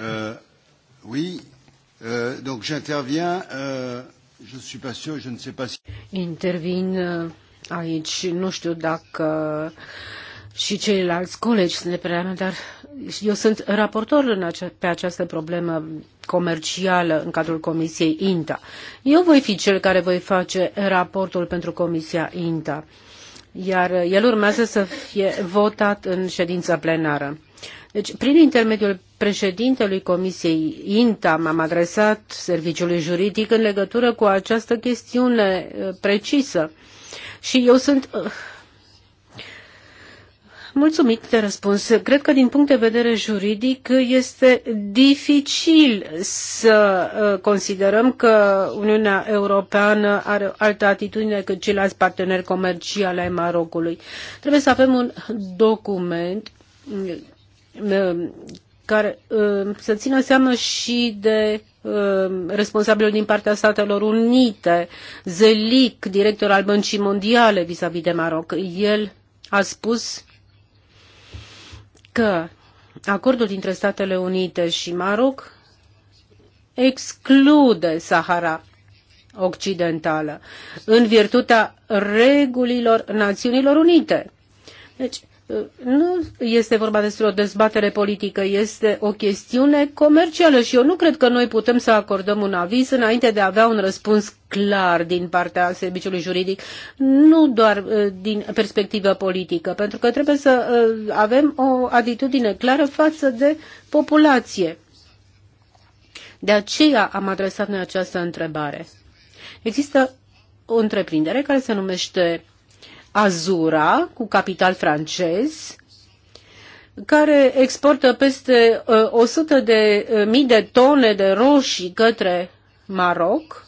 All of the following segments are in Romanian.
Euh, oui, euh, donc j'interviens. Euh, je suis pas sûr, je ne sais pas si. Intervin euh, aici, nu știu dacă uh, și ceilalți colegi sunt de prea, dar eu sunt raportor în ace- pe această problemă comercială în cadrul Comisiei INTA. Eu voi fi cel care voi face raportul pentru Comisia INTA, iar el urmează să fie votat în ședința plenară. Deci, prin intermediul președintelui Comisiei INTA m-am adresat serviciului juridic în legătură cu această chestiune uh, precisă și eu sunt uh, mulțumit de răspuns. Cred că din punct de vedere juridic este dificil să uh, considerăm că Uniunea Europeană are o altă atitudine decât ceilalți parteneri comerciali ai Marocului. Trebuie să avem un document care uh, să țină seama și de uh, responsabilul din partea Statelor Unite, Zelic, director al Băncii Mondiale vis-a-vis -vis de Maroc. El a spus că acordul dintre Statele Unite și Maroc exclude Sahara Occidentală în virtutea regulilor Națiunilor Unite. Deci, nu este vorba despre o dezbatere politică, este o chestiune comercială și eu nu cred că noi putem să acordăm un aviz înainte de a avea un răspuns clar din partea serviciului juridic, nu doar uh, din perspectivă politică, pentru că trebuie să uh, avem o atitudine clară față de populație. De aceea am adresat noi această întrebare. Există o întreprindere care se numește Azura cu capital francez care exportă peste 100 uh, de uh, mii de tone de roșii către Maroc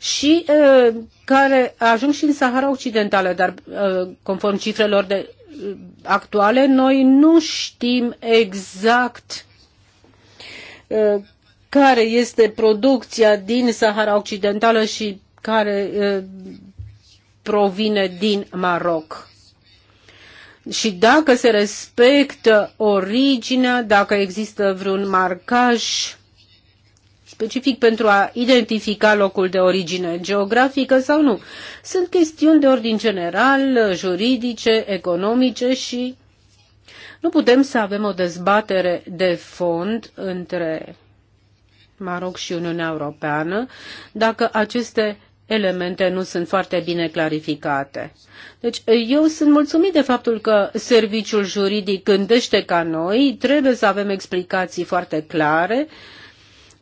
și uh, care ajung și în Sahara Occidentală, dar conform cifrelor de actuale, noi nu știm exact care este producția din Sahara Occidentală și care provine din Maroc. Și dacă se respectă originea, dacă există vreun marcaj specific pentru a identifica locul de origine geografică sau nu. Sunt chestiuni de ordin general, juridice, economice și nu putem să avem o dezbatere de fond între Maroc și Uniunea Europeană dacă aceste elemente nu sunt foarte bine clarificate. Deci eu sunt mulțumit de faptul că serviciul juridic gândește ca noi, trebuie să avem explicații foarte clare,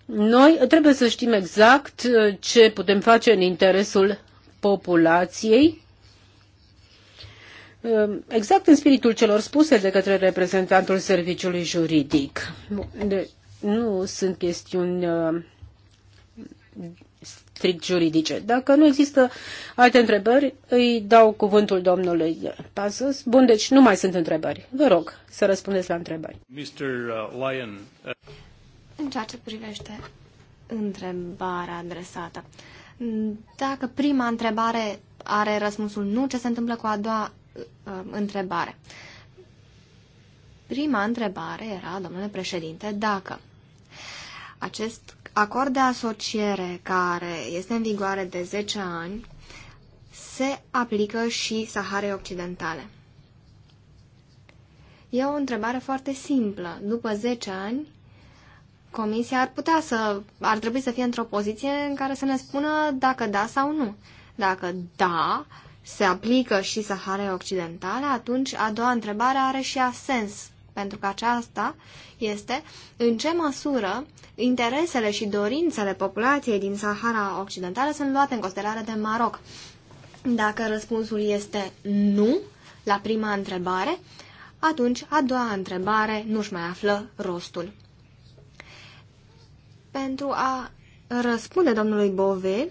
noi trebuie să știm exact uh, ce putem face în interesul populației, uh, exact în spiritul celor spuse de către reprezentantul serviciului juridic. De, nu sunt chestiuni uh, strict juridice. Dacă nu există alte întrebări, îi dau cuvântul domnului Pazos. Bun, deci nu mai sunt întrebări. Vă rog să răspundeți la întrebări. Mr. Uh, Lyon. Uh. În ceea ce privește întrebarea adresată, dacă prima întrebare are răspunsul nu, ce se întâmplă cu a doua uh, întrebare? Prima întrebare era, domnule președinte, dacă acest acord de asociere care este în vigoare de 10 ani se aplică și Saharei Occidentale. E o întrebare foarte simplă. După 10 ani, Comisia ar putea să, ar trebui să fie într-o poziție în care să ne spună dacă da sau nu. Dacă da, se aplică și Saharei Occidentale, atunci a doua întrebare are și a sens pentru că aceasta este în ce măsură interesele și dorințele populației din Sahara Occidentală sunt luate în considerare de Maroc. Dacă răspunsul este nu la prima întrebare, atunci a doua întrebare nu-și mai află rostul. Pentru a răspunde domnului Bove,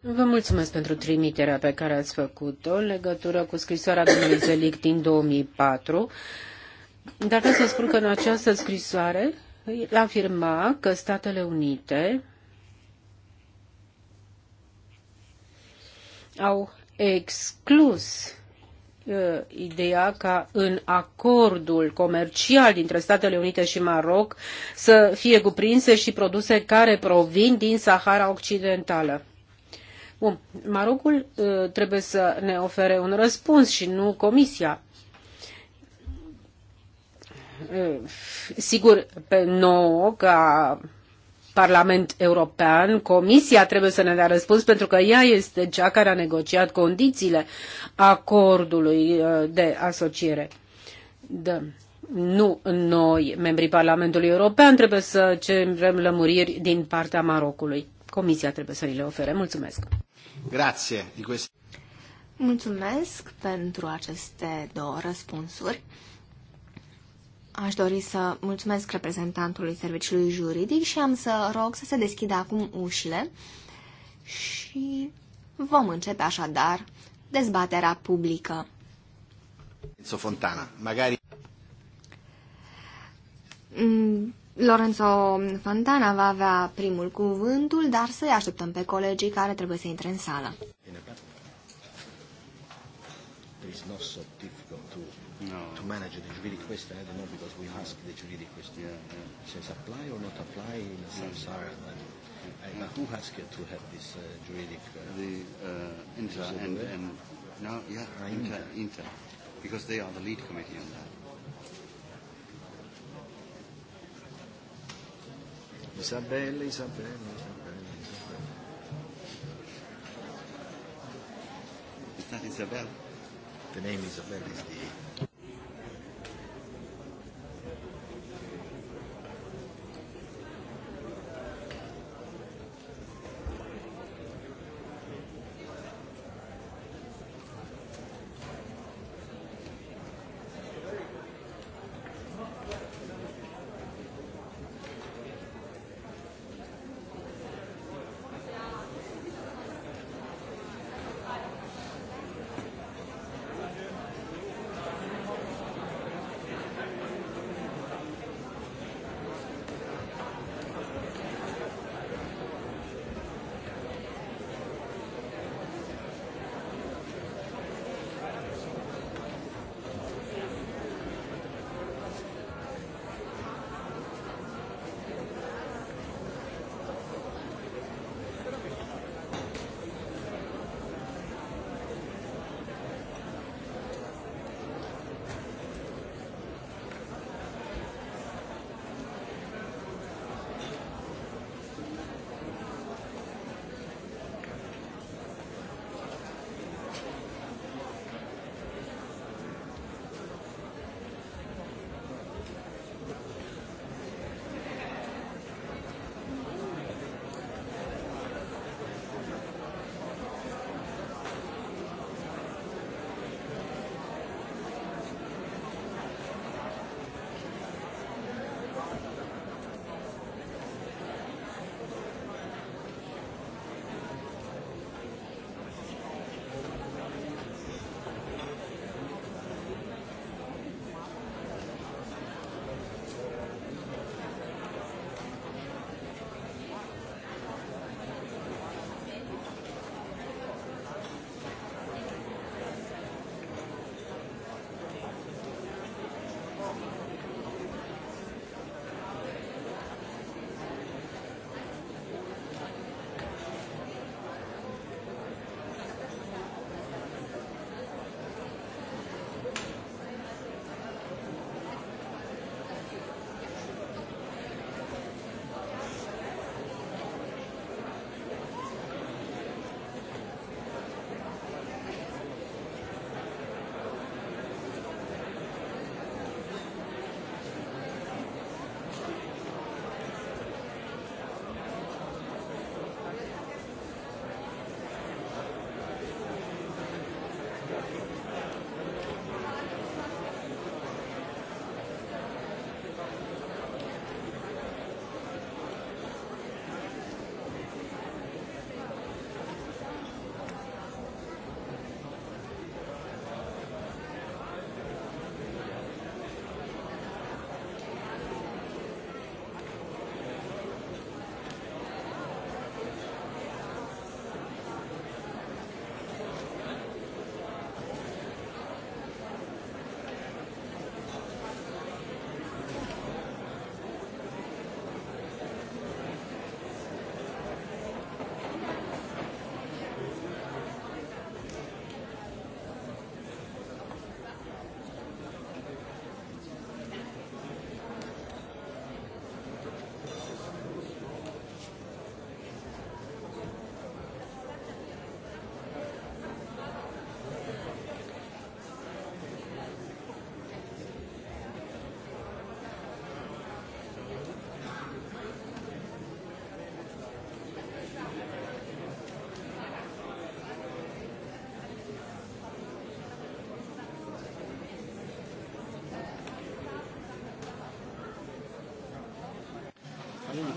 Vă mulțumesc pentru trimiterea pe care ați făcut-o în legătură cu scrisoarea domnului Zelic din 2004, dar vreau să spun că în această scrisoare el afirma că Statele Unite au exclus Uh, ideea ca în acordul comercial dintre Statele Unite și Maroc să fie cuprinse și produse care provin din Sahara Occidentală. Bun, Marocul uh, trebuie să ne ofere un răspuns și nu Comisia. Uh, sigur, pe nouă, ca Parlament European, Comisia trebuie să ne dea răspuns pentru că ea este cea care a negociat condițiile acordului uh, de asociere. Da. Nu noi, membrii Parlamentului European, trebuie să cerem lămuriri din partea Marocului. Comisia trebuie să ni le ofere. Mulțumesc! Mulțumesc pentru aceste două răspunsuri. Aș dori să mulțumesc reprezentantului serviciului juridic și am să rog să se deschidă acum ușile și vom începe așadar dezbaterea publică. Lorenzo Fontana, magari... Mm, Lorenzo Fontana va avea primul cuvântul, dar să-i așteptăm pe colegii care trebuie să intre în sală no. to manage the juridic question. I don't know because we ask the juridic question. Yeah, yeah. says apply or not apply in a samsara. Yeah. And, yeah. who has to have this uh, juridic? Uh, the uh, Inter and, and now yeah uh, Inter, Inter because they are the lead committee on that. Isabelle, Isabelle, Isabelle, Isabelle. It's not Isabelle. The name Isabelle is the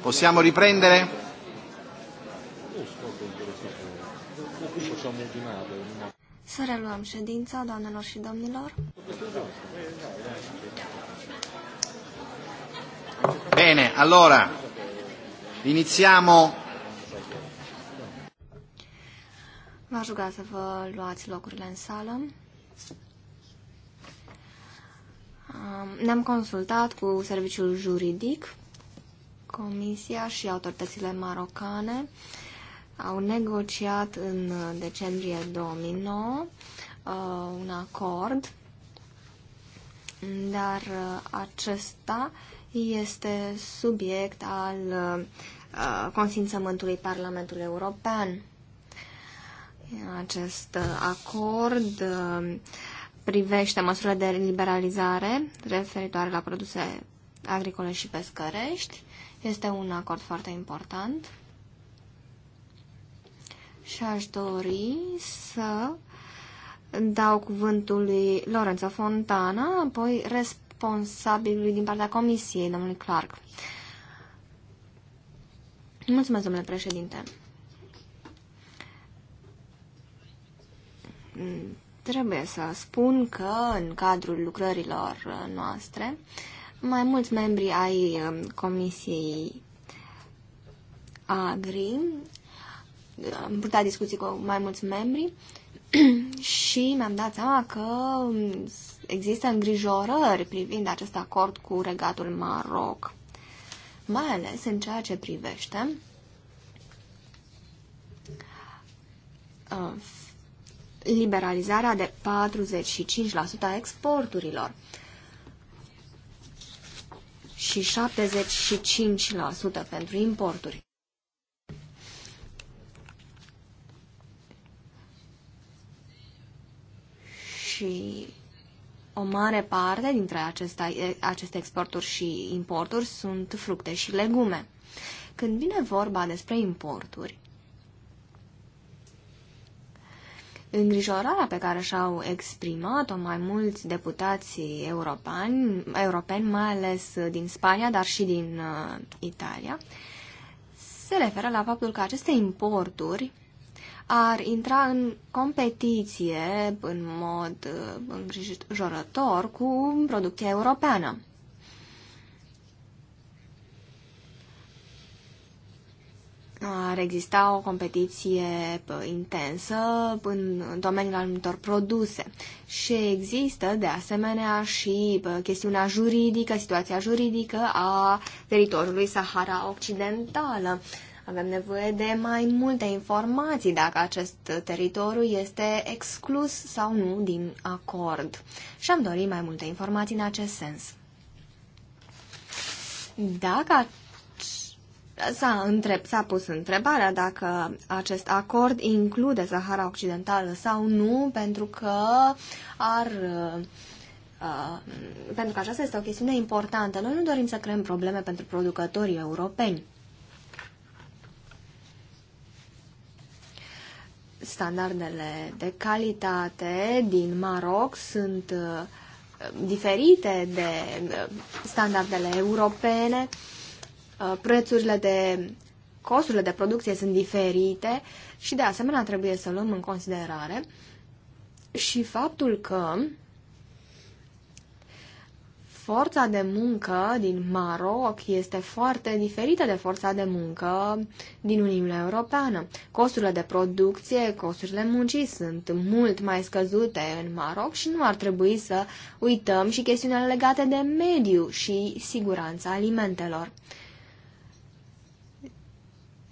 Possiamo riprendere? Să reluăm ședința, doamnelor și domnilor. Bine, allora, iniziamo. Vă aș ruga să vă luați locurile în sală. Ne-am consultat cu serviciul juridic Comisia și autoritățile marocane au negociat în decembrie 2009 uh, un acord, dar uh, acesta este subiect al uh, consimțământului Parlamentului European. Acest uh, acord uh, privește măsurile de liberalizare referitoare la produse agricole și pescărești este un acord foarte important și aș dori să dau cuvântul lui Lorenzo Fontana, apoi responsabilului din partea comisiei, domnului Clark. Mulțumesc, domnule președinte. Trebuie să spun că în cadrul lucrărilor noastre mai mulți membri ai um, Comisiei Agri. Am purtat discuții cu mai mulți membri și mi-am dat seama că um, există îngrijorări privind acest acord cu regatul Maroc, mai ales în ceea ce privește uh, liberalizarea de 45% a exporturilor și 75% pentru importuri. Și o mare parte dintre aceste, aceste exporturi și importuri sunt fructe și legume. Când vine vorba despre importuri, Îngrijorarea pe care și-au exprimat-o mai mulți deputați europeni, europeni, mai ales din Spania, dar și din uh, Italia, se referă la faptul că aceste importuri ar intra în competiție în mod uh, îngrijorător cu producția europeană. ar exista o competiție uh, intensă în domeniul anumitor produse. Și există, de asemenea, și uh, chestiunea juridică, situația juridică a teritoriului Sahara Occidentală. Avem nevoie de mai multe informații dacă acest teritoriu este exclus sau nu din acord. Și am dorit mai multe informații în acest sens. Dacă S-a, întreb, s-a pus întrebarea dacă acest acord include Sahara Occidentală sau nu, pentru că ar uh, uh, pentru că aceasta este o chestiune importantă. Noi nu dorim să creăm probleme pentru producătorii europeni. Standardele de calitate din Maroc sunt uh, diferite de uh, standardele europene. Uh, Uh, prețurile de costurile de producție sunt diferite și de asemenea trebuie să luăm în considerare și faptul că forța de muncă din Maroc este foarte diferită de forța de muncă din Uniunea Europeană. Costurile de producție, costurile muncii sunt mult mai scăzute în Maroc și nu ar trebui să uităm și chestiunile legate de mediu și siguranța alimentelor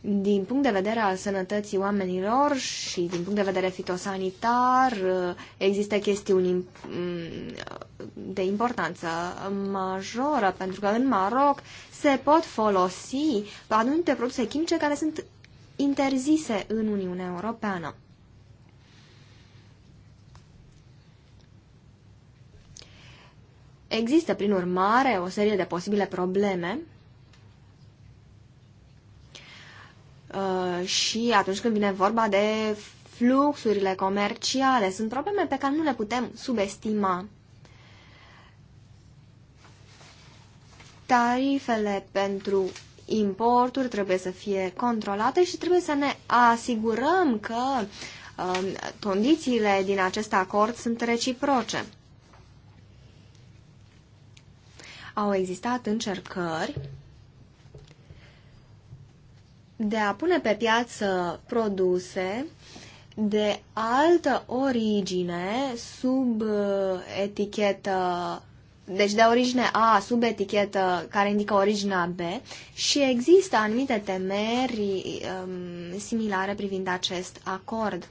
din punct de vedere al sănătății oamenilor și din punct de vedere fitosanitar eh, există chestiuni mm, de importanță majoră, pentru că în Maroc se pot folosi anumite produse chimice care sunt interzise în Uniunea Europeană. Există, prin urmare, o serie de posibile probleme Uh, și atunci când vine vorba de fluxurile comerciale, sunt probleme pe care nu le putem subestima. Tarifele pentru importuri trebuie să fie controlate și trebuie să ne asigurăm că um, condițiile din acest acord sunt reciproce. Au existat încercări de a pune pe piață produse de altă origine sub uh, etichetă deci de origine A sub etichetă care indică originea B și există anumite temeri um, similare privind acest acord.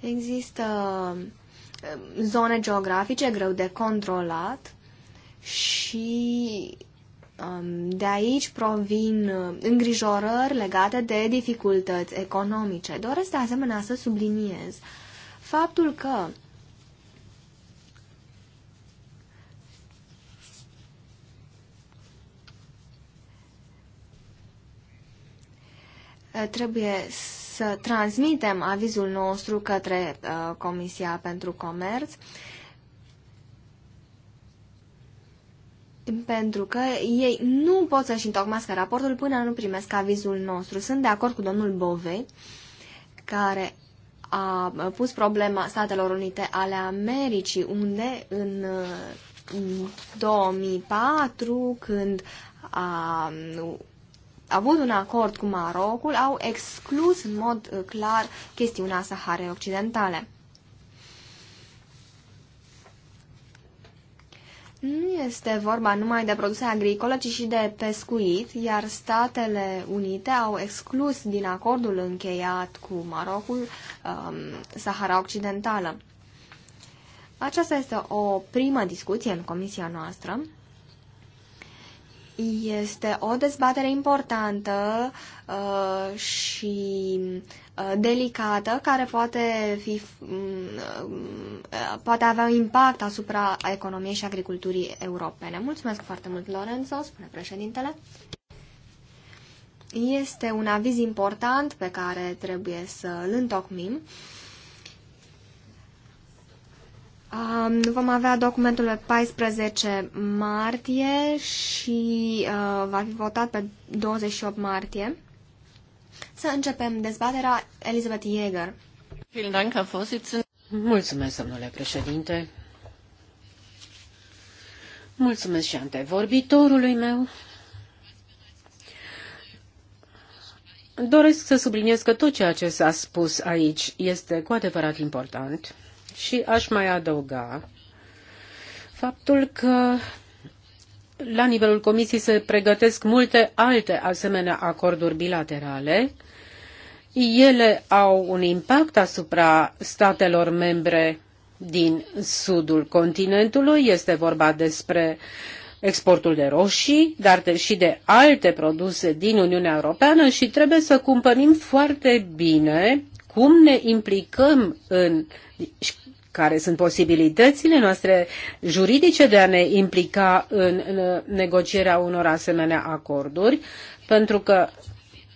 Există Um, zone geografice greu de controlat și um, de aici provin um, îngrijorări legate de dificultăți economice. Doresc de asemenea să subliniez faptul că trebuie să să transmitem avizul nostru către uh, Comisia pentru Comerț, pentru că ei nu pot să-și întocmească raportul până nu primesc avizul nostru. Sunt de acord cu domnul Bove, care a pus problema Statelor Unite ale Americii, unde în 2004, uh, când a avut un acord cu Marocul, au exclus în mod uh, clar chestiunea Saharei Occidentale. Nu este vorba numai de produse agricole, ci și de pescuit, iar Statele Unite au exclus din acordul încheiat cu Marocul um, Sahara Occidentală. Aceasta este o primă discuție în comisia noastră este o dezbatere importantă uh, și uh, delicată care poate, fi, mm, uh, poate avea impact asupra economiei și agriculturii europene. Mulțumesc foarte mult, Lorenzo, spune președintele. Este un aviz important pe care trebuie să-l întocmim. Uh, Vom avea documentul pe 14 martie și uh, va fi votat pe 28 martie. Să începem dezbaterea. Elizabeth Jäger. Mulțumesc, domnule președinte. Mulțumesc și antevorbitorului meu. Doresc să subliniez că tot ceea ce s-a spus aici este cu adevărat important și aș mai adăuga faptul că la nivelul Comisiei se pregătesc multe alte asemenea acorduri bilaterale. Ele au un impact asupra statelor membre din sudul continentului. Este vorba despre exportul de roșii, dar de, și de alte produse din Uniunea Europeană și trebuie să cumpărim foarte bine cum ne implicăm în care sunt posibilitățile noastre juridice de a ne implica în negocierea unor asemenea acorduri, pentru că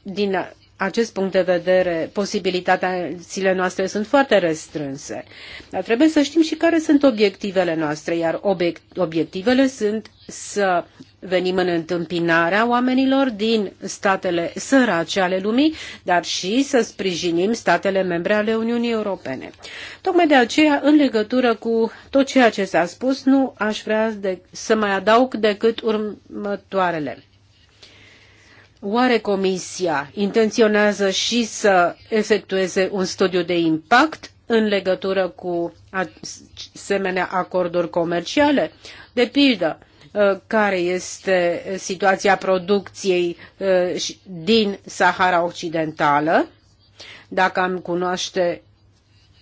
din acest punct de vedere, posibilitățile noastre sunt foarte restrânse. Dar trebuie să știm și care sunt obiectivele noastre, iar obiectivele sunt să venim în întâmpinarea oamenilor din statele sărace ale lumii, dar și să sprijinim statele membre ale Uniunii Europene. Tocmai de aceea, în legătură cu tot ceea ce s-a spus, nu aș vrea de, să mai adaug decât următoarele. Oare Comisia intenționează și să efectueze un studiu de impact în legătură cu asemenea acorduri comerciale? De pildă, Uh, care este situația producției uh, din Sahara Occidentală, dacă am cunoaște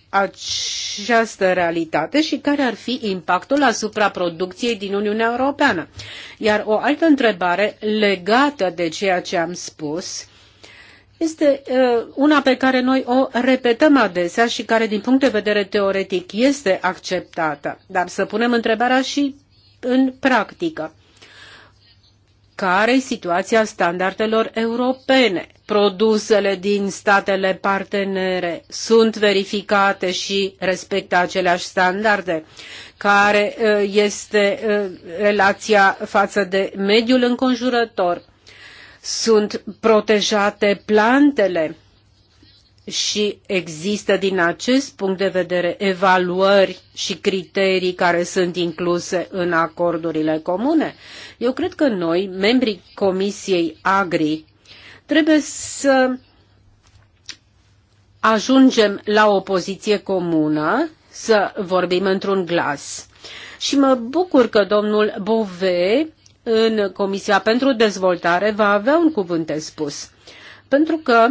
această realitate și care ar fi impactul asupra producției din Uniunea Europeană. Iar o altă întrebare legată de ceea ce am spus este uh, una pe care noi o repetăm adesea și care din punct de vedere teoretic este acceptată. Dar să punem întrebarea și în practică. Care-i situația standardelor europene? Produsele din statele partenere sunt verificate și respectă aceleași standarde? Care uh, este uh, relația față de mediul înconjurător? Sunt protejate plantele? și există din acest punct de vedere evaluări și criterii care sunt incluse în acordurile comune? Eu cred că noi, membrii Comisiei Agri, trebuie să ajungem la o poziție comună, să vorbim într-un glas. Și mă bucur că domnul Bove în Comisia pentru Dezvoltare va avea un cuvânt de spus. Pentru că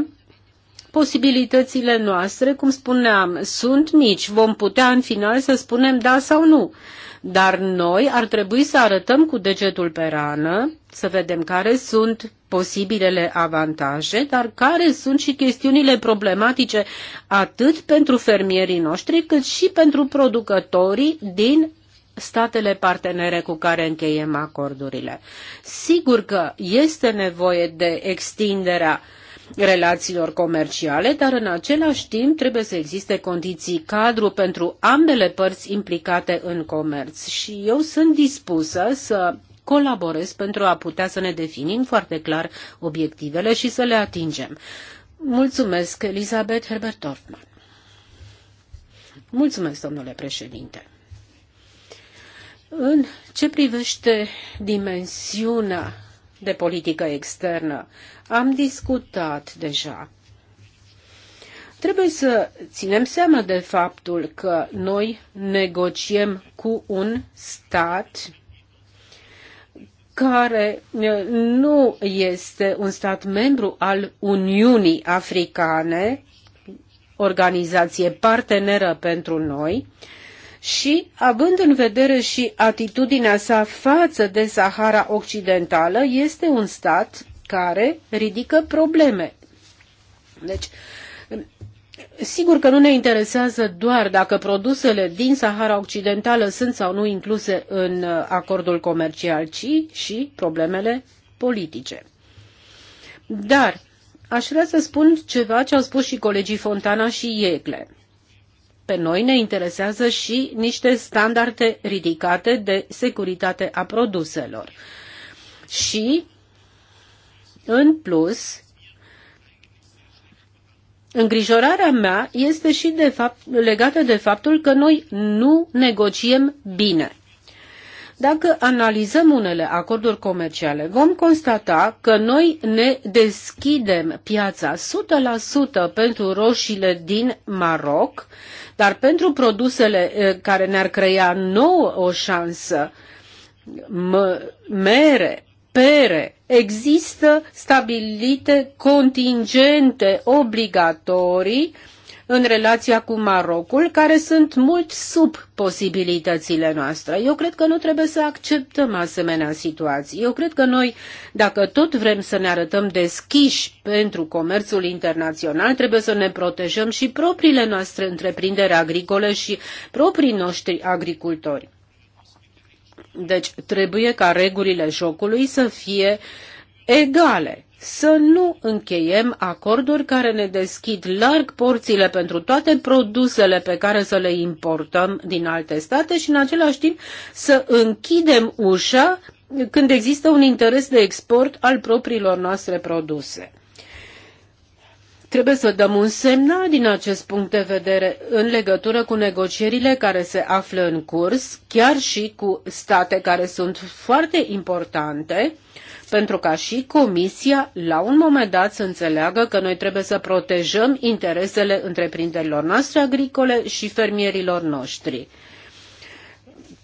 posibilitățile noastre, cum spuneam, sunt mici. Vom putea în final să spunem da sau nu. Dar noi ar trebui să arătăm cu degetul pe rană, să vedem care sunt posibilele avantaje, dar care sunt și chestiunile problematice atât pentru fermierii noștri, cât și pentru producătorii din statele partenere cu care încheiem acordurile. Sigur că este nevoie de extinderea uh, relațiilor comerciale, dar în același timp trebuie să existe condiții cadru pentru ambele părți implicate în comerț. Și eu sunt dispusă să colaborez pentru a putea să ne definim foarte clar obiectivele și să le atingem. Mulțumesc, Elisabeth Herbert Dorfman. Mulțumesc, domnule președinte. În ce privește dimensiunea de politică externă. Am discutat deja. Trebuie să ținem seama de faptul că noi negociem cu un stat care nu este un stat membru al Uniunii Africane, organizație parteneră pentru noi, și având în vedere și atitudinea sa față de Sahara Occidentală, este un stat care ridică probleme. Deci, Sigur că nu ne interesează doar dacă produsele din Sahara Occidentală sunt sau nu incluse în uh, acordul comercial, ci și problemele politice. Dar aș vrea să spun ceva ce au spus și colegii Fontana și Iegle pe noi ne interesează și niște standarde ridicate de securitate a produselor. Și, în plus, Îngrijorarea mea este și de fapt, legată de faptul că noi nu negociem bine. Dacă analizăm unele acorduri comerciale, vom constata că noi ne deschidem piața 100% pentru roșiile din Maroc dar pentru produsele care ne-ar crea nouă o șansă, mere, pere, există stabilite contingente obligatorii uh, în relația cu Marocul, care sunt mult sub posibilitățile noastre. Eu cred că nu trebuie să acceptăm asemenea situații. Eu cred că noi, dacă tot vrem să ne arătăm deschiși pentru comerțul internațional, trebuie să ne protejăm și propriile noastre întreprinderi agricole și proprii noștri agricultori. Deci trebuie ca regulile jocului să fie egale să nu încheiem acorduri care ne deschid larg porțile pentru toate produsele pe care să le importăm din alte state și în același timp să închidem ușa când există un interes de export al propriilor noastre produse. Trebuie să dăm un semnal din acest punct de vedere în legătură cu negocierile care se află în curs, chiar și cu state care sunt foarte importante, uh, pentru ca și Comisia la un moment dat să înțeleagă că noi trebuie să protejăm interesele întreprinderilor noastre agricole și fermierilor noștri.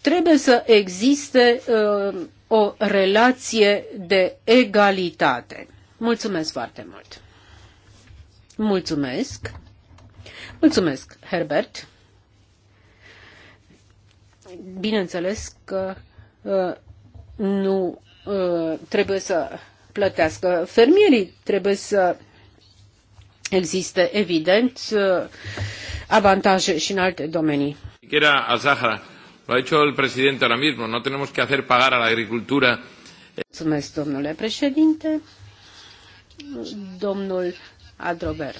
Trebuie să existe uh, o relație de egalitate. Mulțumesc foarte mult! Mulțumesc! Mulțumesc, Herbert! Bineînțeles că uh, nu Uh, trebuie să plătească fermierii, trebuie să existe evident uh, avantaje și în alte domenii. Era a Zahara. Lo ha dicho el presidente ahora mismo. No tenemos que hacer pagar a la agricultura. Mulțumesc, domnule președinte. Domnul Adrover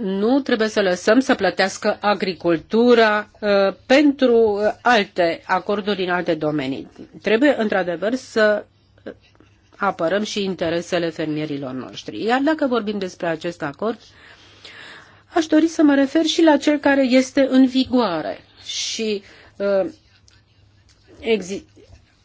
nu trebuie să lăsăm să plătească agricultura uh, pentru uh, alte acorduri în alte domenii. Trebuie, într-adevăr, să uh, apărăm și interesele fermierilor noștri. Iar dacă vorbim despre acest acord, aș dori să mă refer și la cel care este în vigoare. Și uh,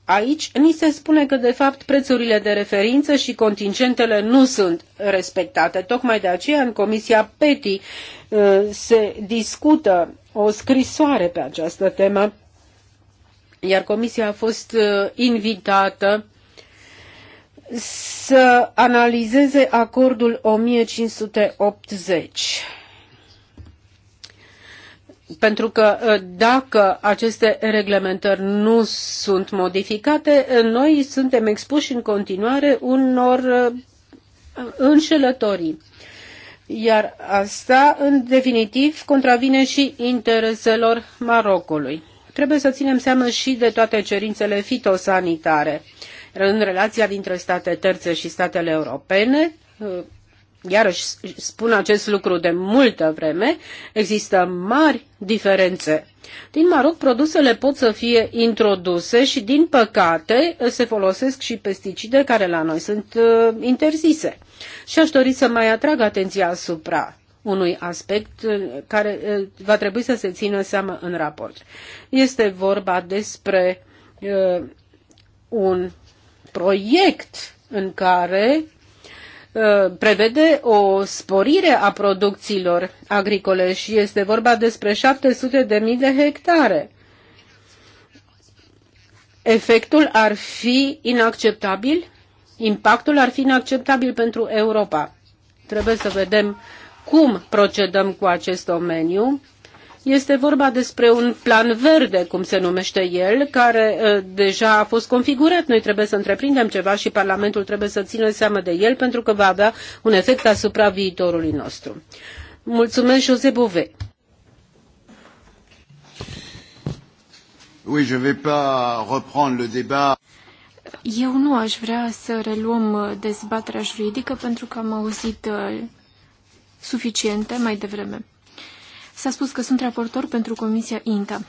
Aici ni se spune că, de fapt, prețurile de referință și contingentele nu sunt respectate. Tocmai de aceea, în Comisia PETI uh, se discută o scrisoare pe această temă, iar Comisia a fost uh, invitată să analizeze acordul 1580 pentru că ă, dacă aceste reglementări nu sunt modificate, ă, noi suntem expuși în continuare unor ă, înșelătorii. Iar asta, în definitiv, contravine și intereselor Marocului. Trebuie să ținem seama și de toate cerințele fitosanitare. În relația dintre state terțe și statele europene, iarăși spun acest lucru de multă vreme, există mari diferențe. Din Maroc, produsele pot să fie introduse și, din păcate, se folosesc și pesticide care la noi sunt uh, interzise. Și aș dori să mai atrag atenția asupra unui aspect uh, care uh, va trebui să se țină seama în raport. Este vorba despre uh, un proiect în care Uh, prevede o sporire a producțiilor agricole și este vorba despre 700.000 de de hectare. Efectul ar fi inacceptabil, impactul ar fi inacceptabil pentru Europa. Trebuie să vedem cum procedăm cu acest domeniu este vorba despre un plan verde, cum se numește el, care uh, deja a fost configurat. Noi trebuie să întreprindem ceva și Parlamentul trebuie să țină seama de el pentru că va avea un efect asupra viitorului nostru. Mulțumesc, Jose Bove. Oui, je vais pas reprendre le débat. Eu nu aș vrea să reluăm uh, dezbaterea juridică pentru că am auzit uh, suficiente mai devreme. S-a spus că sunt raportor pentru Comisia INTA.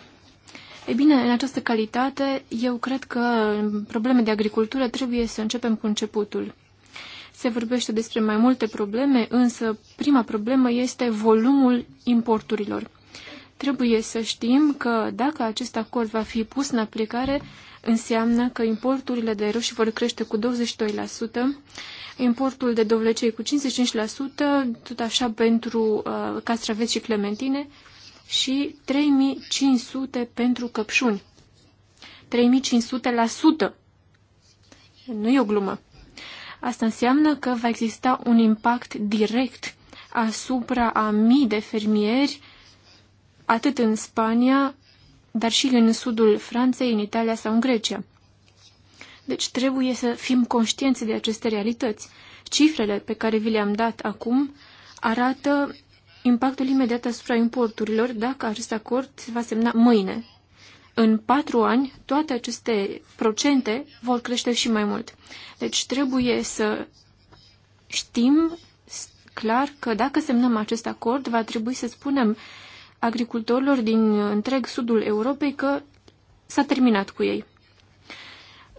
E bine, în această calitate, eu cred că probleme de agricultură trebuie să începem cu începutul. Se vorbește despre mai multe probleme, însă prima problemă este volumul importurilor. Trebuie să știm că dacă acest acord va fi pus în aplicare, înseamnă că importurile de roșii vor crește cu 22%, importul de dovlecei cu 55%, tot așa pentru uh, castraveți și clementine și 3500 pentru căpșuni. 3500%! Nu e o glumă. Asta înseamnă că va exista un impact direct asupra a mii de fermieri, atât în Spania, dar și în sudul Franței, în Italia sau în Grecia. Deci trebuie să fim conștienți de aceste realități. Cifrele pe care vi le-am dat acum arată impactul imediat asupra importurilor dacă acest acord se va semna mâine. În patru ani, toate aceste procente vor crește și mai mult. Deci trebuie să știm clar că dacă semnăm acest acord, va trebui să spunem agricultorilor din întreg sudul Europei că s-a terminat cu ei.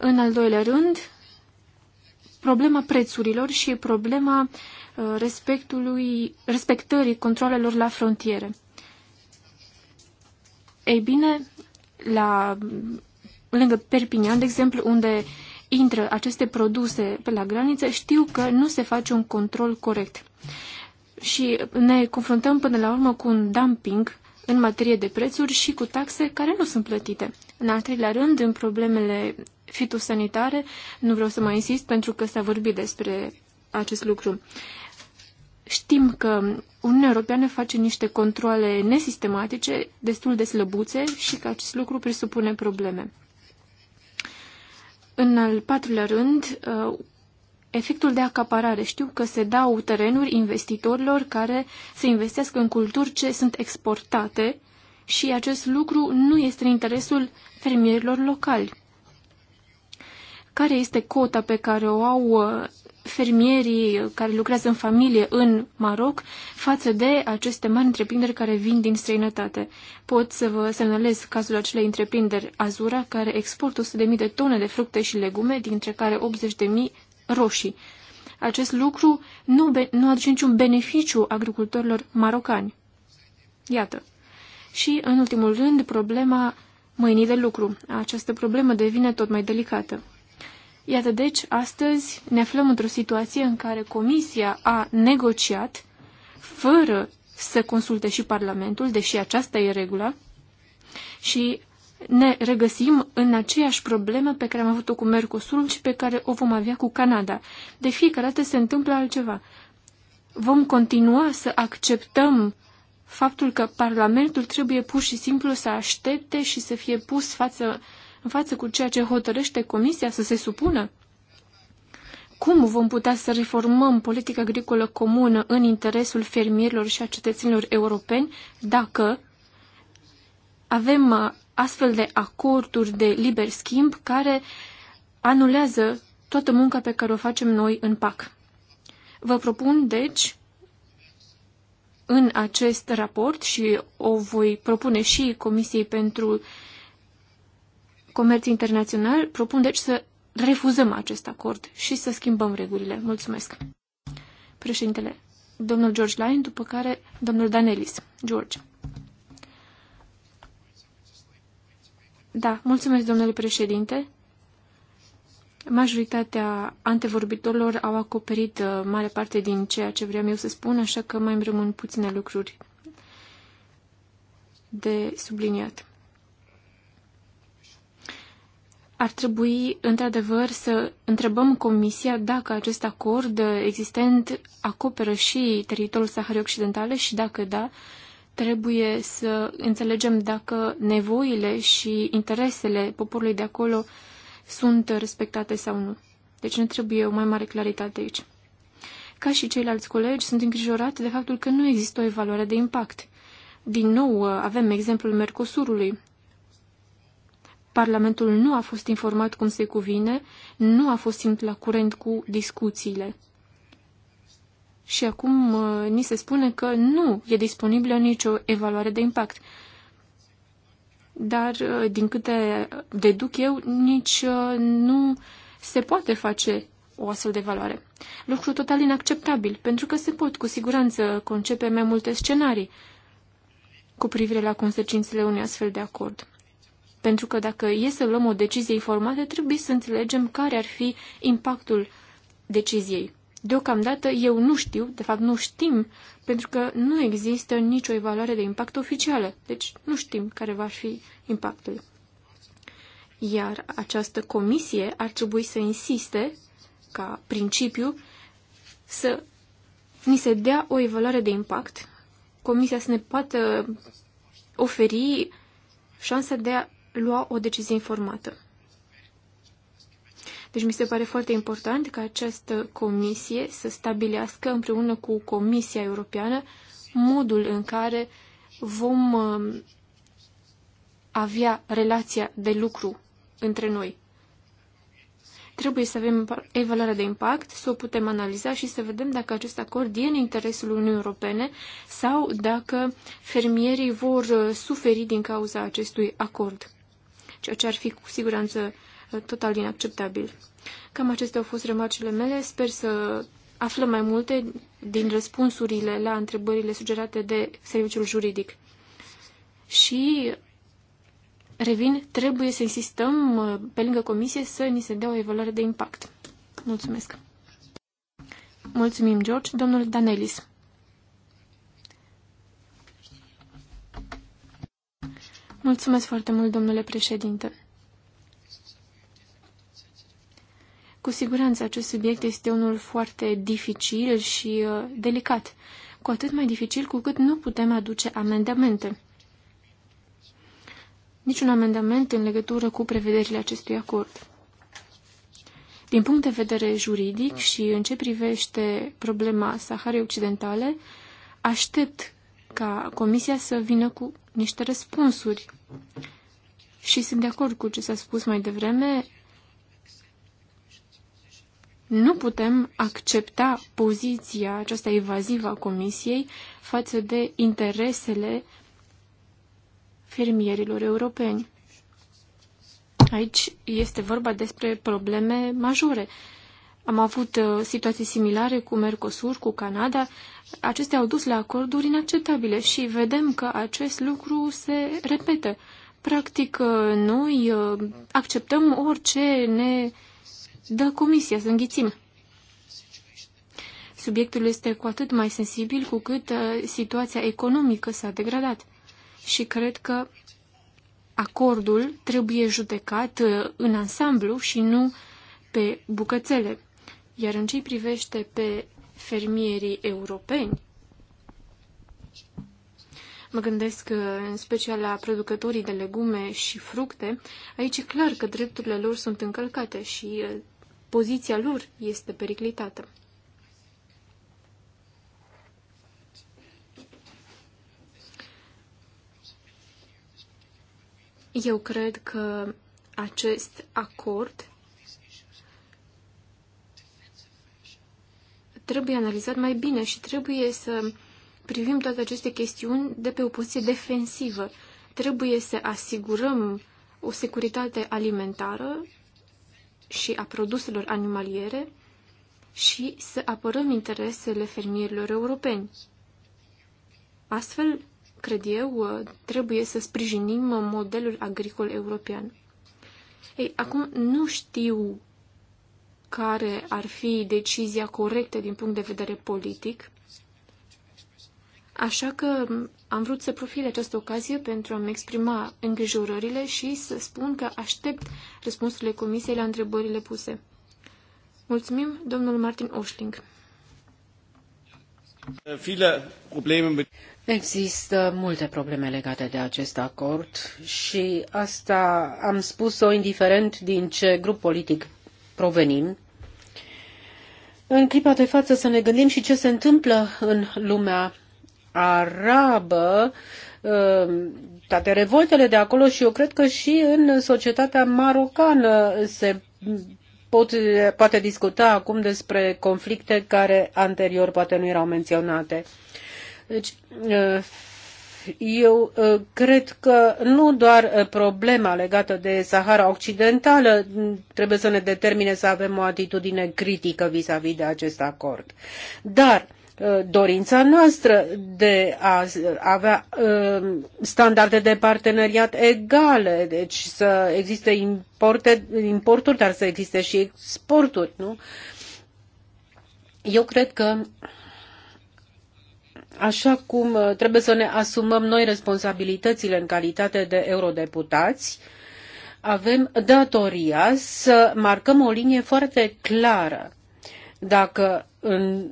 În al doilea rând, problema prețurilor și problema uh, respectului, respectării controlelor la frontiere. Ei bine, la, lângă Perpignan, de exemplu, unde intră aceste produse pe la graniță, știu că nu se face un control corect. Și ne confruntăm până la urmă cu un dumping în materie de prețuri și cu taxe care nu sunt plătite. În al treilea rând, în problemele fitosanitare, nu vreau să mai insist pentru că s-a vorbit despre acest lucru. Știm că Uniunea Europeană face niște controle nesistematice, destul de slăbuțe și că acest lucru presupune probleme. În al patrulea rând, uh, efectul de acaparare. Știu că se dau terenuri investitorilor care se investesc în culturi ce sunt exportate și acest lucru nu este în interesul fermierilor locali. Care este cota pe care o au uh, fermierii care lucrează în familie în Maroc față de aceste mari întreprinderi care vin din străinătate. Pot să vă semnalez cazul acelei întreprinderi Azura, care exportă 100.000 de tone de fructe și legume, dintre care 80.000 roșii. Acest lucru nu, nu aduce niciun beneficiu agricultorilor marocani. Iată. Și, în ultimul rând, problema mâinii de lucru. Această problemă devine tot mai delicată. Iată deci, astăzi ne aflăm într-o situație în care Comisia a negociat, fără să consulte și Parlamentul, deși aceasta e regula, și ne regăsim în aceeași problemă pe care am avut-o cu Mercosul și pe care o vom avea cu Canada. De fiecare dată se întâmplă altceva. Vom continua să acceptăm faptul că Parlamentul trebuie pur și simplu să aștepte și să fie pus față, în față cu ceea ce hotărăște Comisia să se supună? Cum vom putea să reformăm politica agricolă comună în interesul fermierilor și a cetățenilor europeni dacă avem astfel de acorduri de liber schimb care anulează toată munca pe care o facem noi în PAC. Vă propun, deci, în acest raport și o voi propune și Comisiei pentru Comerț Internațional, propun deci să refuzăm acest acord și să schimbăm regulile. Mulțumesc. Președintele, domnul George Lyon, după care domnul Danelis. George. Da, mulțumesc, domnule președinte. Majoritatea antevorbitorilor au acoperit uh, mare parte din ceea ce vreau eu să spun, așa că mai îmi rămân puține lucruri de subliniat. Ar trebui, într-adevăr, să întrebăm Comisia dacă acest acord existent acoperă și teritoriul Saharei Occidentale și, dacă da, Trebuie să înțelegem dacă nevoile și interesele poporului de acolo sunt respectate sau nu. Deci ne trebuie o mai mare claritate aici. Ca și ceilalți colegi, sunt îngrijorat de faptul că nu există o evaluare de impact. Din nou avem exemplul Mercosurului. Parlamentul nu a fost informat cum se cuvine, nu a fost simt la curent cu discuțiile și acum uh, ni se spune că nu e disponibilă nicio evaluare de impact. Dar, uh, din câte deduc eu, nici uh, nu se poate face o astfel de valoare. Lucru total inacceptabil, pentru că se pot cu siguranță concepe mai multe scenarii cu privire la consecințele unui astfel de acord. Pentru că dacă e să luăm o decizie informată, trebuie să înțelegem care ar fi impactul deciziei. Deocamdată eu nu știu, de fapt nu știm, pentru că nu există nicio evaluare de impact oficială, deci nu știm care va fi impactul. Iar această comisie ar trebui să insiste, ca principiu, să ni se dea o evaluare de impact, comisia să ne poată oferi șansa de a lua o decizie informată. Deci mi se pare foarte important ca această comisie să stabilească împreună cu Comisia Europeană modul în care vom um, avea relația de lucru între noi. Trebuie să avem evaluarea de impact, să o putem analiza și să vedem dacă acest acord e în interesul Uniunii Europene sau dacă fermierii vor uh, suferi din cauza acestui acord, ceea ce ar fi cu siguranță total inacceptabil. Cam acestea au fost remarcile mele. Sper să aflăm mai multe din răspunsurile la întrebările sugerate de serviciul juridic. Și revin, trebuie să insistăm uh, pe lângă comisie să ni se dea o evaluare de impact. Mulțumesc. Mulțumim, George. Domnul Danelis. Mulțumesc foarte mult, domnule președinte. Cu siguranță acest subiect este unul foarte dificil și uh, delicat, cu atât mai dificil cu cât nu putem aduce amendamente. Niciun amendament în legătură cu prevederile acestui acord. Din punct de vedere juridic și în ce privește problema Saharei Occidentale, aștept ca Comisia să vină cu niște răspunsuri. Și sunt de acord cu ce s-a spus mai devreme, nu putem accepta poziția aceasta evazivă a Comisiei față de interesele fermierilor europeni. Aici este vorba despre probleme majore. Am avut uh, situații similare cu Mercosur, cu Canada. Acestea au dus la acorduri inacceptabile și vedem că acest lucru se repetă. Practic, uh, noi uh, acceptăm orice ne dă comisia să înghițim. Subiectul este cu atât mai sensibil cu cât uh, situația economică s-a degradat și cred că acordul trebuie judecat uh, în ansamblu și nu pe bucățele. Iar în ce privește pe fermierii europeni, Mă gândesc uh, în special la producătorii de legume și fructe. Aici e clar că drepturile lor sunt încălcate și uh, poziția lor este periclitată. Eu cred că acest acord trebuie analizat mai bine și trebuie să privim toate aceste chestiuni de pe o poziție defensivă. Trebuie să asigurăm o securitate alimentară și a produselor animaliere și să apărăm interesele fermierilor europeni. Astfel, cred eu, uh, trebuie să sprijinim modelul agricol european. Ei, acum nu știu care ar fi decizia corectă din punct de vedere politic, așa că am vrut să profit această ocazie pentru a-mi exprima îngrijorările și să spun că aștept răspunsurile Comisiei la întrebările puse. Mulțumim, domnul Martin Oșling. Există multe probleme legate de acest acord și asta am spus-o indiferent din ce grup politic provenim. În clipa de față să ne gândim și ce se întâmplă în lumea arabă, uh, toate revoltele de acolo și eu cred că și în societatea marocană se pot, poate discuta acum despre conflicte care anterior poate nu erau menționate. Deci, uh, eu uh, cred că nu doar problema legată de Sahara Occidentală trebuie să ne determine să avem o atitudine critică vis-a-vis -vis de acest acord, dar Uh, dorința noastră de a avea uh, standarde de parteneriat egale, deci să existe importe, importuri, dar să existe și exporturi, nu? Eu cred că așa cum uh, trebuie să ne asumăm noi responsabilitățile în calitate de eurodeputați, avem datoria să marcăm o linie foarte clară. Dacă în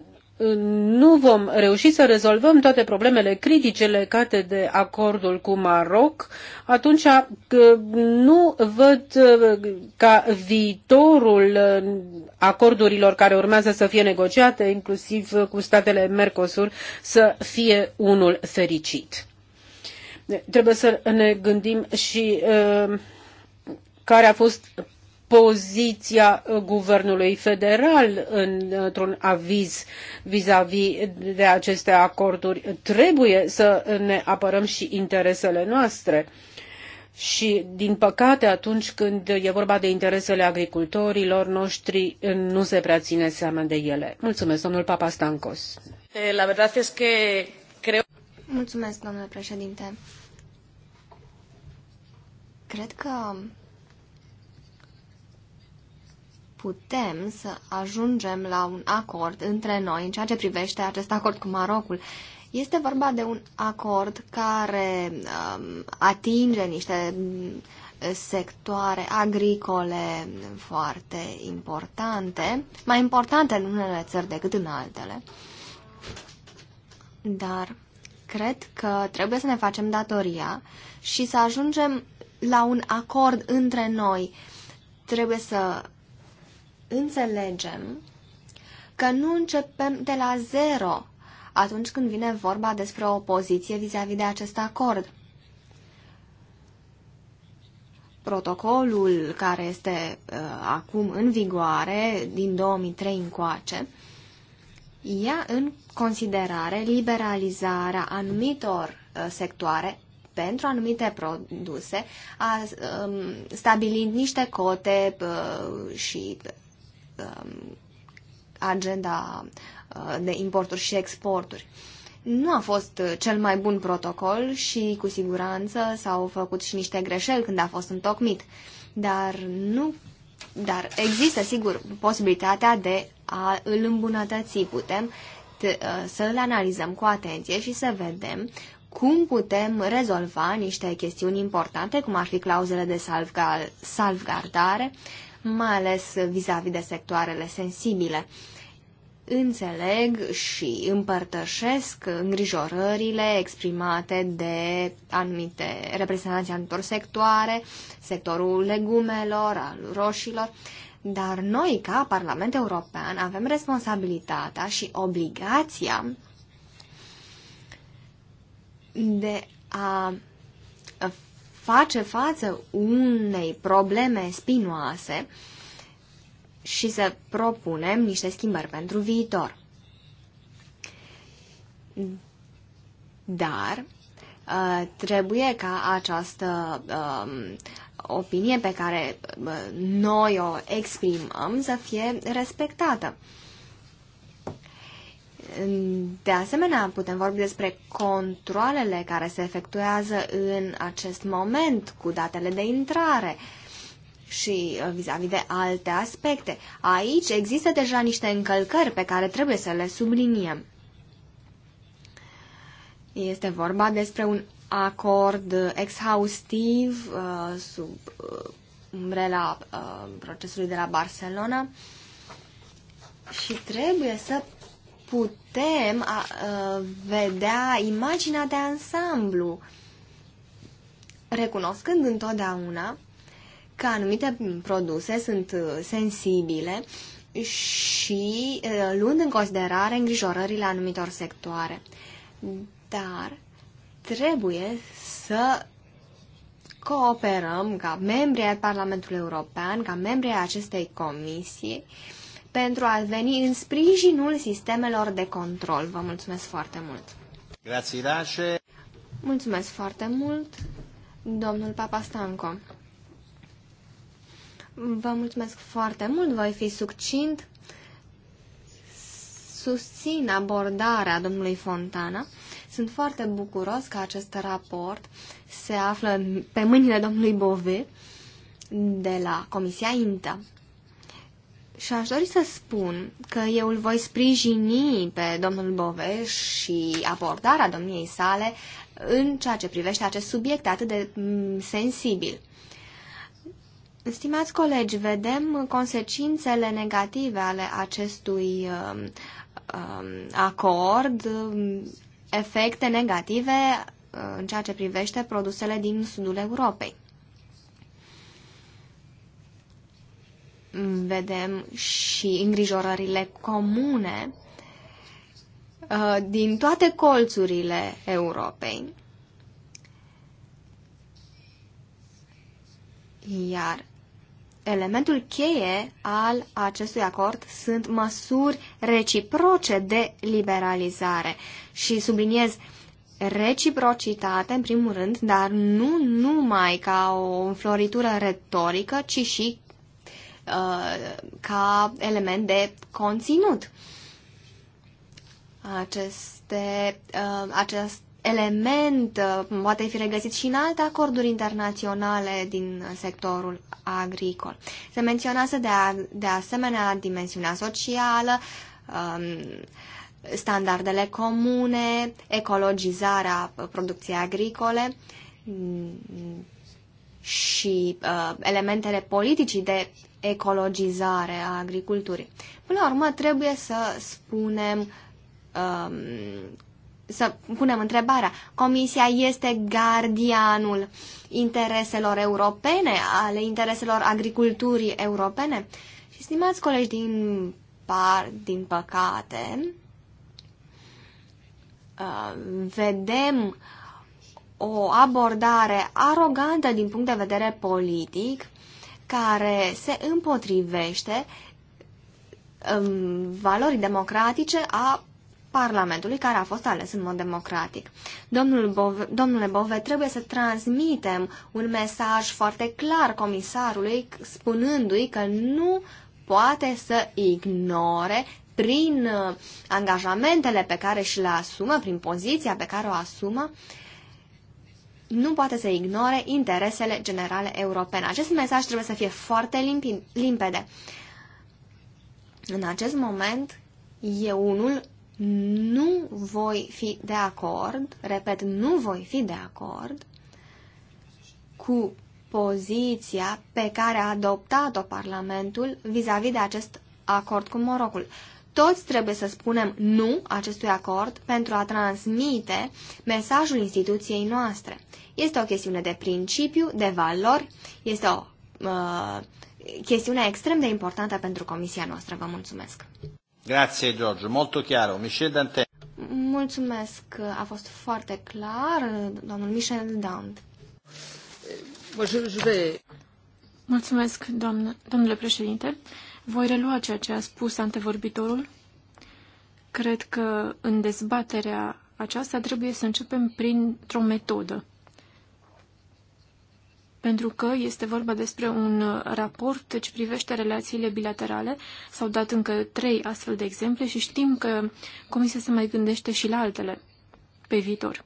nu vom reuși să rezolvăm toate problemele critice legate de acordul cu Maroc, atunci uh, nu văd uh, ca viitorul uh, acordurilor care urmează să fie negociate, inclusiv cu statele Mercosur, să fie unul fericit. Trebuie să ne gândim și care a fost poziția uh, guvernului federal într-un aviz vis-a-vis de aceste acorduri. Trebuie să ne apărăm și interesele noastre. Și, din păcate, atunci când e vorba de interesele agricultorilor noștri, nu se prea ține seama de ele. Mulțumesc, domnul Papa Stancos. Eh, la verdad es que creo... Mulțumesc, domnule președinte. Cred că putem să ajungem la un acord între noi în ceea ce privește acest acord cu Marocul. Este vorba de un acord care um, atinge niște uh, sectoare agricole foarte importante, mai importante în unele țări decât în altele. Dar cred că trebuie să ne facem datoria și să ajungem la un acord între noi. Trebuie să înțelegem că nu începem de la zero atunci când vine vorba despre o poziție vis-a-vis -vis de acest acord. Protocolul care este uh, acum în vigoare din 2003 încoace ia în considerare liberalizarea anumitor uh, sectoare pentru anumite produse, a, uh, stabilind niște cote uh, și Um, agenda uh, de importuri și exporturi. Nu a fost uh, cel mai bun protocol și cu siguranță s-au făcut și niște greșeli când a fost întocmit, dar nu dar există sigur posibilitatea de a îl îmbunătăți. Putem uh, să îl analizăm cu atenție și să vedem cum putem rezolva niște chestiuni importante, cum ar fi clauzele de salvgardare, mai ales vis-a-vis -vis de sectoarele sensibile. Înțeleg și împărtășesc îngrijorările exprimate de anumite reprezentanți anumitor sectoare, sectorul legumelor, al roșilor, dar noi, ca Parlament European, avem responsabilitatea și obligația de a face față unei probleme spinoase și să propunem niște schimbări pentru viitor. Dar uh, trebuie ca această um, opinie pe care uh, noi o exprimăm să fie respectată. De asemenea, putem vorbi despre controlele care se efectuează în acest moment cu datele de intrare și uh, vis-a-vis -vis de alte aspecte. Aici există deja niște încălcări pe care trebuie să le subliniem. Este vorba despre un acord exhaustiv uh, sub uh, umbrela uh, procesului de la Barcelona și trebuie să putem a, a, vedea imaginea de ansamblu, recunoscând întotdeauna că anumite produse sunt uh, sensibile și uh, luând în considerare îngrijorările anumitor sectoare. Dar trebuie să cooperăm ca membri ai Parlamentului European, ca membri ai acestei comisii, pentru a veni în sprijinul sistemelor de control. Vă mulțumesc foarte mult! Grazie, Mulțumesc foarte mult, domnul Papastanco. Vă mulțumesc foarte mult, voi fi succint. Susțin abordarea domnului Fontana. Sunt foarte bucuros că acest raport se află pe mâinile domnului Bove de la Comisia INTA. Și aș dori să spun că eu îl voi sprijini pe domnul Boveș și abordarea domniei sale în ceea ce privește acest subiect atât de mm, sensibil. Stimați colegi, vedem consecințele negative ale acestui um, um, acord, um, efecte negative uh, în ceea ce privește produsele din sudul Europei. vedem și îngrijorările comune uh, din toate colțurile Europei. Iar elementul cheie al acestui acord sunt măsuri reciproce de liberalizare. Și subliniez reciprocitate, în primul rând, dar nu numai ca o înfloritură retorică, ci și ca element de conținut. Aceste, uh, acest element uh, poate fi regăsit și în alte acorduri internaționale din sectorul agricol. Se menționează de, a, de asemenea dimensiunea socială, um, standardele comune, ecologizarea producției agricole și uh, elementele politicii de ecologizare a agriculturii. Până la urmă, trebuie să spunem, um, să punem întrebarea, Comisia este gardianul intereselor europene, ale intereselor agriculturii europene? Și, stimați colegi, din par, din păcate, uh, vedem o abordare arogantă din punct de vedere politic care se împotrivește um, valorii democratice a Parlamentului care a fost ales în mod democratic. Domnul Bove, domnule Bove, trebuie să transmitem un mesaj foarte clar comisarului, spunându-i că nu poate să ignore prin uh, angajamentele pe care și le asumă, prin poziția pe care o asumă, uh, nu poate să ignore interesele generale europene. Acest mesaj trebuie să fie foarte limpi, limpede. În acest moment, eu unul nu voi fi de acord, repet, nu voi fi de acord cu poziția pe care a adoptat-o Parlamentul vis-a-vis -vis de acest acord cu Morocul. Toți trebuie să spunem nu acestui acord pentru a transmite mesajul instituției noastre. Este o chestiune de principiu, de valori, este o uh, chestiune extrem de importantă pentru comisia noastră. Vă mulțumesc! Grazie, George. Molto chiar. Michel Dante. Mulțumesc, a fost foarte clar, domnul Michel Dant. Mulțumesc, domnule președinte. Voi relua ceea ce a spus antevorbitorul. Cred că în dezbaterea aceasta trebuie să începem printr-o metodă. Pentru că este vorba despre un raport ce deci privește relațiile bilaterale. S-au dat încă trei astfel de exemple și știm că Comisia se mai gândește și la altele pe viitor.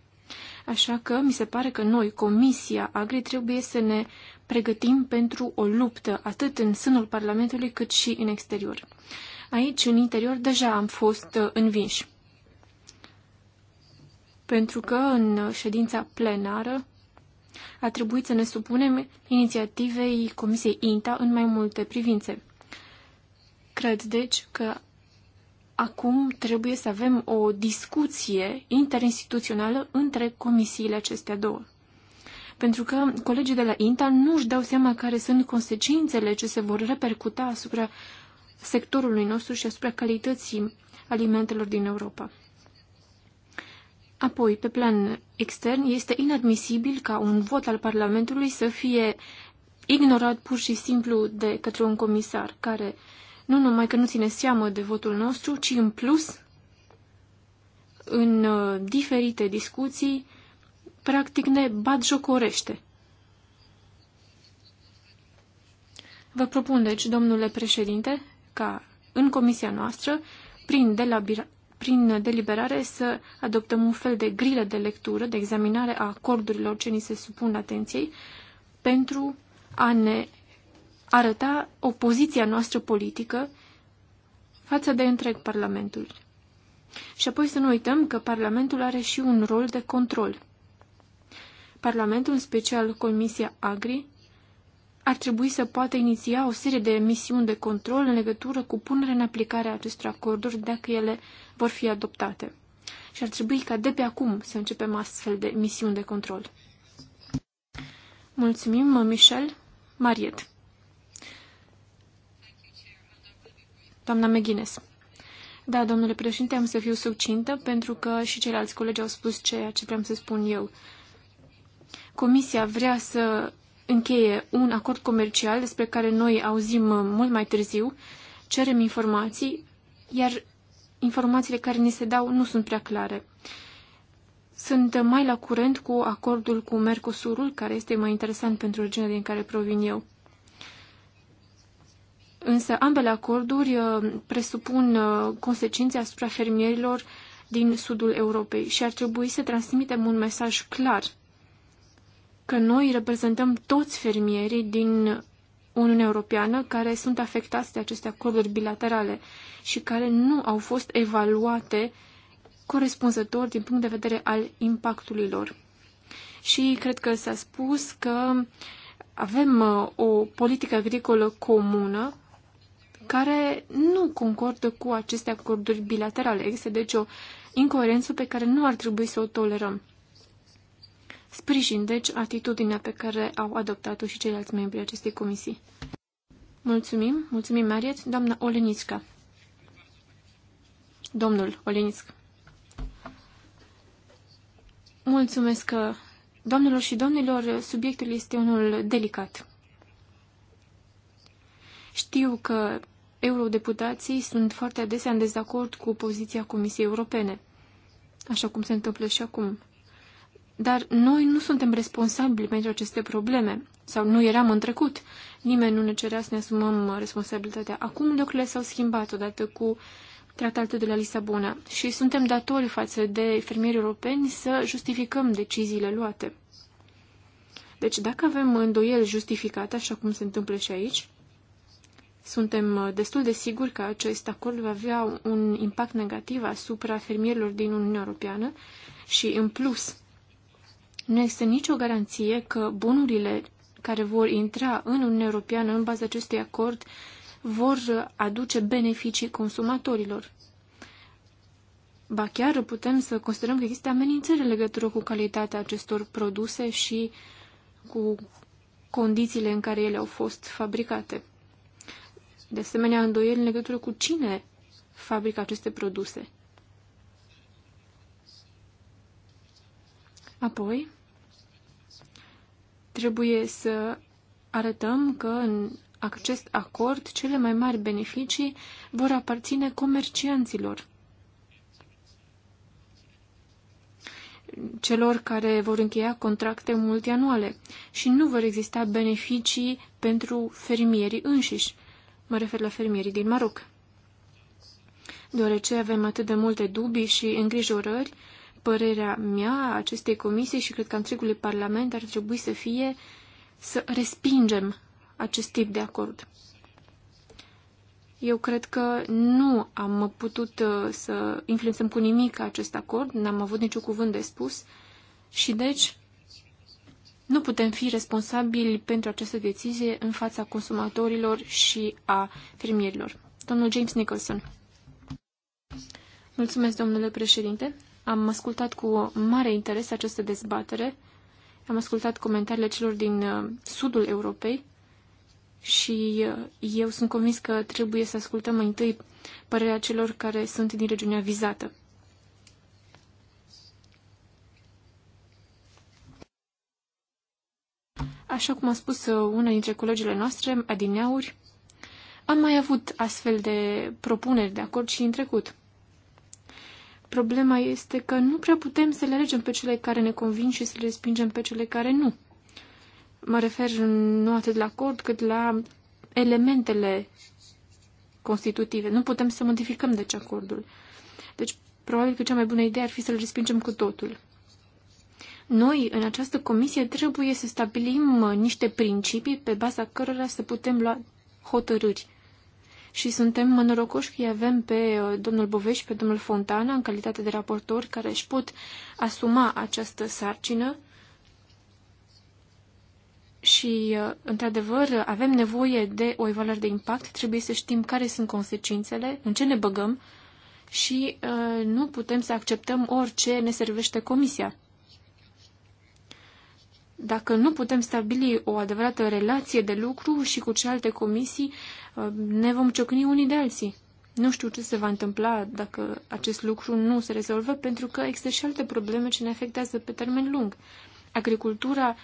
Așa că mi se pare că noi, Comisia Agri, trebuie să ne pregătim pentru o luptă, atât în sânul Parlamentului, cât și în exterior. Aici, în interior, deja am fost uh, învinși. Pentru că în ședința plenară a trebuit să ne supunem inițiativei Comisiei INTA în mai multe privințe. Cred, deci, că acum trebuie să avem o discuție interinstituțională între comisiile acestea două. Pentru că colegii de la INTA nu își dau seama care sunt consecințele ce se vor repercuta asupra sectorului nostru și asupra calității alimentelor din Europa. Apoi, pe plan extern, este inadmisibil ca un vot al Parlamentului să fie ignorat pur și simplu de către un comisar care uh, nu numai că nu ține seamă de votul nostru, ci în plus, în uh, diferite discuții, practic ne jocorește. Vă propun, deci, domnule președinte, ca în comisia noastră, prin, prin deliberare, să adoptăm un fel de grilă de lectură, de examinare a acordurilor ce ni se supun atenției, pentru a ne arăta opoziția noastră politică față de întreg Parlamentul. Și apoi să nu uităm că Parlamentul are și un rol de control. Parlamentul, în special Comisia Agri, ar trebui să poată iniția o serie de misiuni de control în legătură cu punerea în aplicare a acestor acorduri dacă ele vor fi adoptate. Și ar trebui ca de pe acum să începem astfel de misiuni de control. Mulțumim, Michel. Mariet. Doamna McGuinness. Da, domnule președinte, am să fiu subcintă pentru că și ceilalți colegi au spus ceea ce vreau să spun eu. Comisia vrea să încheie un acord comercial despre care noi auzim mult mai târziu, cerem informații, iar informațiile care ni se dau nu sunt prea clare. Sunt mai la curent cu acordul cu Mercosurul, care este mai interesant pentru regiunea din care provin eu. Însă ambele acorduri uh, presupun uh, consecințe asupra fermierilor din sudul Europei și ar trebui să transmitem un mesaj clar că noi reprezentăm toți fermierii din Uniunea Europeană care sunt afectați de aceste acorduri bilaterale și care nu au fost evaluate corespunzător din punct de vedere al impactului lor. Și cred că s-a spus că avem uh, o politică agricolă comună care nu concordă cu aceste acorduri bilaterale. Este deci o incoerență pe care nu ar trebui să o tolerăm. Sprijin, deci, atitudinea pe care au adoptat-o și ceilalți membri acestei comisii. Mulțumim, mulțumim, Mariet, doamna Olenițca. Domnul Olenițc. Mulțumesc că, doamnelor și domnilor, subiectul este unul delicat. Știu că eurodeputații sunt foarte adesea în dezacord cu poziția Comisiei Europene, așa cum se întâmplă și acum. Dar noi nu suntem responsabili pentru aceste probleme, sau nu eram în trecut. Nimeni nu ne cerea să ne asumăm responsabilitatea. Acum lucrurile s-au schimbat odată cu tratatul de la Lisabona și suntem datori față de fermierii europeni să justificăm deciziile luate. Deci dacă avem îndoieli justificate, așa cum se întâmplă și aici, suntem uh, destul de siguri că acest acord va avea un impact negativ asupra fermierilor din Uniunea Europeană și, în plus, nu există nicio garanție că bunurile care vor intra în Uniunea Europeană în baza acestui acord vor aduce beneficii consumatorilor. Ba chiar putem să considerăm că există amenințări în legătură cu calitatea acestor produse și cu condițiile în care ele au fost fabricate de asemenea îndoieli în legătură cu cine fabrică aceste produse. Apoi, trebuie să arătăm că în acest acord cele mai mari beneficii vor aparține comercianților, celor care vor încheia contracte multianuale și nu vor exista beneficii pentru fermierii înșiși. Mă refer la fermierii din Maroc. Deoarece avem atât de multe dubii și îngrijorări, părerea mea, a acestei comisii și cred că întregului Parlament ar trebui să fie să respingem acest tip de acord. Eu cred că nu am putut uh, să influențăm cu nimic acest acord, n-am avut niciun cuvânt de spus și deci nu putem fi responsabili pentru această decizie în fața consumatorilor și a fermierilor. Domnul James Nicholson. Mulțumesc, domnule președinte. Am ascultat cu mare interes această dezbatere. Am ascultat comentariile celor din uh, sudul Europei și uh, eu sunt convins că trebuie să ascultăm întâi părerea celor care sunt din regiunea vizată. Așa cum a spus una dintre colegile noastre, adineauri, am mai avut astfel de propuneri de acord și în trecut. Problema este că nu prea putem să le alegem pe cele care ne convin și să le respingem pe cele care nu. Mă refer nu atât la acord, cât la elementele constitutive. Nu putem să modificăm, deci, acordul. Deci, probabil că cea mai bună idee ar fi să-l respingem cu totul. Noi, în această comisie, trebuie să stabilim uh, niște principii pe baza cărora să putem lua hotărâri. Și suntem mănorocoși că avem pe uh, domnul Boveș și pe domnul Fontana, în calitate de raportori, care își pot asuma această sarcină. Și, uh, într-adevăr, avem nevoie de o evaluare de impact, trebuie să știm care sunt consecințele, în ce ne băgăm și uh, nu putem să acceptăm orice ne servește comisia. Dacă nu putem stabili o adevărată relație de lucru și cu celelalte comisii, uh, ne vom ciocni unii de alții. Nu știu ce se va întâmpla dacă acest lucru nu se rezolvă, pentru că există și alte probleme ce ne afectează pe termen lung. Agricultura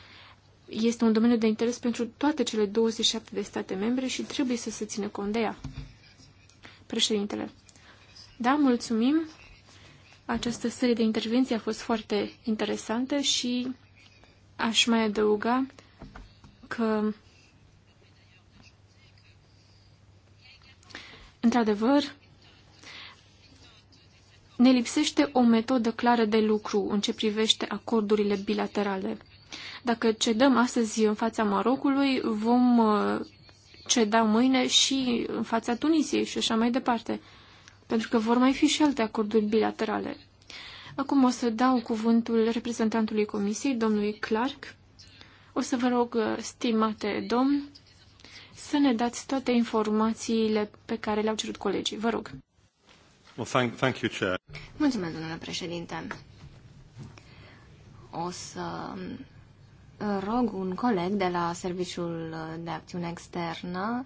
este un domeniu de interes pentru toate cele 27 de state membre și trebuie să se țină cont de ea. Președintele. Da, mulțumim. Această serie de intervenții a fost foarte interesantă și Aș mai adăuga că, într-adevăr, ne lipsește o metodă clară de lucru în ce privește acordurile bilaterale. Dacă cedăm astăzi în fața Marocului, vom uh, ceda mâine și în fața Tunisiei și așa mai departe, pentru că vor mai fi și alte acorduri bilaterale. Acum o să dau cuvântul reprezentantului Comisiei, domnului Clark. O să vă rog, stimate domn, să ne dați toate informațiile pe care le-au cerut colegii. Vă rog. Well, thank, thank you, Chair. Mulțumesc, domnule președinte. O să rog un coleg de la Serviciul de Acțiune Externă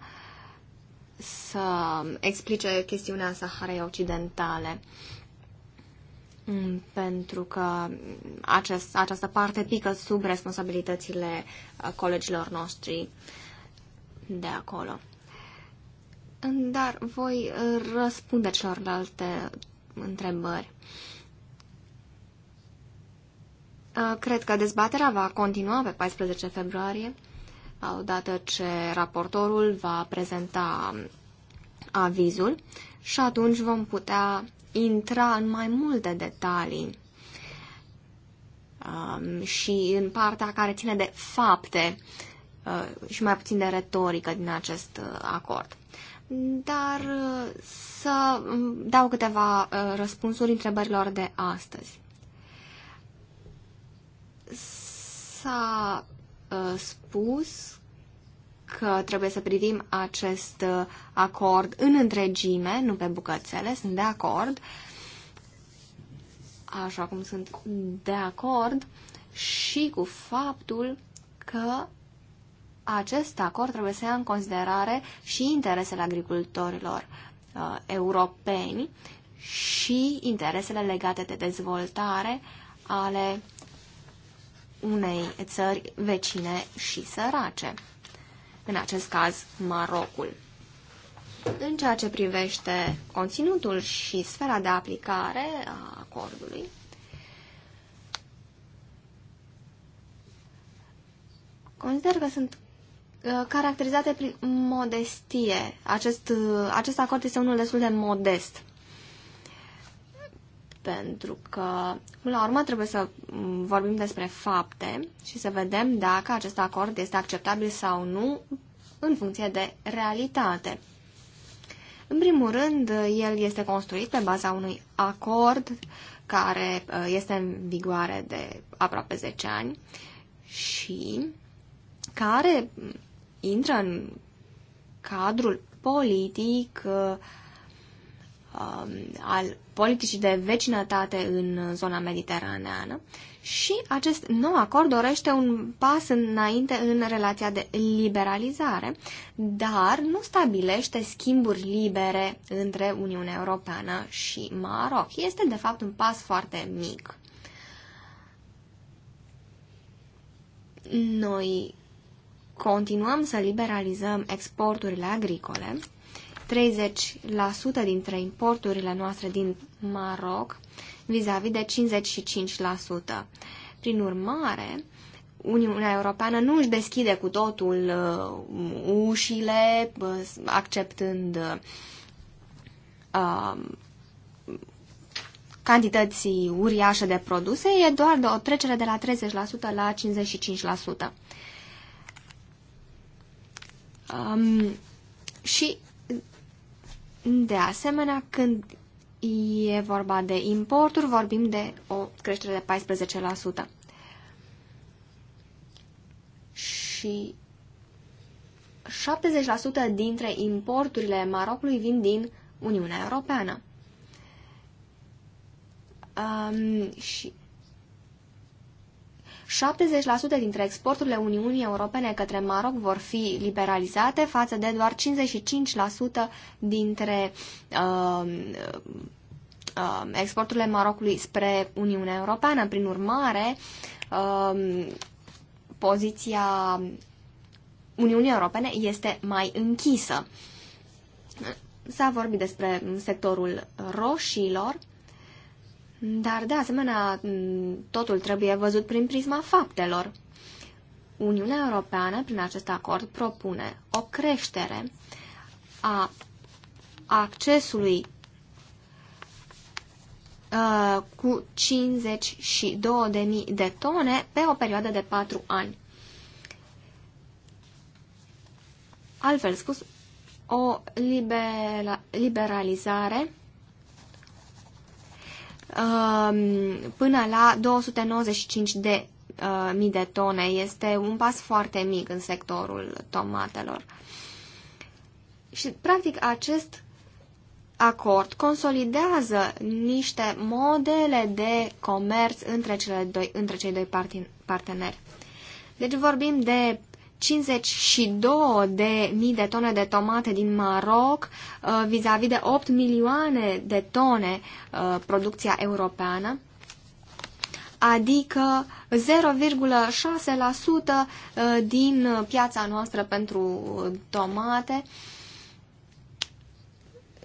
să explice chestiunea Saharei Occidentale. Mm, pentru că acest, această parte pică sub responsabilitățile uh, colegilor noștri de acolo. Dar voi uh, răspunde celorlalte întrebări. Uh, cred că dezbaterea va continua pe 14 februarie, odată ce raportorul va prezenta avizul și atunci vom putea intra în mai multe detalii um, și în partea care ține de fapte uh, și mai puțin de retorică din acest uh, acord. Dar uh, să dau câteva uh, răspunsuri întrebărilor de astăzi. S-a uh, spus că trebuie să privim acest uh, acord în întregime, nu pe bucățele, sunt de acord, așa cum sunt de acord și cu faptul că acest acord trebuie să ia în considerare și interesele agricultorilor uh, europeni și interesele legate de dezvoltare ale unei țări vecine și sărace în acest caz Marocul. În ceea ce privește conținutul și sfera de aplicare a acordului, consider că sunt uh, caracterizate prin modestie. Acest, uh, acest acord este unul destul de modest pentru că, până la urmă, trebuie să vorbim despre fapte și să vedem dacă acest acord este acceptabil sau nu în funcție de realitate. În primul rând, el este construit pe baza unui acord care uh, este în vigoare de aproape 10 ani și care intră în cadrul politic uh, Um, al politicii de vecinătate în zona mediteraneană și acest nou acord dorește un pas înainte în relația de liberalizare, dar nu stabilește schimburi libere între Uniunea Europeană și Maroc. Este, de fapt, un pas foarte mic. Noi continuăm să liberalizăm exporturile agricole, 30% dintre importurile noastre din Maroc vis-a-vis -vis de 55%. Prin urmare, Uniunea Europeană nu își deschide cu totul uh, ușile, uh, acceptând uh, uriașe de produse, e doar de o trecere de la 30% la 55%. Um, și de asemenea, când e vorba de importuri, vorbim de o creștere de 14%. Și 70% dintre importurile Marocului vin din Uniunea Europeană. Um, și 70% dintre exporturile Uniunii Europene către Maroc vor fi liberalizate față de doar 55% dintre uh, uh, exporturile Marocului spre Uniunea Europeană. Prin urmare, uh, poziția Uniunii Europene este mai închisă. S-a vorbit despre sectorul roșilor. Dar, de asemenea, totul trebuie văzut prin prisma faptelor. Uniunea Europeană, prin acest acord, propune o creștere a accesului uh, cu 52.000 de tone pe o perioadă de 4 ani. Altfel spus, o liberalizare Um, până la 295 de uh, mii de tone. Este un pas foarte mic în sectorul tomatelor. Și, practic, acest acord consolidează niște modele de comerț între, cele doi, între cei doi parteneri. Deci vorbim de 52 de mii de tone de tomate din Maroc uh, vis-a-vis -vis de 8 milioane de tone uh, producția europeană, adică 0,6% uh, din piața noastră pentru tomate.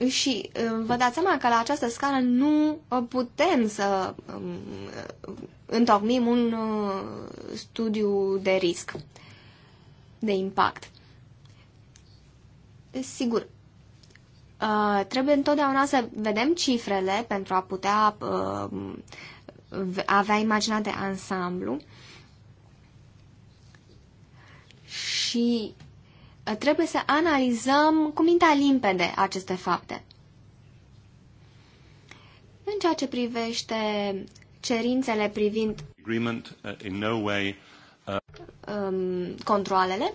Și vă dați seama că la această scară nu putem să um, întocmim un studiu de risc de impact. Sigur, uh, trebuie întotdeauna să vedem cifrele pentru a putea uh, avea imaginea de ansamblu și uh, trebuie să analizăm cu mintea limpede aceste fapte. În ceea ce privește cerințele privind agreement uh, in no way um, controlele,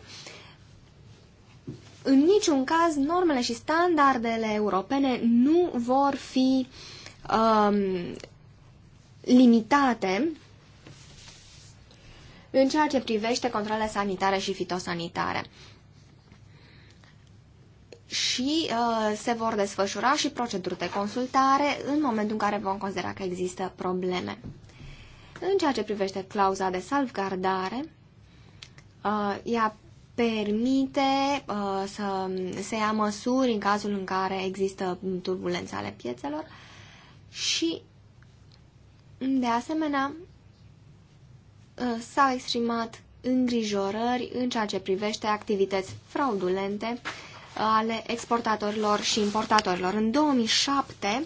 în niciun caz normele și standardele europene nu vor fi um, limitate în ceea ce privește controlele sanitare și fitosanitare. Și uh, se vor desfășura și proceduri de consultare în momentul în care vom considera că există probleme. În ceea ce privește clauza de salvgardare, uh, ea permite uh, să se ia măsuri în cazul în care există turbulențe ale piețelor și, de asemenea, uh, s-au exprimat îngrijorări în ceea ce privește activități fraudulente ale exportatorilor și importatorilor. În 2007,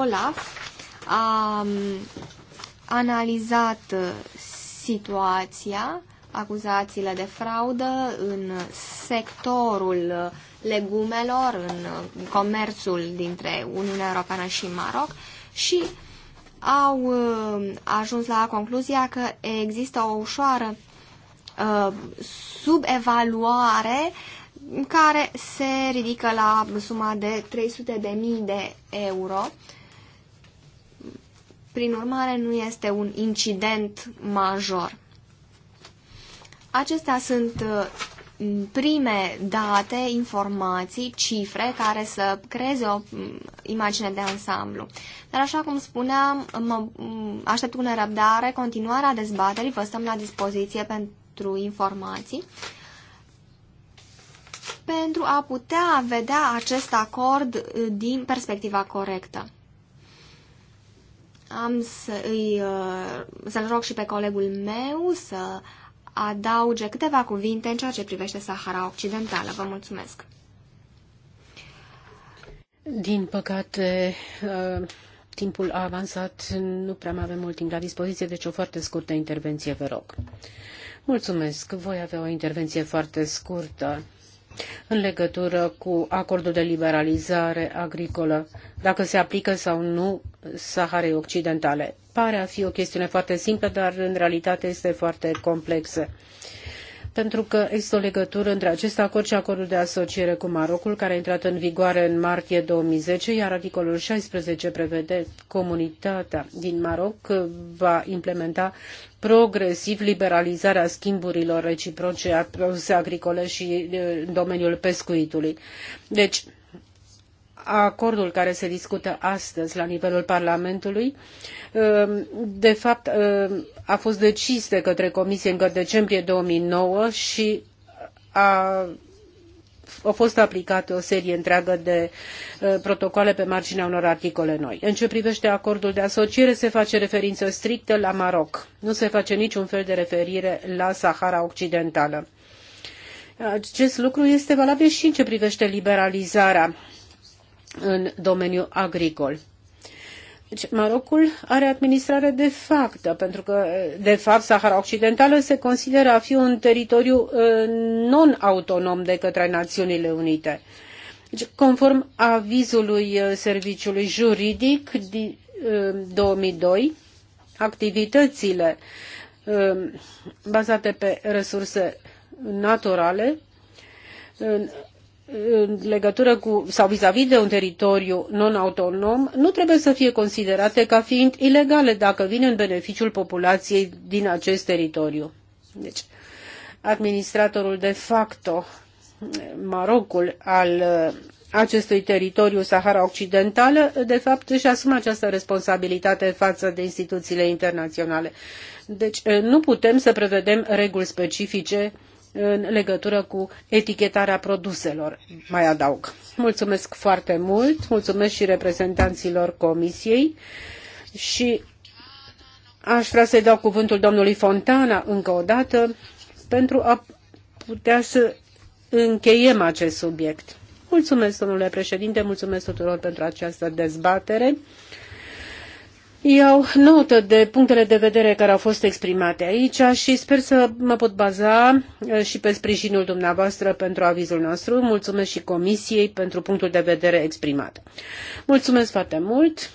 Olaf a um, analizat uh, situația acuzațiile de fraudă în sectorul legumelor, în comerțul dintre Uniunea Europeană și Maroc și au uh, ajuns la concluzia că există o ușoară uh, subevaluare care se ridică la suma de 300.000 de euro. Prin urmare, nu este un incident major. Acestea sunt uh, prime date, informații, cifre care să creeze o imagine de ansamblu. Dar așa cum spuneam, mă aștept cu nerăbdare continuarea dezbaterii, vă stăm la dispoziție pentru informații pentru a putea vedea acest acord uh, din perspectiva corectă. Am să îi, uh, să-l rog și pe colegul meu să adauge câteva cuvinte în ceea ce privește Sahara Occidentală. Vă mulțumesc! Din păcate, uh, timpul a avansat, nu prea mai avem mult timp la dispoziție, deci o foarte scurtă intervenție, vă rog. Mulțumesc, voi avea o intervenție foarte scurtă în legătură cu acordul de liberalizare agricolă, dacă se aplică sau nu Saharei Occidentale. Pare a fi o chestiune foarte simplă, dar în realitate este foarte complexă pentru că există o legătură între acest acord și acordul de asociere cu Marocul, care a intrat în vigoare în martie 2010, iar articolul 16 prevede comunitatea din Maroc va implementa progresiv liberalizarea schimburilor reciproce a produse agricole și în domeniul pescuitului. Deci, acordul care se discută astăzi la nivelul Parlamentului, de fapt, a fost decis de către Comisie încă decembrie 2009 și a au fost aplicate o serie întreagă de uh, protocoale pe marginea unor articole noi. În ce privește acordul de asociere, se face referință strictă la Maroc. Nu se face niciun fel de referire la Sahara Occidentală. Acest lucru este valabil și în ce privește liberalizarea în domeniul agricol. Deci Marocul are administrare de fapt, pentru că, de fapt, Sahara Occidentală se consideră a fi un teritoriu uh, non-autonom de către Națiunile Unite. Deci, conform avizului uh, Serviciului Juridic din 2002, uh, activitățile bazate pe resurse naturale în legătură cu sau vis-a-vis de un teritoriu non-autonom nu trebuie să fie considerate ca fiind ilegale dacă vin în beneficiul populației din acest teritoriu. Deci, administratorul de facto, Marocul, al uh, acestui teritoriu Sahara Occidentală, de fapt își asumă această responsabilitate față de instituțiile internaționale. Deci uh, nu putem să prevedem reguli specifice în legătură cu etichetarea produselor, mai adaug. Mulțumesc foarte mult, mulțumesc și reprezentanților Comisiei și aș vrea să-i dau cuvântul domnului Fontana încă o dată pentru a putea să încheiem acest subiect. Mulțumesc, domnule președinte, mulțumesc tuturor pentru această dezbatere. Iau notă de punctele de vedere care au fost exprimate aici și sper să mă pot baza uh, și pe sprijinul dumneavoastră pentru avizul nostru. Mulțumesc și Comisiei pentru punctul de vedere exprimat. Mulțumesc foarte mult!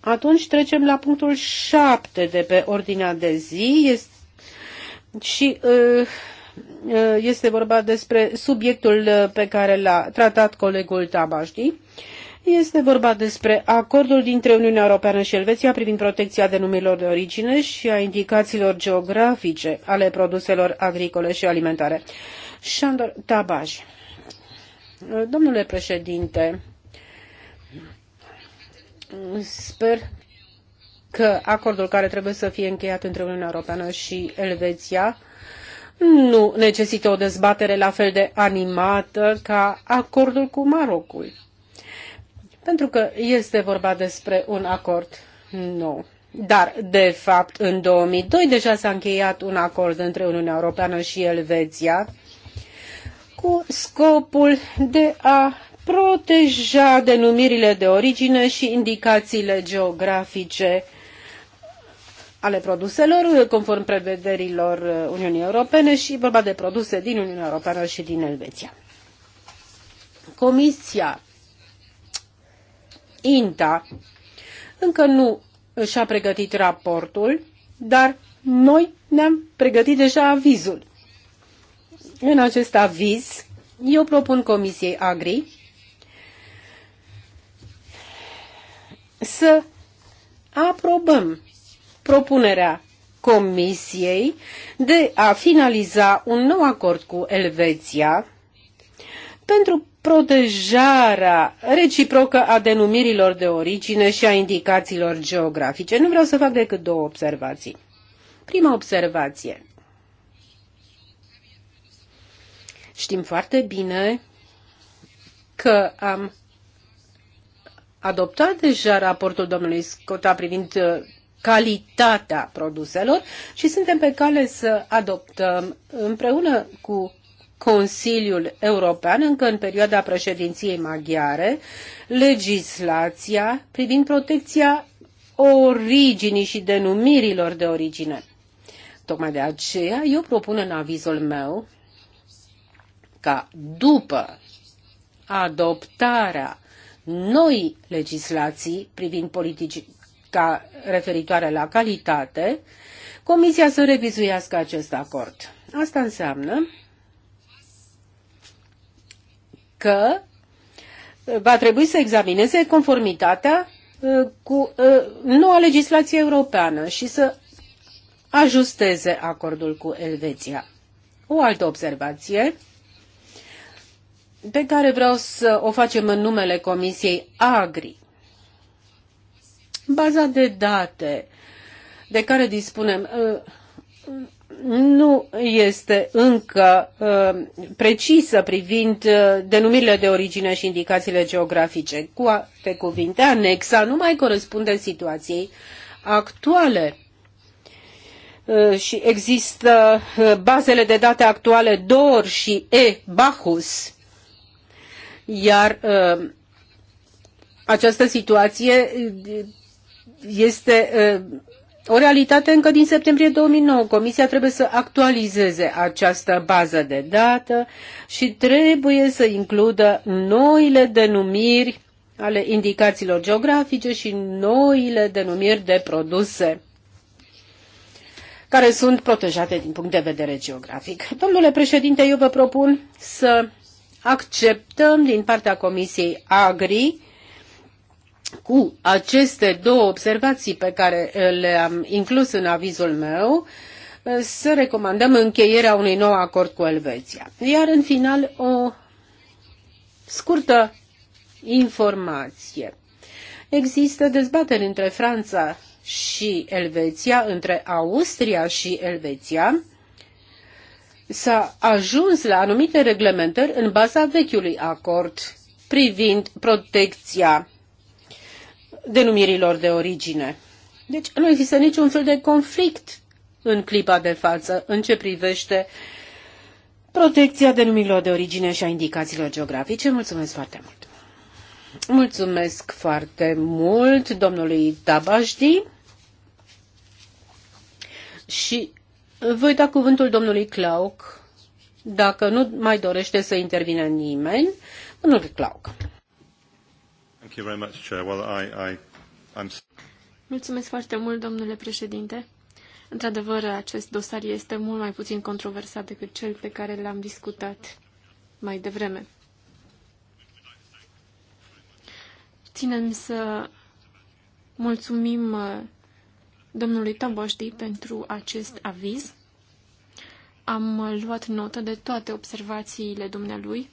Atunci trecem la punctul 7 de pe ordinea de zi este, și uh, uh, este vorba despre subiectul pe care l-a tratat colegul Tabașdi este vorba despre acordul dintre Uniunea Europeană și Elveția privind protecția denumirilor de origine și a indicațiilor geografice ale produselor agricole și alimentare. Șandor Tabaj. Domnule președinte, sper că acordul care trebuie să fie încheiat între Uniunea Europeană și Elveția nu necesită o dezbatere la fel de animată ca acordul cu Marocul pentru că este vorba despre un acord nou. Dar, de fapt, în 2002 deja s-a încheiat un acord între Uniunea Europeană și Elveția cu scopul de a proteja denumirile de origine și indicațiile geografice ale produselor, conform prevederilor Uniunii Europene și vorba de produse din Uniunea Europeană și din Elveția. Comisia INTA încă nu și-a pregătit raportul, dar noi ne-am pregătit deja avizul. În acest aviz, eu propun Comisiei Agri să aprobăm propunerea Comisiei de a finaliza un nou acord cu Elveția pentru protejarea reciprocă a denumirilor de origine și a indicațiilor geografice. Nu vreau să fac decât două observații. Prima observație. Știm foarte bine că am adoptat deja raportul domnului Scota privind uh, calitatea produselor și suntem pe cale să adoptăm împreună cu Consiliul European, încă în perioada președinției maghiare, legislația privind protecția originii și denumirilor de origine. Tocmai de aceea eu propun în avizul meu ca după adoptarea noi legislații privind politica referitoare la calitate, Comisia să revizuiască acest acord. Asta înseamnă că uh, va trebui să examineze conformitatea uh, cu uh, noua legislație europeană și să ajusteze acordul cu Elveția. O altă observație pe care vreau să o facem în numele Comisiei Agri. Baza de date de care dispunem nu este încă uh, precisă privind uh, denumirile de origine și indicațiile geografice. Cu alte cuvinte, anexa nu mai corespunde situației actuale uh, și există bazele de date actuale DOR și e bahus iar această situație este o realitate încă din septembrie 2009. Comisia trebuie să actualizeze această bază de dată și trebuie să includă noile denumiri ale indicațiilor geografice și noile denumiri de produse care sunt protejate din punct de vedere geografic. Domnule președinte, eu vă propun să acceptăm din partea Comisiei Agri cu aceste două observații pe care eh, le-am inclus în avizul meu, eh, să recomandăm încheierea unui nou acord cu Elveția. Iar în final o scurtă informație. Există dezbateri între Franța și Elveția, între Austria și Elveția. S-a ajuns la anumite reglementări în baza vechiului acord privind protecția denumirilor de origine. Deci nu există niciun fel de conflict în clipa de față în ce privește protecția denumirilor de origine și a indicațiilor geografice. Mulțumesc foarte mult! Mulțumesc foarte mult domnului Tabajdi și voi da cuvântul domnului Clauc dacă nu mai dorește să intervine nimeni. Domnul Clauc. Mulțumesc foarte mult, domnule președinte. Într-adevăr, acest dosar este mult mai puțin controversat decât cel pe care l-am discutat mai devreme. Ținem să mulțumim uh, domnului Toboșdi pentru acest aviz. Am uh, luat notă de toate observațiile dumnealui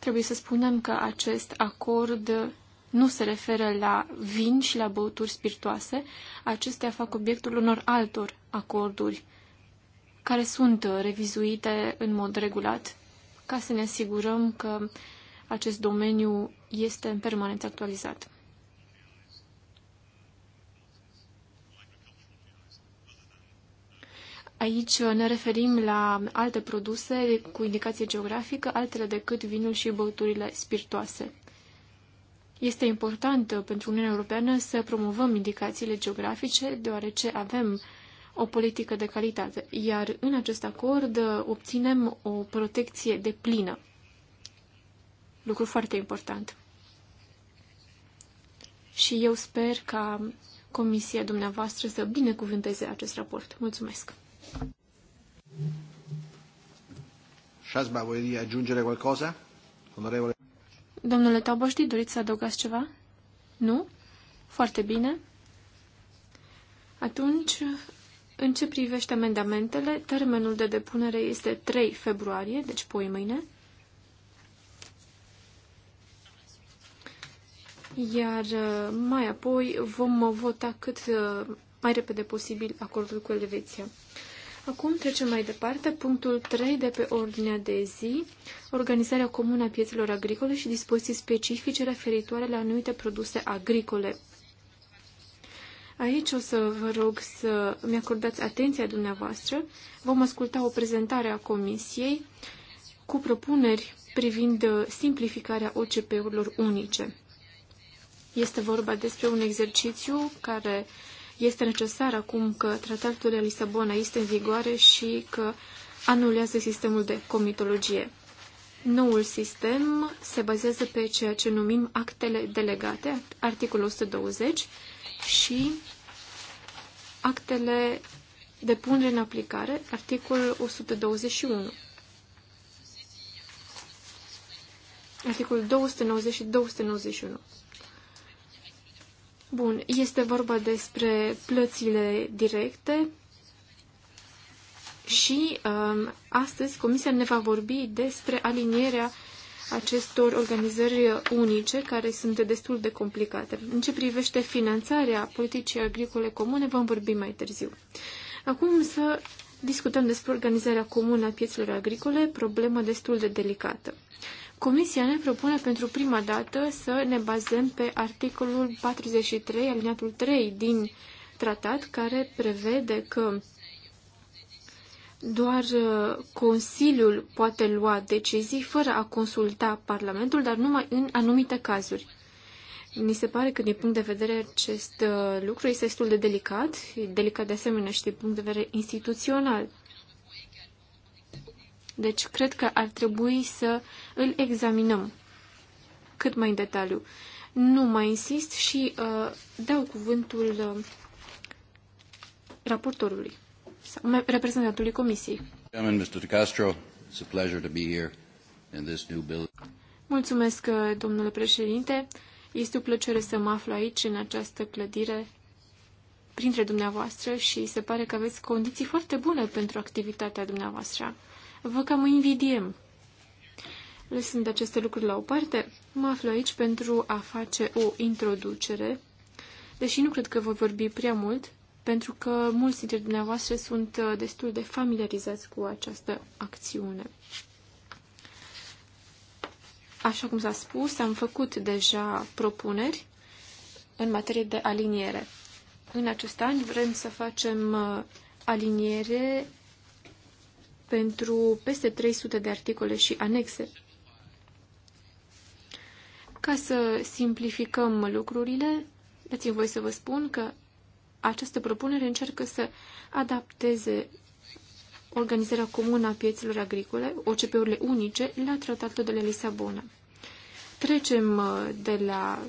Trebuie să spunem că acest acord nu se referă la vin și la băuturi spiritoase. Acestea fac obiectul unor altor acorduri care sunt revizuite în mod regulat ca să ne asigurăm că acest domeniu este în permanență actualizat. Aici uh, ne referim la alte produse cu indicație geografică, altele decât vinul și băuturile spiritoase. Este important uh, pentru Uniunea Europeană să promovăm indicațiile geografice, deoarece avem o politică de calitate, iar în acest acord uh, obținem o protecție de plină. Lucru foarte important. Și eu sper ca comisia dumneavoastră să binecuvânteze acest raport. Mulțumesc! Șazba, voi aggiungere qualcosa? Onorevole. Domnule Taboști, doriți să adăugați ceva? Nu? Foarte bine. Atunci, în ce privește amendamentele, termenul de depunere este 3 februarie, deci poi mâine. Iar uh, mai apoi vom vota cât uh, mai repede posibil acordul cu Elveția. Acum trecem mai departe. Punctul 3 de pe ordinea de zi. Organizarea comună a piețelor agricole și dispoziții specifice referitoare la anumite produse agricole. Aici o să vă rog să mi acordați atenția dumneavoastră. Vom asculta o prezentare a Comisiei cu propuneri privind simplificarea OCP-urilor unice. Este vorba despre un exercițiu care uh, este necesar acum că tratatul de Lisabona este în vigoare și că anulează sistemul de comitologie. Noul sistem se bazează pe ceea ce numim actele delegate, articolul 120, și actele de punere în aplicare, articolul 121. Articolul 290 și 291. Bun, este vorba despre plățile directe și um, astăzi Comisia ne va vorbi despre alinierea acestor organizări unice care sunt destul de complicate. În ce privește finanțarea politicii agricole comune, vom vorbi mai târziu. Acum să discutăm despre organizarea comună a piețelor agricole, problemă destul de delicată. Comisia ne propune pentru prima dată să ne bazăm pe articolul 43, alineatul 3 din tratat, care prevede că doar uh, Consiliul poate lua decizii fără a consulta Parlamentul, dar numai în anumite cazuri. Mi se pare că, din punct de vedere, acest uh, lucru este destul de delicat, delicat de asemenea și din punct de vedere instituțional. Deci cred că ar trebui să îl examinăm cât mai în detaliu. Nu mai insist și uh, dau cuvântul uh, raportorului sau reprezentantului comisiei. Mulțumesc, uh, domnule președinte. Este o plăcere să mă aflu aici, în această clădire, printre dumneavoastră și se pare că aveți condiții foarte bune pentru activitatea dumneavoastră vă cam invidiem. Lăsând aceste lucruri la o parte, mă aflu aici pentru a face o introducere, deși nu cred că voi vorbi prea mult, pentru că mulți dintre dumneavoastră sunt uh, destul de familiarizați cu această acțiune. Așa cum s-a spus, am făcut deja propuneri în materie de aliniere. În acest an vrem să facem uh, aliniere pentru peste 300 de articole și anexe. Ca să simplificăm lucrurile, dați-mi voi să vă spun că această propunere încearcă să adapteze organizarea comună a piețelor agricole, OCP-urile unice, la tratatul de la Lisabona. Trecem uh, de la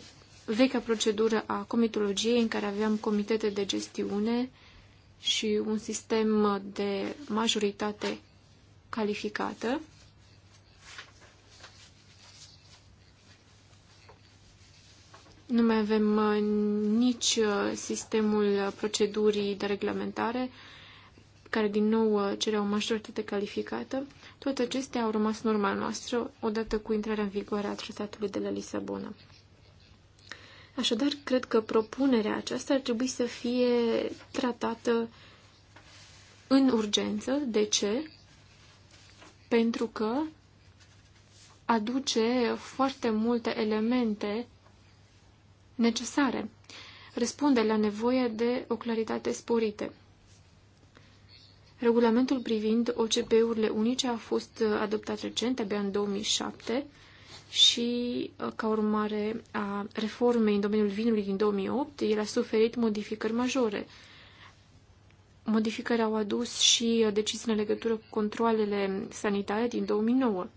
vechea procedură a comitologiei în care aveam comitete de gestiune și un sistem de majoritate calificată. Nu mai avem uh, nici uh, sistemul uh, procedurii de reglementare, care din nou cere o majoritate calificată. Toate acestea au rămas în urma noastră odată cu intrarea în vigoare a tratatului de la Lisabona. Așadar, cred că propunerea aceasta ar trebui să fie tratată în urgență. De ce? pentru că aduce foarte multe elemente necesare. Răspunde la nevoie de o claritate sporită. Regulamentul privind OCP-urile unice a fost adoptat recent, abia în 2007, și uh, ca urmare a reformei în domeniul vinului din 2008, el a suferit modificări majore. Modificări au adus și uh, decizii în legătură cu controlele sanitare din 2009.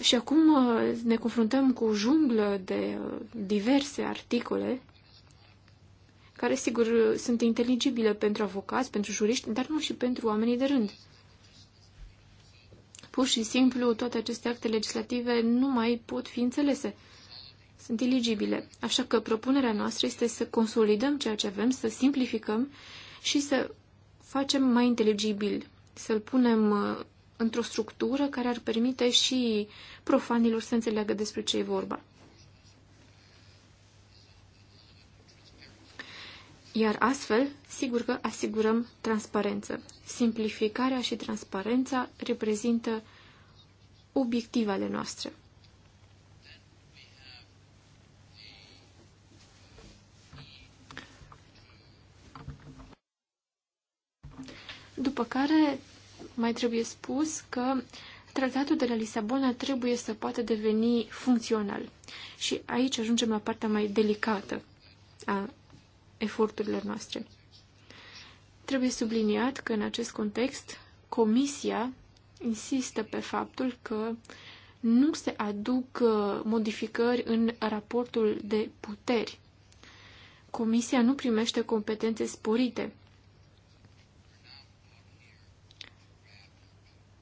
Și acum uh, ne confruntăm cu o junglă de uh, diverse articole care, sigur, sunt inteligibile pentru avocați, pentru juriști, dar nu și pentru oamenii de rând. Pur și simplu, toate aceste acte legislative nu mai pot fi înțelese sunt eligibile. Așa că propunerea noastră este să consolidăm ceea ce avem, să simplificăm și să facem mai inteligibil, să-l punem uh, într-o structură care ar permite și profanilor să înțeleagă despre ce e vorba. Iar astfel, sigur că asigurăm transparență. Simplificarea și transparența reprezintă obiectivele noastre. După care mai trebuie spus că tratatul de la Lisabona trebuie să poată deveni funcțional. Și aici ajungem la partea mai delicată a eforturilor noastre. Trebuie subliniat că în acest context Comisia insistă pe faptul că nu se aduc uh, modificări în raportul de puteri. Comisia nu primește competențe sporite.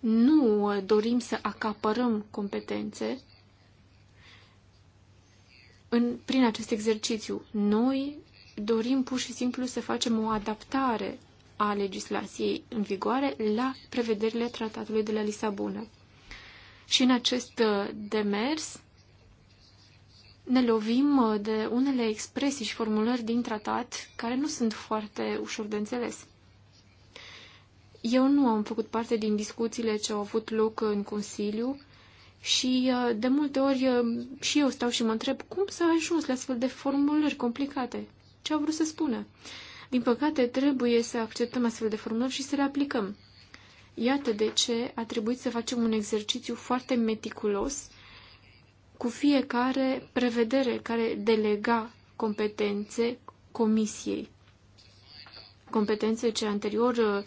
nu dorim să acapărăm competențe în, prin acest exercițiu. Noi dorim pur și simplu să facem o adaptare a legislației în vigoare la prevederile tratatului de la Lisabona. Și în acest uh, demers ne lovim uh, de unele expresii și formulări din tratat care nu sunt foarte ușor de înțeles. Eu nu am făcut parte din discuțiile ce au avut loc în Consiliu și uh, de multe ori uh, și eu stau și mă întreb cum s-a ajuns la astfel de formulări complicate. Ce au vrut să spună? Din păcate, trebuie să acceptăm astfel de formulări și să le aplicăm. Iată de ce a trebuit să facem un exercițiu foarte meticulos cu fiecare prevedere care delega competențe comisiei. Competențe ce anterior uh,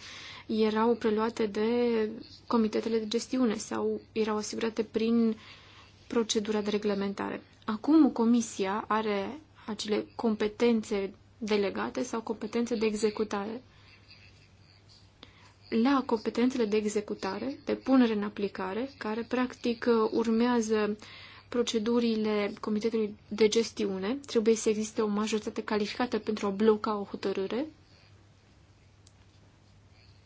erau preluate de comitetele de gestiune sau erau asigurate prin procedura de reglementare. Acum Comisia are acele competențe delegate sau competențe de executare. La competențele de executare, de punere în aplicare, care practic urmează procedurile Comitetului de Gestiune, trebuie să existe o majoritate calificată pentru a bloca o hotărâre,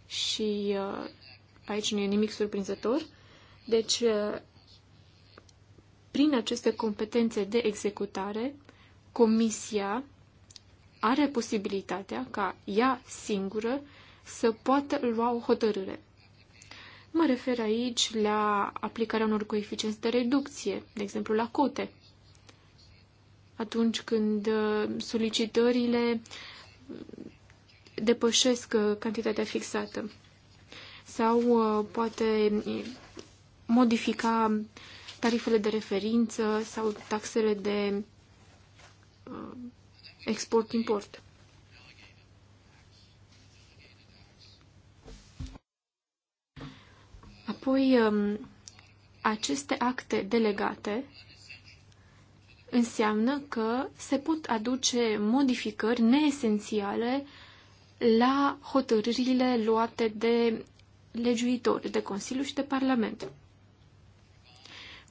și uh, aici nu e nimic surprinzător. Deci, uh, prin aceste competențe de executare, Comisia are posibilitatea ca ea singură să poată lua o hotărâre. Mă refer aici la aplicarea unor coeficienți de reducție, de exemplu la cote. Atunci când uh, solicitările depășesc uh, cantitatea fixată sau uh, poate modifica tarifele de referință sau taxele de uh, export-import. Apoi, um, aceste acte delegate înseamnă că se pot aduce modificări neesențiale la hotărârile luate de legiuitori, de Consiliu și de Parlament.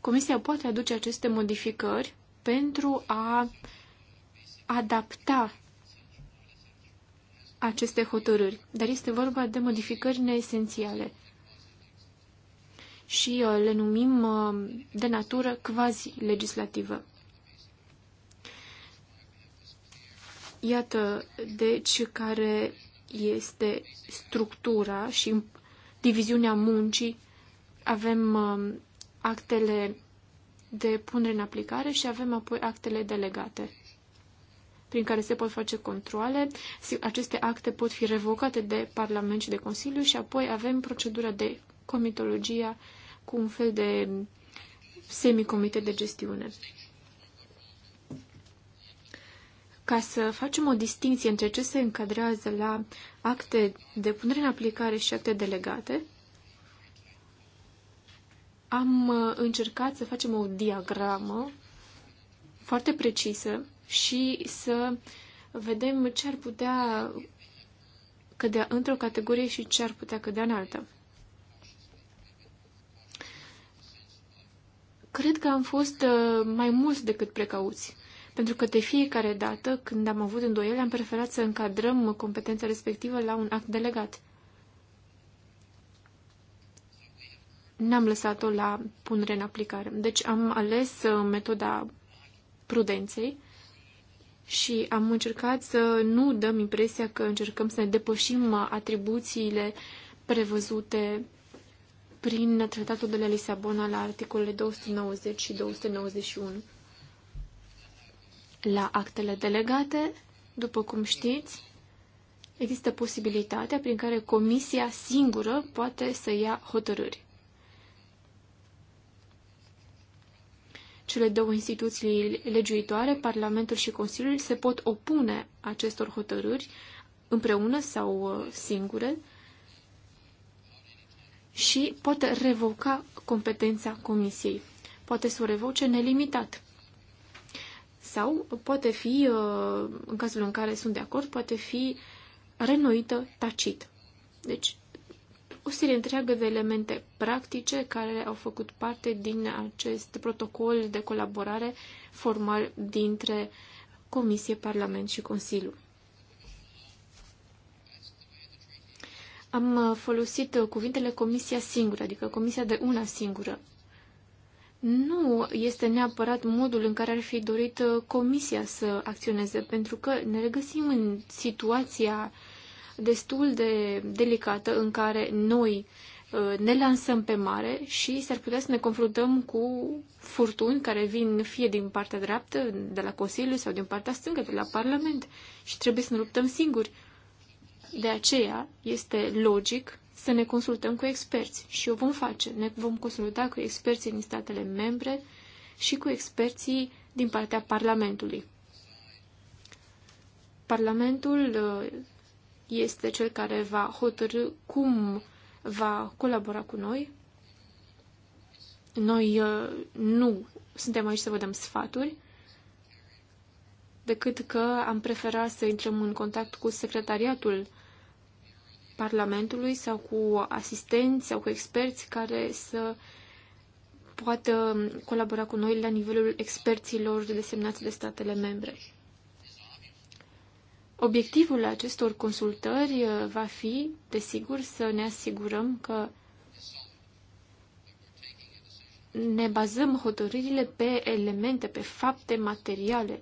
Comisia poate aduce aceste modificări pentru a adapta aceste hotărâri, dar este vorba de modificări neesențiale și uh, le numim uh, de natură quasi-legislativă. Iată, deci, care este structura și diviziunea muncii. Avem um, actele de punere în aplicare și avem apoi actele delegate prin care se pot face controle. Aceste acte pot fi revocate de Parlament și de Consiliu și apoi avem procedura de comitologia cu un fel de semicomite de gestiune ca să facem o distinție între ce se încadrează la acte de punere în aplicare și acte delegate, am uh, încercat să facem o diagramă foarte precisă și să vedem ce ar putea cădea într-o categorie și ce ar putea cădea în alta. Cred că am fost uh, mai mult decât precauți pentru că de fiecare dată când am avut îndoiele, am preferat să încadrăm competența respectivă la un act delegat. N-am lăsat-o la punere în aplicare. Deci am ales uh, metoda prudenței și am încercat să nu dăm impresia că încercăm să ne depășim uh, atribuțiile prevăzute prin Tratatul de la Lisabona la articolele 290 și 291. La actele delegate, după cum știți, există posibilitatea prin care comisia singură poate să ia hotărâri. Cele două instituții legiuitoare, Parlamentul și Consiliul, se pot opune acestor hotărâri împreună sau uh, singure și poate revoca competența comisiei. Poate să o revoce nelimitat sau poate fi, uh, în cazul în care sunt de acord, poate fi renoită tacit. Deci, o serie întreagă de elemente practice care au făcut parte din acest protocol de colaborare formal dintre Comisie, Parlament și Consiliu. Am uh, folosit uh, cuvintele Comisia singură, adică Comisia de una singură nu este neapărat modul în care ar fi dorit uh, Comisia să acționeze, pentru că ne regăsim în situația destul de delicată în care noi uh, ne lansăm pe mare și s-ar putea să ne confruntăm cu furtuni care vin fie din partea dreaptă, de la Consiliu, sau din partea stângă, de la Parlament și trebuie să ne luptăm singuri. De aceea este logic să ne consultăm cu experți și o vom face. Ne vom consulta cu experții din statele membre și cu experții din partea Parlamentului. Parlamentul uh, este cel care va hotărâ cum va colabora cu noi. Noi uh, nu suntem aici să vă dăm sfaturi, decât că am preferat să intrăm în contact cu secretariatul Parlamentului sau cu asistenți sau cu experți care să poată colabora cu noi la nivelul experților desemnați de statele membre. Obiectivul acestor consultări uh, va fi, desigur, să ne asigurăm că ne bazăm hotărârile pe elemente, pe fapte materiale.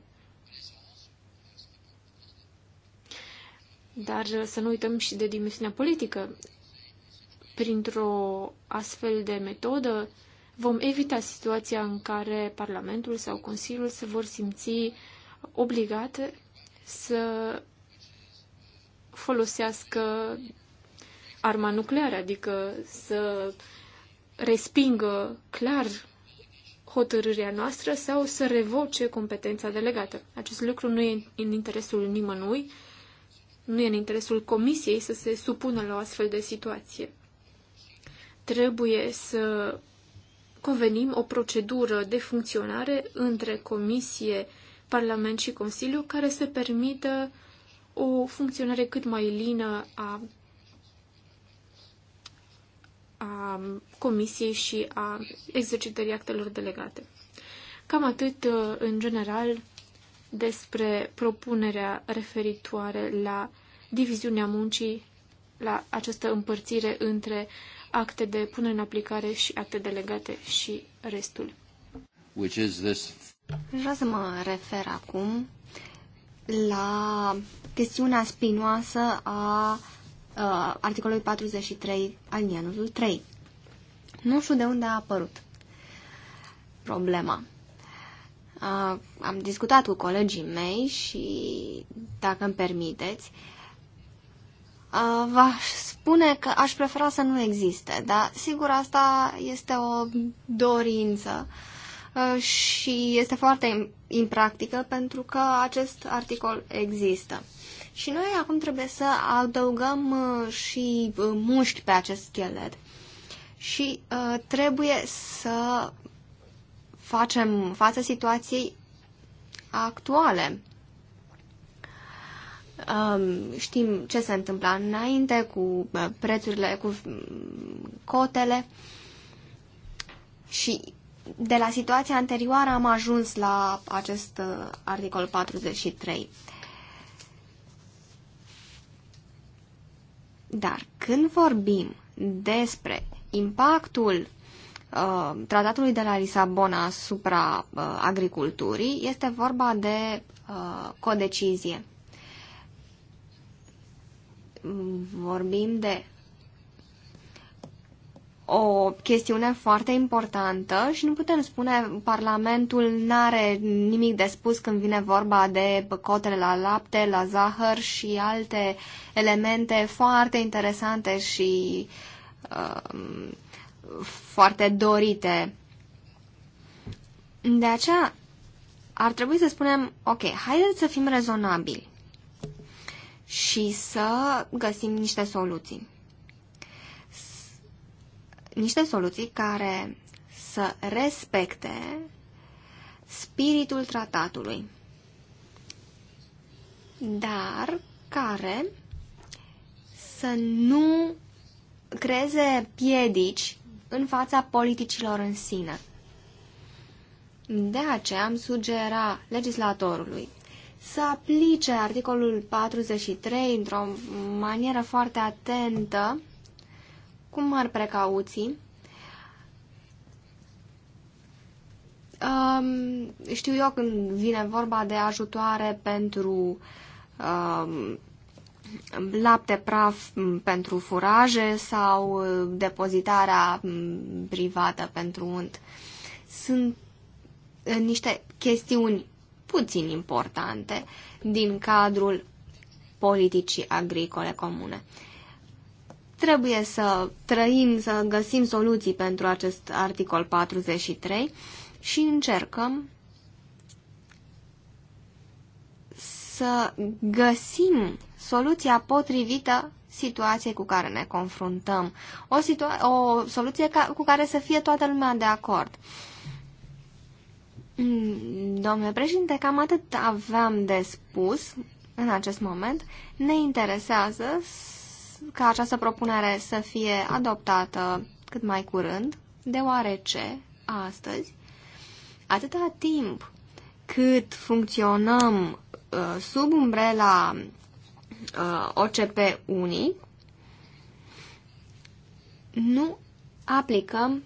Dar să nu uităm și de dimensiunea politică. Printr-o astfel de metodă vom evita situația în care Parlamentul sau Consiliul se vor simți obligate să folosească arma nucleară, adică să respingă clar hotărârea noastră sau să revoce competența delegată. Acest lucru nu e în interesul nimănui nu e în interesul comisiei să se supună la o astfel de situație. Trebuie să convenim o procedură de funcționare între comisie, Parlament și Consiliu care să permită o funcționare cât mai lină a, a comisiei și a exercitării actelor delegate. Cam atât uh, în general despre propunerea referitoare la diviziunea muncii, la această împărțire între acte de punere în aplicare și acte delegate și restul. Which is this... Vreau să mă refer acum la chestiunea spinoasă a a articolului 43 nianului 3. Nu știu de unde a apărut problema. Uh, am discutat cu colegii mei și, dacă îmi permiteți, uh, v-aș spune că aș prefera să nu existe, dar sigur asta este o dorință uh, și este foarte impractică pentru că acest articol există. Și noi acum trebuie să adăugăm și mușchi pe acest schelet și trebuie să facem față situației actuale. Um, știm ce se întâmpla înainte cu uh, prețurile, cu mm, cotele și de la situația anterioară am ajuns la acest uh, articol 43. Dar când vorbim despre impactul Uh, tratatului de la Lisabona asupra uh, agriculturii este vorba de uh, codecizie. Vorbim de o chestiune foarte importantă și nu putem spune Parlamentul n are nimic de spus când vine vorba de cotele la lapte, la zahăr și alte elemente foarte interesante și uh, foarte dorite. De aceea ar trebui să spunem, ok, haideți să fim rezonabili și să găsim niște soluții. S niște soluții care să respecte spiritul tratatului, dar care să nu creeze piedici în fața politicilor în sine. De aceea am sugera legislatorului să aplice articolul 43 într-o manieră foarte atentă, cu mari precauții. Um, știu eu când vine vorba de ajutoare pentru um, lapte praf pentru furaje sau uh, depozitarea mm, privată pentru unt. Sunt uh, niște chestiuni puțin importante din cadrul politicii agricole comune. Trebuie să trăim, să găsim soluții pentru acest articol 43 și încercăm să găsim soluția potrivită situației cu care ne confruntăm. O, o soluție ca cu care să fie toată lumea de acord. Mm, domnule președinte, cam atât aveam de spus în acest moment. Ne interesează ca această propunere să fie adoptată cât mai curând, deoarece astăzi, atâta timp cât funcționăm Uh, sub umbrela uh, OCP Unii, nu aplicăm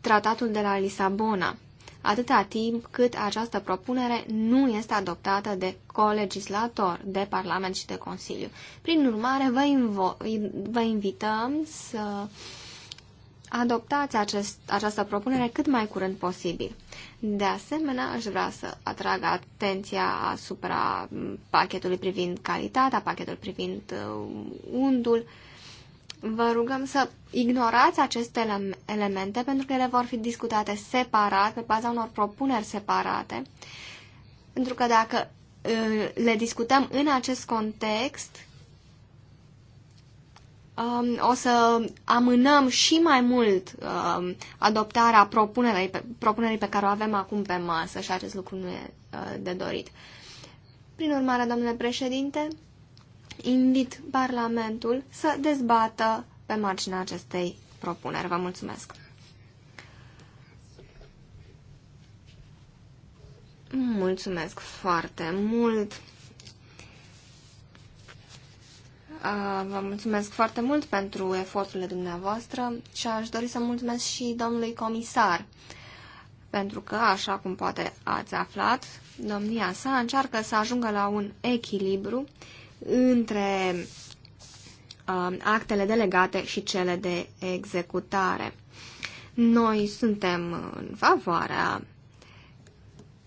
tratatul de la Lisabona, atâta timp cât această propunere nu este adoptată de colegislator, de Parlament și de Consiliu. Prin urmare, vă, invo- vă invităm să uh, adoptați acest, această propunere cât mai curând posibil. De asemenea, aș vrea să atrag atenția asupra pachetului privind calitatea, pachetul privind uh, undul. Vă rugăm să ignorați aceste elemente pentru că ele vor fi discutate separat, pe baza unor propuneri separate, pentru că dacă uh, le discutăm în acest context, um, o să amânăm și mai mult um, adoptarea propunerii pe, propunerii pe care o avem acum pe masă și acest lucru nu e uh, de dorit. Prin urmare, domnule președinte, invit Parlamentul să dezbată pe marginea acestei propuneri. Vă mulțumesc! Mulțumesc foarte mult! Vă mulțumesc foarte mult pentru eforturile dumneavoastră și aș dori să mulțumesc și domnului comisar, pentru că, așa cum poate ați aflat, domnia sa încearcă să ajungă la un echilibru între actele delegate și cele de executare. Noi suntem în favoarea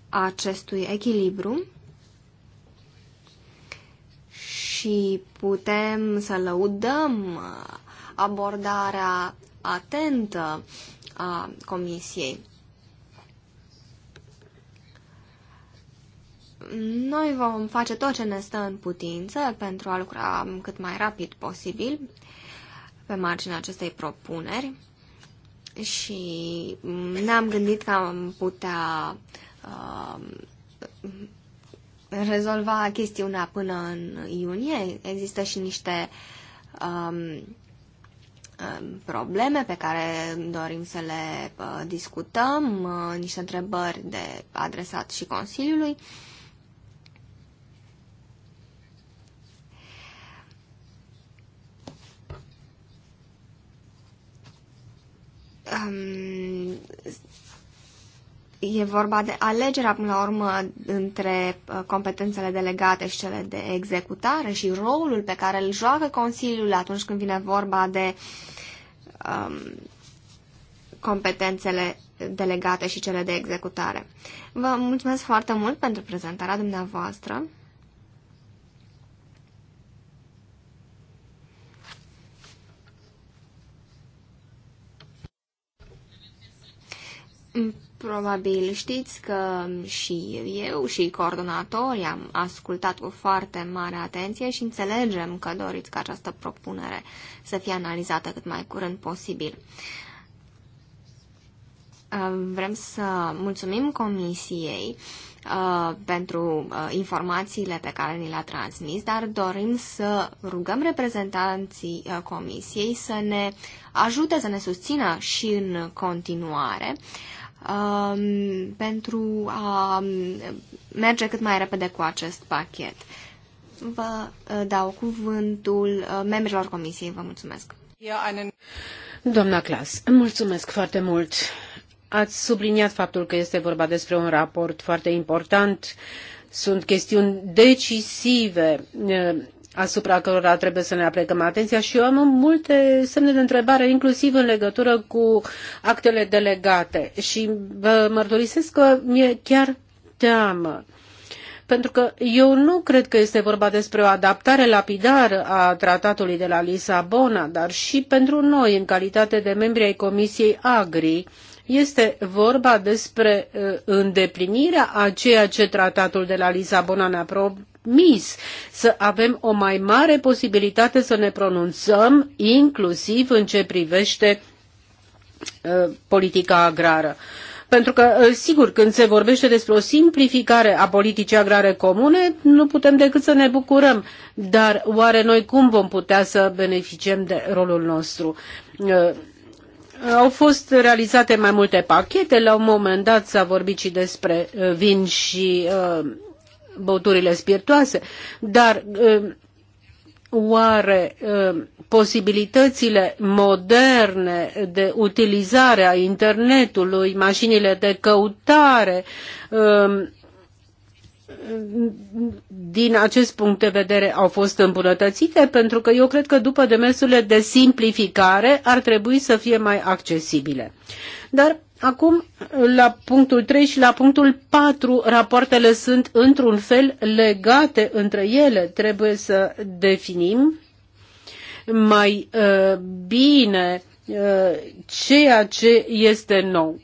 acestui echilibru și putem să lăudăm uh, abordarea atentă a Comisiei. Noi vom face tot ce ne stă în putință pentru a lucra cât mai rapid posibil pe marginea acestei propuneri și ne-am gândit că am putea uh, rezolva chestiunea până în iunie. Există și niște um, um probleme pe care dorim să le uh, discutăm, uh, niște întrebări de adresat și Consiliului. Um, E vorba de alegerea, până la urmă, între uh, competențele delegate și cele de executare și rolul pe care îl joacă Consiliul atunci când vine vorba de um, competențele delegate și cele de executare. Vă mulțumesc foarte mult pentru prezentarea dumneavoastră. Mm. Probabil știți că și eu și coordonatorii am ascultat cu foarte mare atenție și înțelegem că doriți ca această propunere să fie analizată cât mai curând posibil. Uh, vrem să mulțumim Comisiei uh, pentru uh, informațiile pe care ni le-a transmis, dar dorim să rugăm reprezentanții Comisiei să ne ajute să ne susțină și în continuare um, pentru a um, merge cât mai repede cu acest pachet. Vă uh, dau cuvântul uh, membrilor comisiei. Vă mulțumesc. Doamna Clas, mulțumesc foarte mult. Ați subliniat faptul că este vorba despre un raport foarte important. Sunt chestiuni decisive uh, asupra cărora trebuie să ne aplecăm atenția și eu am multe semne de întrebare, inclusiv în legătură cu actele delegate. Și vă mărturisesc că mi-e chiar teamă pentru că eu nu cred că este vorba despre o adaptare lapidară a tratatului de la Lisabona, dar și pentru noi, în calitate de membri ai Comisiei Agri, este vorba despre uh, îndeplinirea a ceea ce tratatul de la Lisabona ne-a admis să avem o mai mare posibilitate să ne pronunțăm, inclusiv în ce privește uh, politica agrară. Pentru că, uh, sigur, când se vorbește despre o simplificare a politicii agrare comune, nu putem decât să ne bucurăm. Dar oare noi cum vom putea să beneficiem de rolul nostru? Uh, au fost realizate mai multe pachete, la un moment dat s-a vorbit și despre vin și băuturile spiritoase, dar um, oare um, posibilitățile moderne de utilizare a internetului, mașinile de căutare, um, din acest punct de vedere au fost îmbunătățite, pentru că eu cred că după demersurile de simplificare ar trebui să fie mai accesibile. Dar Acum, la punctul 3 și la punctul 4, rapoartele sunt într-un fel legate între ele. Trebuie să definim mai uh, bine uh, ceea ce este nou.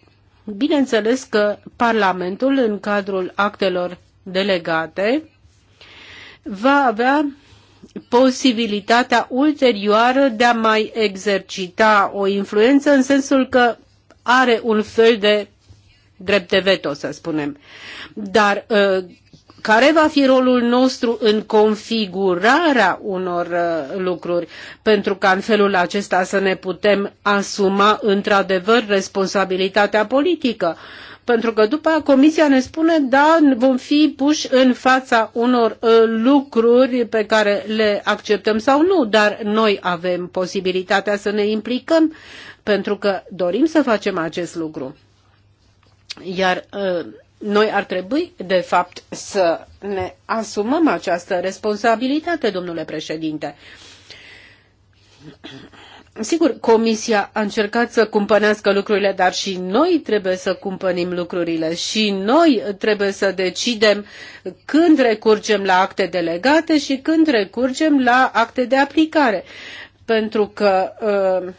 Bineînțeles că Parlamentul, în cadrul actelor delegate, va avea posibilitatea ulterioară de a mai exercita o influență în sensul că are un fel de drept de veto, să spunem. Dar ă, care va fi rolul nostru în configurarea unor ă, lucruri, pentru ca în felul acesta să ne putem asuma într-adevăr responsabilitatea politică. Pentru că după aia Comisia ne spune, da, vom fi puși în fața unor ă, lucruri pe care le acceptăm sau nu, dar noi avem posibilitatea să ne implicăm pentru că dorim să facem acest lucru. Iar uh, noi ar trebui, de fapt, să ne asumăm această responsabilitate, domnule președinte. Sigur, Comisia a încercat să cumpănească lucrurile, dar și noi trebuie să cumpănim lucrurile și noi trebuie să decidem când recurgem la acte delegate și când recurgem la acte de aplicare. Pentru că uh,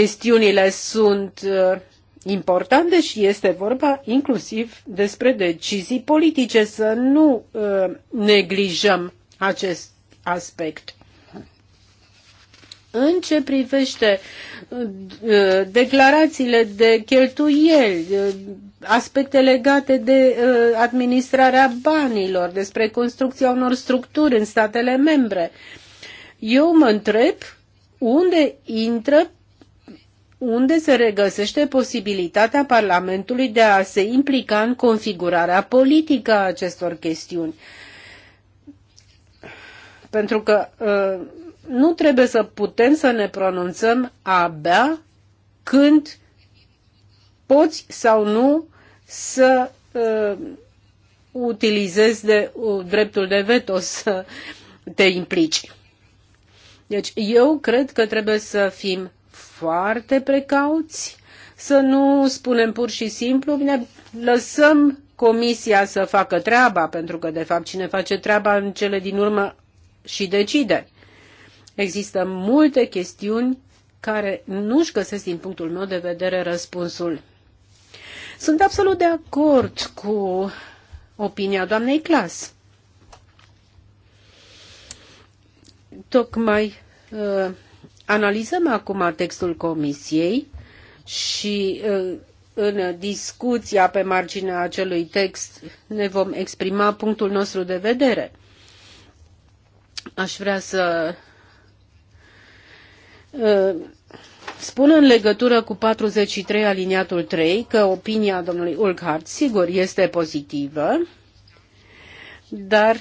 chestiunile sunt uh, importante și este vorba inclusiv despre decizii politice, să nu uh, neglijăm acest aspect. În ce privește uh, declarațiile de cheltuieli, aspecte legate de administrarea banilor, despre construcția unor structuri în statele membre, eu mă întreb unde intră unde se regăsește posibilitatea Parlamentului de a se implica în configurarea politică a acestor chestiuni. Pentru că ă, nu trebuie să putem să ne pronunțăm abia când poți sau nu să ă, utilizezi de, dreptul de veto să te implici. Deci eu cred că trebuie să fim foarte precauți, să nu spunem pur și simplu, bine, lăsăm comisia să facă treaba, pentru că, de fapt, cine face treaba în cele din urmă și decide. Există multe chestiuni care nu-și găsesc, din punctul meu de vedere, răspunsul. Sunt absolut de acord cu opinia doamnei Clas. Tocmai uh, Analizăm acum textul comisiei și în discuția pe marginea acelui text ne vom exprima punctul nostru de vedere. Aș vrea să spun în legătură cu 43 aliniatul 3 că opinia domnului Ulkhart sigur este pozitivă, dar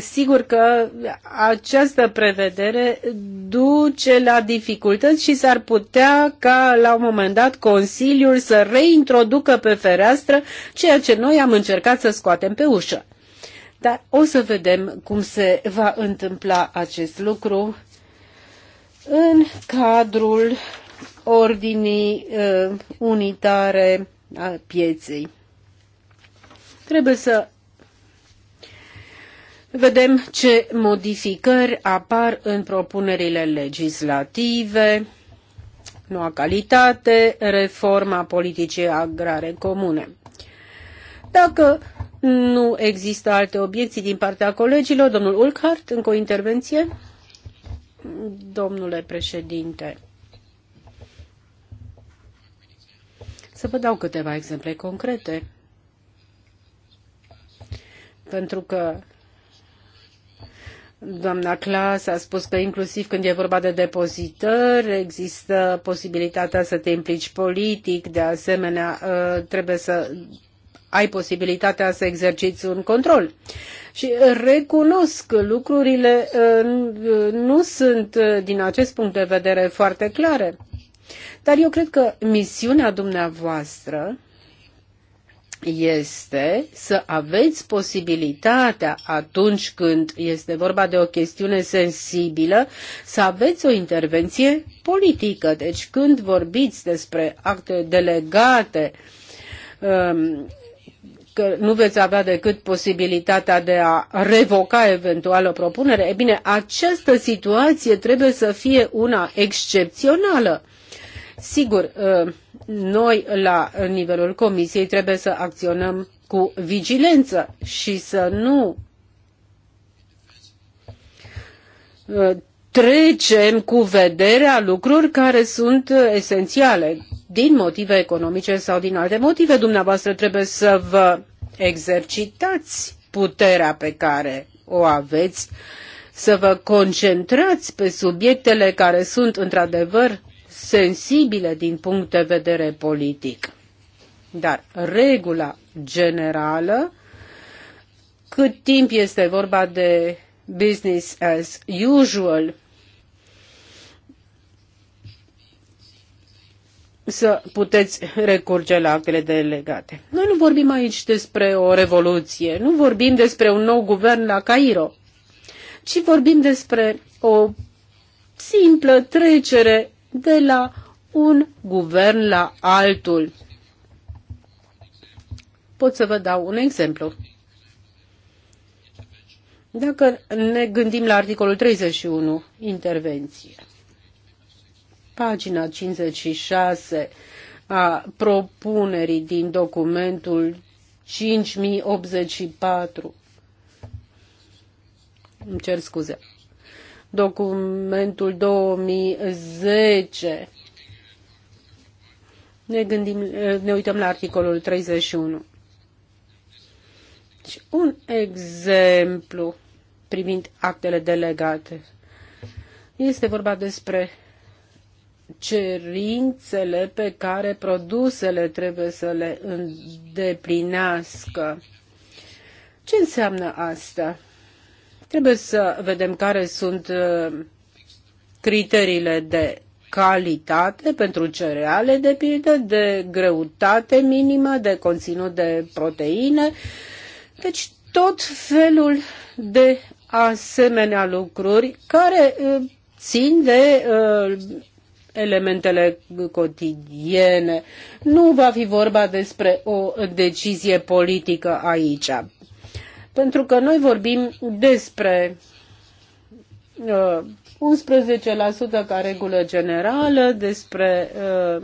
Sigur că această prevedere duce la dificultăți și s-ar putea ca la un moment dat Consiliul să reintroducă pe fereastră ceea ce noi am încercat să scoatem pe ușă. Dar o să vedem cum se va întâmpla acest lucru în cadrul ordinii uh, unitare a pieței. Trebuie să Vedem ce modificări apar în propunerile legislative, noua calitate, reforma politicii agrare comune. Dacă nu există alte obiecții din partea colegilor, domnul Ulkhart, încă o intervenție? Domnule președinte, să vă dau câteva exemple concrete. Pentru că Doamna Clas a spus că inclusiv când e vorba de depozitări există posibilitatea să te implici politic, de asemenea ă, trebuie să ai posibilitatea să exerciți un control. Și recunosc că lucrurile ă, nu sunt ă, din acest punct de vedere foarte clare. Dar eu cred că misiunea dumneavoastră este să aveți posibilitatea atunci când este vorba de o chestiune sensibilă să aveți o intervenție politică. Deci când vorbiți despre acte delegate um, că nu veți avea decât posibilitatea de a revoca eventual o propunere, e bine, această situație trebuie să fie una excepțională Sigur, ă, noi la nivelul Comisiei trebuie să acționăm cu vigilență și să nu ă, trecem cu vederea lucruri care sunt esențiale din motive economice sau din alte motive. Dumneavoastră trebuie să vă exercitați puterea pe care o aveți, să vă concentrați pe subiectele care sunt într-adevăr sensibile din punct de vedere politic. Dar regula generală, cât timp este vorba de business as usual, să puteți recurge la actele delegate. Noi nu vorbim aici despre o revoluție, nu vorbim despre un nou guvern la Cairo, ci vorbim despre o simplă trecere de la un guvern la altul. Pot să vă dau un exemplu. Dacă ne gândim la articolul 31, intervenție, pagina 56 a propunerii din documentul 5084, îmi cer scuze, documentul 2010. Ne, gândim, ne uităm la articolul 31. Deci, un exemplu privind actele delegate. Este vorba despre cerințele pe care produsele trebuie să le îndeplinească. Ce înseamnă asta? Trebuie să vedem care sunt uh, criteriile de calitate pentru cereale, de pildă, de greutate minimă, de conținut de proteine. Deci tot felul de asemenea lucruri care uh, țin de uh, elementele cotidiene. Nu va fi vorba despre o decizie politică aici. Pentru că noi vorbim despre uh, 11% ca regulă generală, despre uh,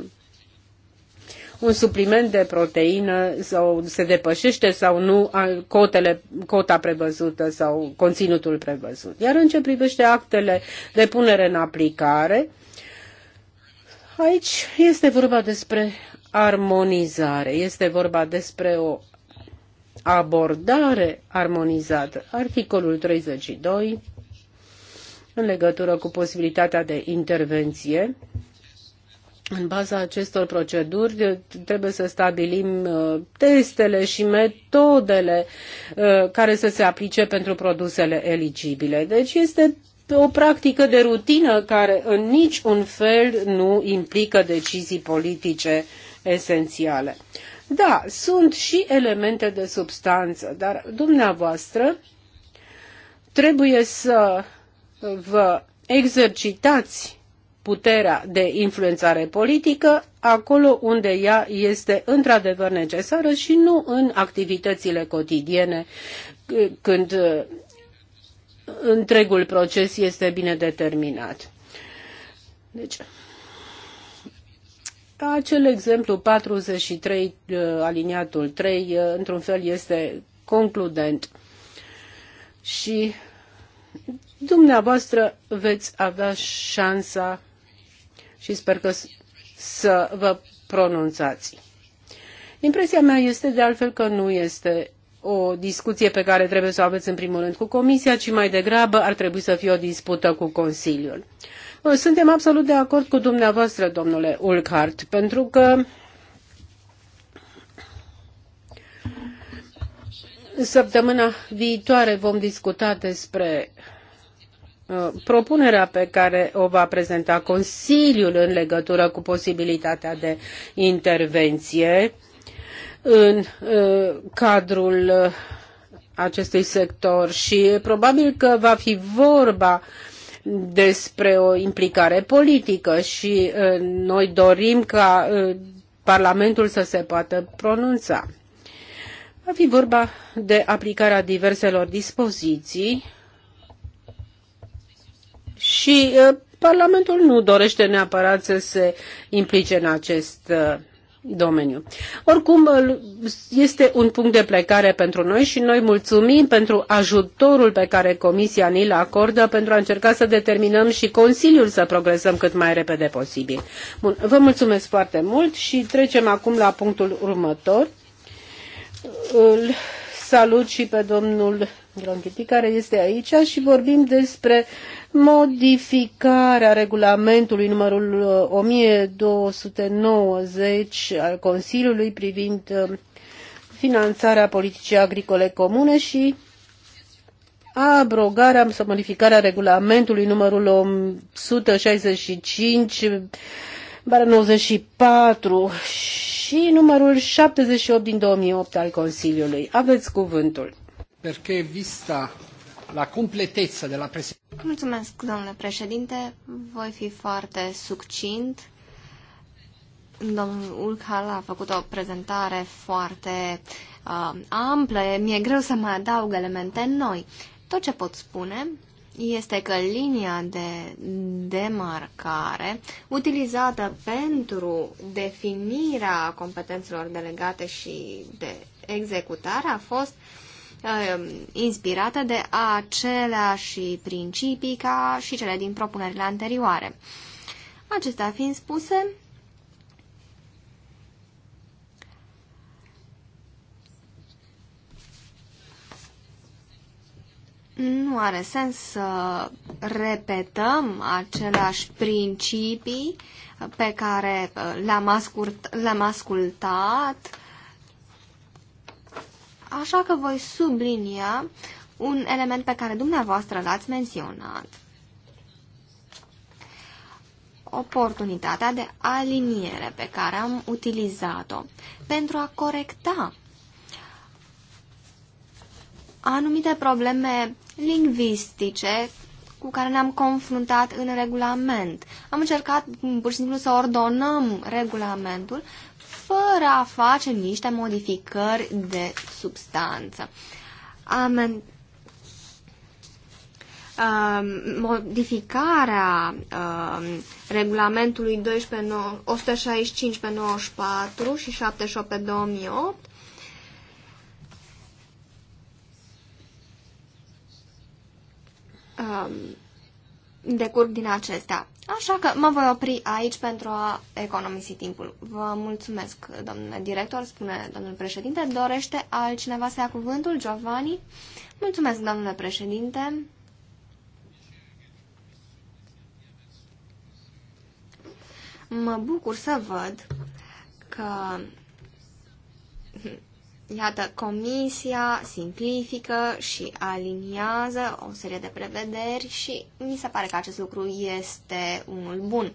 un supliment de proteină sau se depășește sau nu cotele, cota prevăzută sau conținutul prevăzut. Iar în ce privește actele de punere în aplicare, aici este vorba despre armonizare, este vorba despre o abordare armonizată. Articolul 32 în legătură cu posibilitatea de intervenție. În baza acestor proceduri trebuie să stabilim uh, testele și metodele uh, care să se aplice pentru produsele eligibile. Deci este o practică de rutină care în niciun fel nu implică decizii politice esențiale. Da, sunt și elemente de substanță, dar dumneavoastră trebuie să vă exercitați puterea de influențare politică acolo unde ea este într-adevăr necesară și nu în activitățile cotidiene când uh, întregul proces este bine determinat. Deci, acel exemplu 43, uh, aliniatul 3, uh, într-un fel este concludent. Și dumneavoastră veți avea șansa și sper că să vă pronunțați. Impresia mea este de altfel că nu este o discuție pe care trebuie să o aveți în primul rând cu Comisia, ci mai degrabă ar trebui să fie o dispută cu Consiliul. Suntem absolut de acord cu dumneavoastră, domnule Ulcart, pentru că săptămâna viitoare vom discuta despre uh, propunerea pe care o va prezenta Consiliul în legătură cu posibilitatea de intervenție în uh, cadrul uh, acestui sector și probabil că va fi vorba despre o implicare politică și noi dorim ca Parlamentul să se poată pronunța. Va fi vorba de aplicarea diverselor dispoziții și Parlamentul nu dorește neapărat să se implice în acest domeniu. Oricum, este un punct de plecare pentru noi și noi mulțumim pentru ajutorul pe care Comisia ni-l acordă pentru a încerca să determinăm și Consiliul să progresăm cât mai repede posibil. Bun, vă mulțumesc foarte mult și trecem acum la punctul următor. Îl salut și pe domnul Gronchiti, care este aici și vorbim despre modificarea regulamentului numărul 1290 uh, al Consiliului privind uh, finanțarea politicii agricole comune și abrogarea sau modificarea regulamentului numărul 165 94 și numărul 78 din 2008 al Consiliului. Aveți cuvântul perché vista la completezza della presentazione. Mulțumesc, domnule președinte. Voi fi foarte succint. Domnul Ulcal a făcut o prezentare foarte uh, amplă. Mi-e greu să mai adaug elemente noi. Tot ce pot spune este că linia de demarcare utilizată pentru definirea competențelor delegate și de executare a fost uh, Um, inspirată de aceleași principii ca și cele din propunerile anterioare. Acestea fiind spuse, nu are sens să repetăm aceleași principii pe care uh, le-am ascult, le ascultat Așa că voi sublinia un element pe care dumneavoastră l-ați menționat. Oportunitatea de aliniere pe care am utilizat-o pentru a corecta anumite probleme lingvistice cu care ne-am confruntat în regulament. Am încercat pur și simplu să ordonăm regulamentul fără a face niște modificări de substanță. Amen. Uh, modificarea uh, regulamentului 12 165 pe 94 și 78 pe 2008 um, decurg din acestea. Așa că mă voi opri aici pentru a economisi timpul. Vă mulțumesc, domnule director, spune domnul președinte. Dorește altcineva să ia cuvântul? Giovanni? Mulțumesc, domnule președinte. Mă bucur să văd că Iată, comisia simplifică și aliniază o serie de prevederi și mi se pare că acest lucru este unul bun.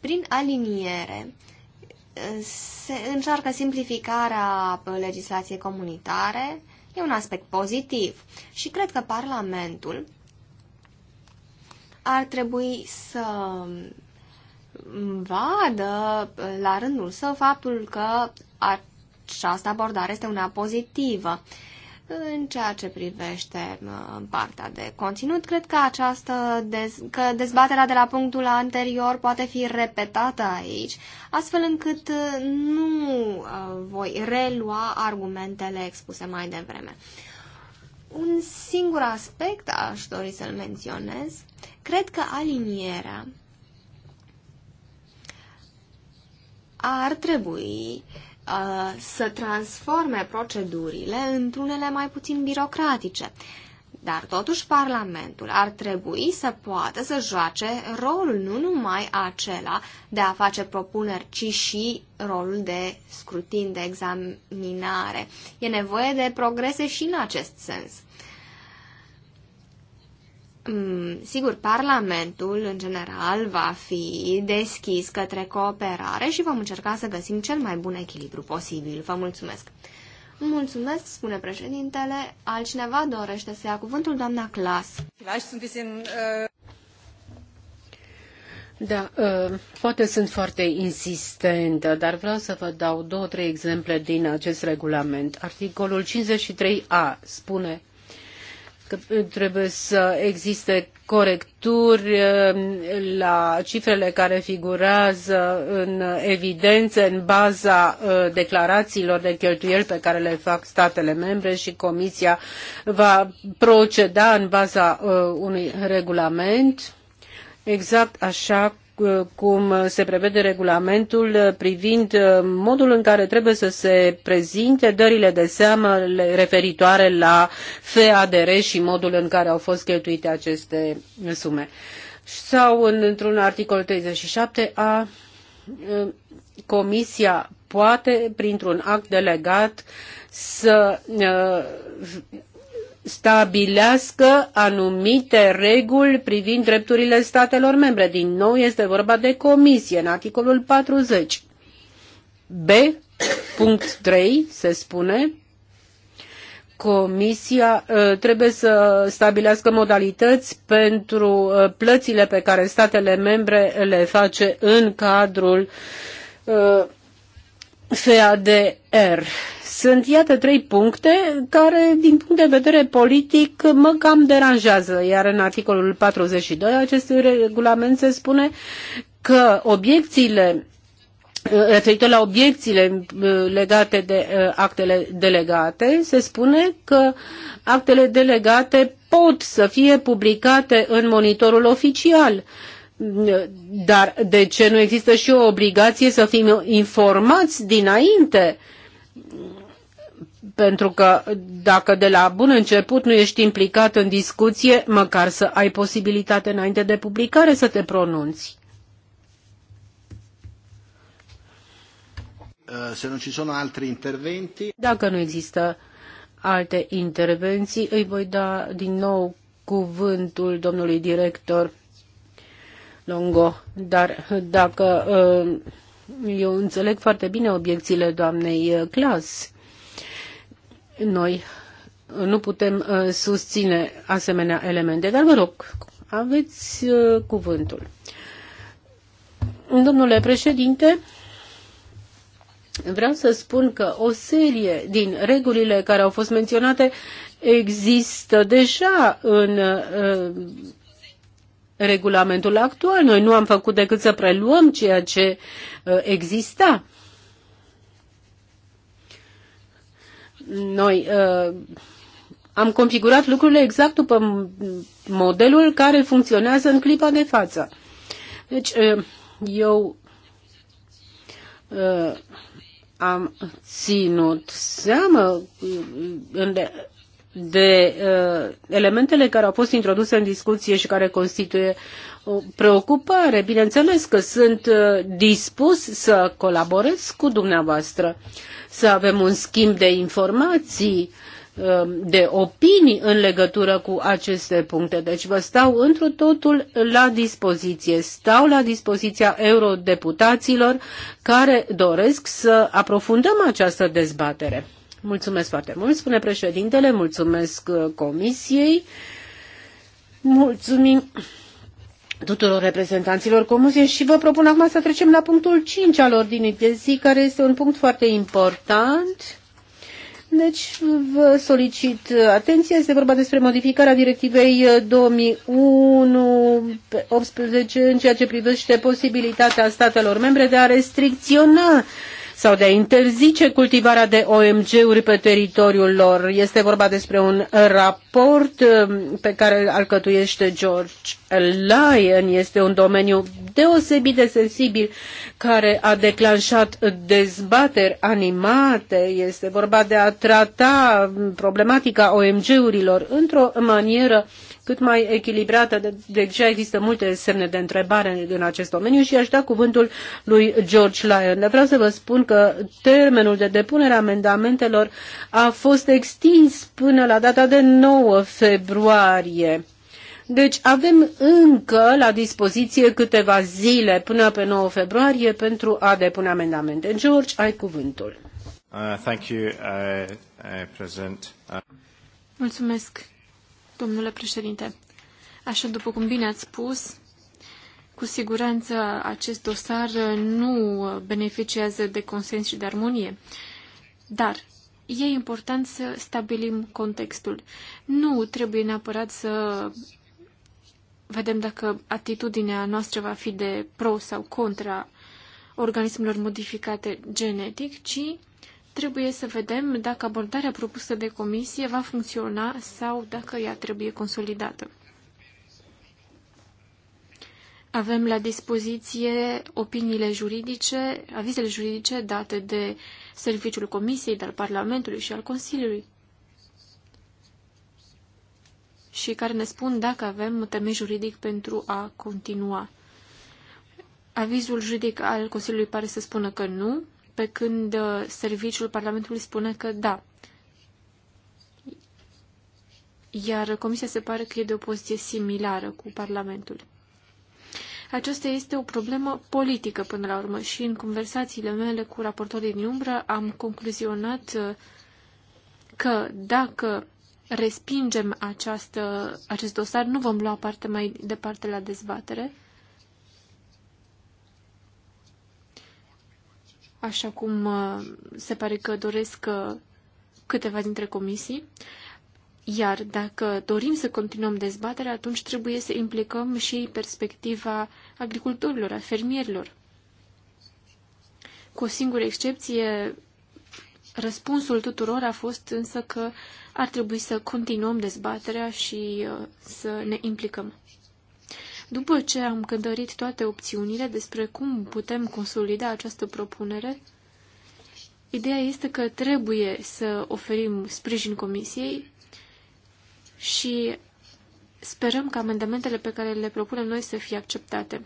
Prin aliniere se încearcă simplificarea legislației comunitare, e un aspect pozitiv și cred că Parlamentul ar trebui să vadă la rândul său faptul că ar această abordare este una pozitivă. În ceea ce privește uh, partea de conținut, cred că această dez- că dezbaterea de la punctul anterior poate fi repetată aici, astfel încât uh, nu uh, voi relua argumentele expuse mai devreme. Un singur aspect aș dori să-l menționez. Cred că alinierea ar trebui uh, Uh, să transforme procedurile într-unele mai puțin birocratice. Dar totuși Parlamentul ar trebui să poată să joace rolul nu numai acela de a face propuneri, ci și rolul de scrutin, de examinare. E nevoie de progrese și în acest sens. Mm, sigur, Parlamentul, în general, va fi deschis către cooperare și vom încerca să găsim cel mai bun echilibru posibil. Vă mulțumesc! Mulțumesc, spune președintele. Altcineva dorește să ia cuvântul, doamna Clas. Da, ă, poate sunt foarte insistentă, dar vreau să vă dau două, trei exemple din acest regulament. Articolul 53a spune că trebuie să existe corecturi eh, la cifrele care figurează în evidență în baza eh, declarațiilor de cheltuieli pe care le fac statele membre și Comisia va proceda în baza eh, unui regulament exact așa cum se prevede regulamentul privind uh, modul în care trebuie să se prezinte dările de seamă referitoare la FADR și modul în care au fost cheltuite aceste sume. Sau într-un articol 37a, uh, Comisia poate, printr-un act delegat, să uh, stabilească anumite reguli privind drepturile statelor membre. Din nou este vorba de comisie în articolul 40. B. Punct 3 se spune Comisia ă, trebuie să stabilească modalități pentru ă, plățile pe care statele membre le face în cadrul ă, FADR. Sunt, iată, trei puncte care, din punct de vedere politic, mă cam deranjează. Iar în articolul 42 acestui regulament se spune că obiecțiile referitor la obiecțiile uh, legate de uh, actele delegate, se spune că actele delegate pot să fie publicate în monitorul oficial dar de ce nu există și o obligație să fim informați dinainte? Pentru că dacă de la bun început nu ești implicat în discuție, măcar să ai posibilitate înainte de publicare să te pronunți. Eh, se nu ci Dacă nu există alte intervenții, îi voi da din nou cuvântul domnului director Longo, dar uh, dacă uh, eu înțeleg foarte bine obiecțiile doamnei uh, Clas, noi nu putem susține asemenea elemente, dar vă rog, aveți cuvântul. Domnule președinte, vreau să spun că o serie din regulile care au fost menționate există deja în regulamentul actual. Noi nu am făcut decât să preluăm ceea ce uh, exista. Noi uh, am configurat lucrurile exact după modelul care funcționează în clipa de față. Deci, uh, eu uh, am ținut seamă uh, în de uh, elementele care au fost introduse în discuție și care constituie o preocupare. Bineînțeles că sunt uh, dispus să colaborez cu dumneavoastră, să avem un schimb de informații, uh, de opinii în legătură cu aceste puncte. Deci vă stau întru totul la dispoziție. Stau la dispoziția eurodeputaților care doresc să aprofundăm această dezbatere. Mulțumesc foarte mult, spune președintele, mulțumesc uh, comisiei, mulțumim tuturor reprezentanților comisiei și vă propun acum să trecem la punctul 5 al ordinii de zi, care este un punct foarte important. Deci vă solicit atenție, este vorba despre modificarea directivei 2001-18 uh, în ceea ce privește posibilitatea statelor membre de a restricționa sau de a interzice cultivarea de OMG-uri pe teritoriul lor. Este vorba despre un raport um, pe care îl alcătuiește George Lyon. Este un domeniu deosebit de sensibil care a declanșat dezbateri animate. Este vorba de a trata problematica OMG-urilor într-o manieră uh, cât mai echilibrată. De, deja există multe semne de întrebare în acest domeniu și aș da cuvântul lui George Lyon. Vreau să vă spun că termenul de depunere a amendamentelor a fost extins până la data de 9 februarie. Deci avem încă la dispoziție câteva zile până pe 9 februarie pentru a depune amendamente. George, ai cuvântul. Uh, thank you, uh, uh, Uh... Mulțumesc, domnule președinte. Așa după cum bine ați spus, cu siguranță acest dosar nu beneficiază de consens și de armonie. Dar e important să stabilim contextul. Nu trebuie neapărat să vedem dacă atitudinea noastră va fi de pro sau contra organismelor modificate genetic, ci Trebuie să vedem dacă abordarea propusă de comisie va funcționa sau dacă ea trebuie consolidată. Avem la dispoziție opiniile juridice, avizele juridice date de Serviciul Comisiei, dar Parlamentului și al Consiliului și care ne spun dacă avem temei juridic pentru a continua. Avizul juridic al Consiliului pare să spună că nu, pe când uh, serviciul Parlamentului spune că da. Iar Comisia se pare că e de o poziție similară cu Parlamentul. Aceasta este o problemă politică până la urmă și în conversațiile mele cu raportorii din umbră am concluzionat uh, că dacă respingem această, acest dosar, nu vom lua parte mai departe la dezbatere, așa cum uh, se pare că doresc uh, câteva dintre comisii. Iar dacă dorim să continuăm dezbaterea, atunci trebuie să implicăm și perspectiva agricultorilor, a fermierilor. Cu o singură excepție, răspunsul tuturor a fost însă că ar trebui să continuăm dezbaterea și uh, să ne implicăm. După ce am cântărit toate opțiunile despre cum putem consolida această propunere, ideea este că trebuie să oferim sprijin Comisiei și sperăm că amendamentele pe care le propunem noi să fie acceptate.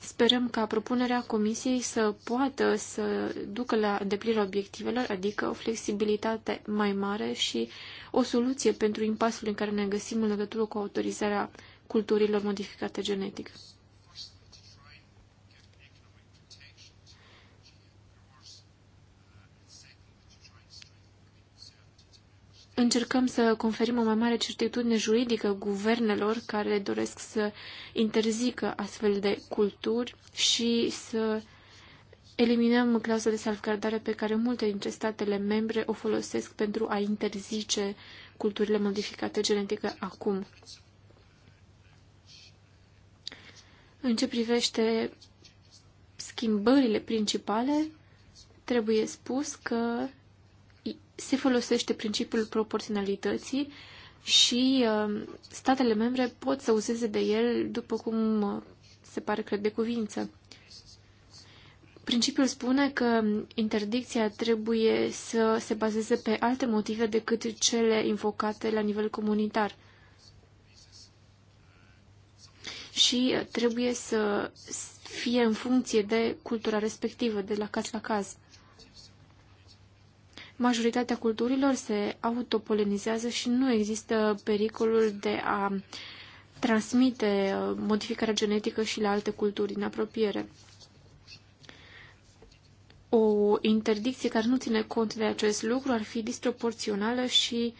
Sperăm ca propunerea Comisiei să poată să ducă la îndeplinirea obiectivelor, adică o flexibilitate mai mare și o soluție pentru impasul în care ne găsim în legătură cu autorizarea culturilor modificate genetic. Încercăm să conferim o mai mare certitudine juridică guvernelor care doresc să interzică astfel de culturi și să eliminăm clauza de salvgardare pe care multe dintre statele membre o folosesc pentru a interzice culturile modificate genetică acum. În ce privește schimbările principale, trebuie spus că se folosește principiul proporționalității și uh, statele membre pot să useze de el după cum uh, se pare cred de cuvință. Principiul spune că interdicția trebuie să se bazeze pe alte motive decât cele invocate la nivel comunitar. și trebuie să fie în funcție de cultura respectivă, de la caz la caz. Majoritatea culturilor se autopolenizează și nu există pericolul de a transmite uh, modificarea genetică și la alte culturi în apropiere. O interdicție care nu ține cont de acest lucru ar fi disproporțională și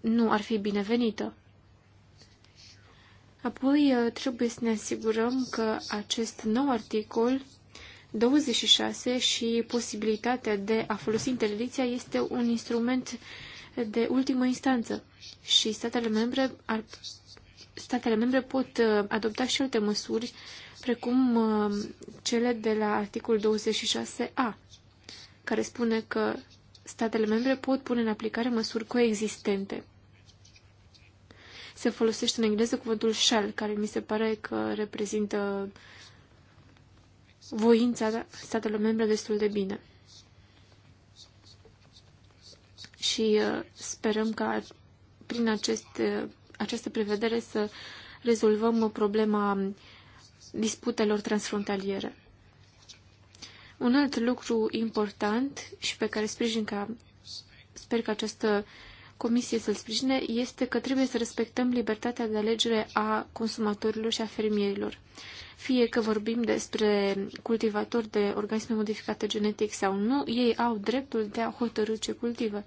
nu ar fi binevenită. Apoi uh, trebuie să ne asigurăm că acest nou articol 26 și posibilitatea de a folosi interdicția este un instrument de ultimă instanță și statele membre, ar, statele membre pot uh, adopta și alte măsuri precum uh, cele de la articolul 26a, care spune că statele membre pot pune în aplicare măsuri coexistente se folosește în engleză cuvântul shall, care mi se pare că reprezintă voința statelor membre destul de bine. Și uh, sperăm ca prin aceste, uh, această prevedere să rezolvăm problema disputelor transfrontaliere. Un alt lucru important și pe care sprijin ca sper că această Comisiei să-l sprijine este că trebuie să respectăm libertatea de alegere a consumatorilor și a fermierilor. Fie că vorbim despre cultivatori de organisme modificate genetic sau nu, ei au dreptul de a hotărâ ce cultivă.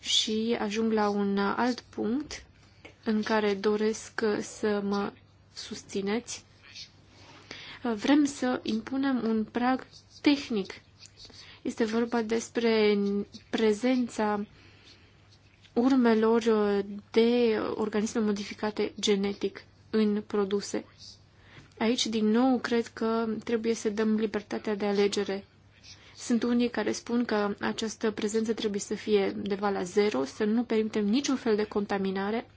Și ajung la un alt punct în care doresc să mă susțineți. Vrem să impunem un prag tehnic. Este vorba despre prezența urmelor uh, de organisme modificate genetic în produse. Aici, din nou, cred că trebuie să dăm libertatea de alegere. Sunt unii care spun că această prezență trebuie să fie de la zero, să nu permitem niciun fel de contaminare,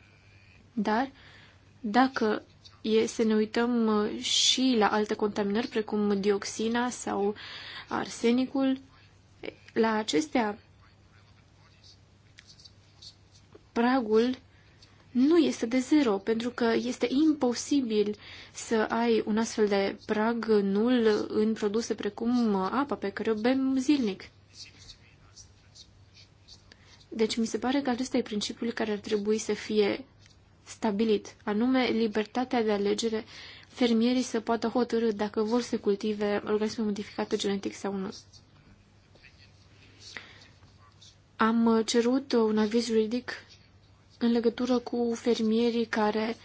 dar dacă e să ne uităm uh, și la alte contaminări, precum dioxina sau arsenicul, la acestea pragul nu este de zero, pentru că este imposibil să ai un astfel de prag nul în produse precum apa pe care o bem zilnic. Deci mi se pare că acesta e principiul care ar trebui să fie stabilit, anume libertatea de alegere fermierii să poată hotărâ dacă vor să cultive organisme modificate genetic sau nu. Am cerut un aviz juridic în legătură cu fermierii care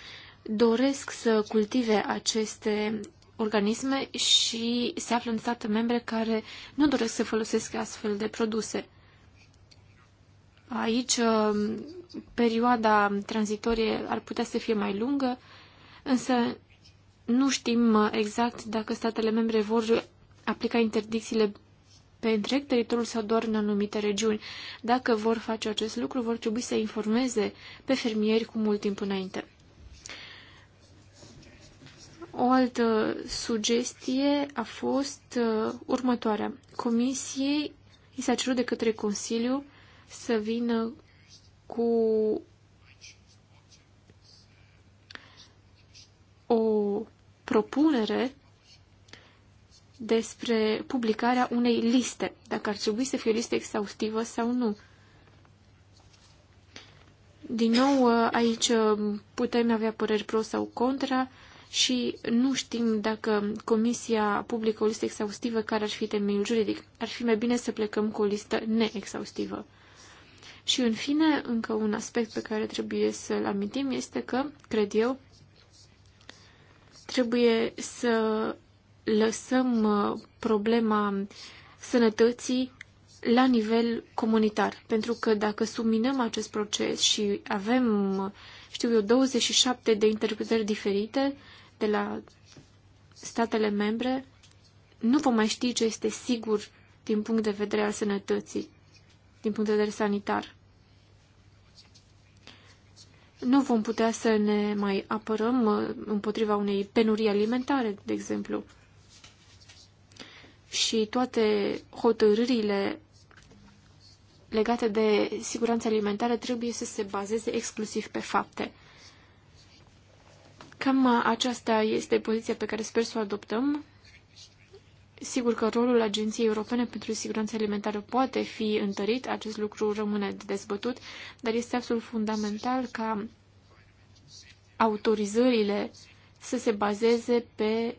doresc să cultive aceste organisme și se află în state membre care nu doresc să folosească astfel de produse. Aici ă, perioada tranzitorie ar putea să fie mai lungă, însă nu știm ă, exact dacă statele membre vor aplica interdicțiile pe întreg teritoriul sau doar în anumite regiuni. Dacă vor face acest lucru, vor trebui să informeze pe fermieri cu mult timp înainte. O altă sugestie a fost uh, următoarea. Comisiei i s-a cerut de către Consiliu să vină cu o propunere despre publicarea unei liste, dacă ar trebui să fie o listă exhaustivă sau nu. Din nou, aici putem avea păreri pro sau contra și nu știm dacă Comisia publică o listă exhaustivă care ar fi temeiul juridic. Ar fi mai bine să plecăm cu o listă neexhaustivă. Și în fine, încă un aspect pe care trebuie să-l amintim este că, cred eu, trebuie să lăsăm uh, problema sănătății la nivel comunitar. Pentru că dacă subminăm acest proces și avem, uh, știu eu, 27 de interpretări diferite de la statele membre, nu vom mai ști ce este sigur din punct de vedere al sănătății, din punct de vedere sanitar. Nu vom putea să ne mai apărăm uh, împotriva unei penurii alimentare, de exemplu și toate hotărârile legate de siguranța alimentară trebuie să se bazeze exclusiv pe fapte. Cam aceasta este poziția pe care sper să o adoptăm. Sigur că rolul Agenției Europene pentru Siguranță Alimentară poate fi întărit, acest lucru rămâne de dezbătut, dar este absolut fundamental ca autorizările să se bazeze pe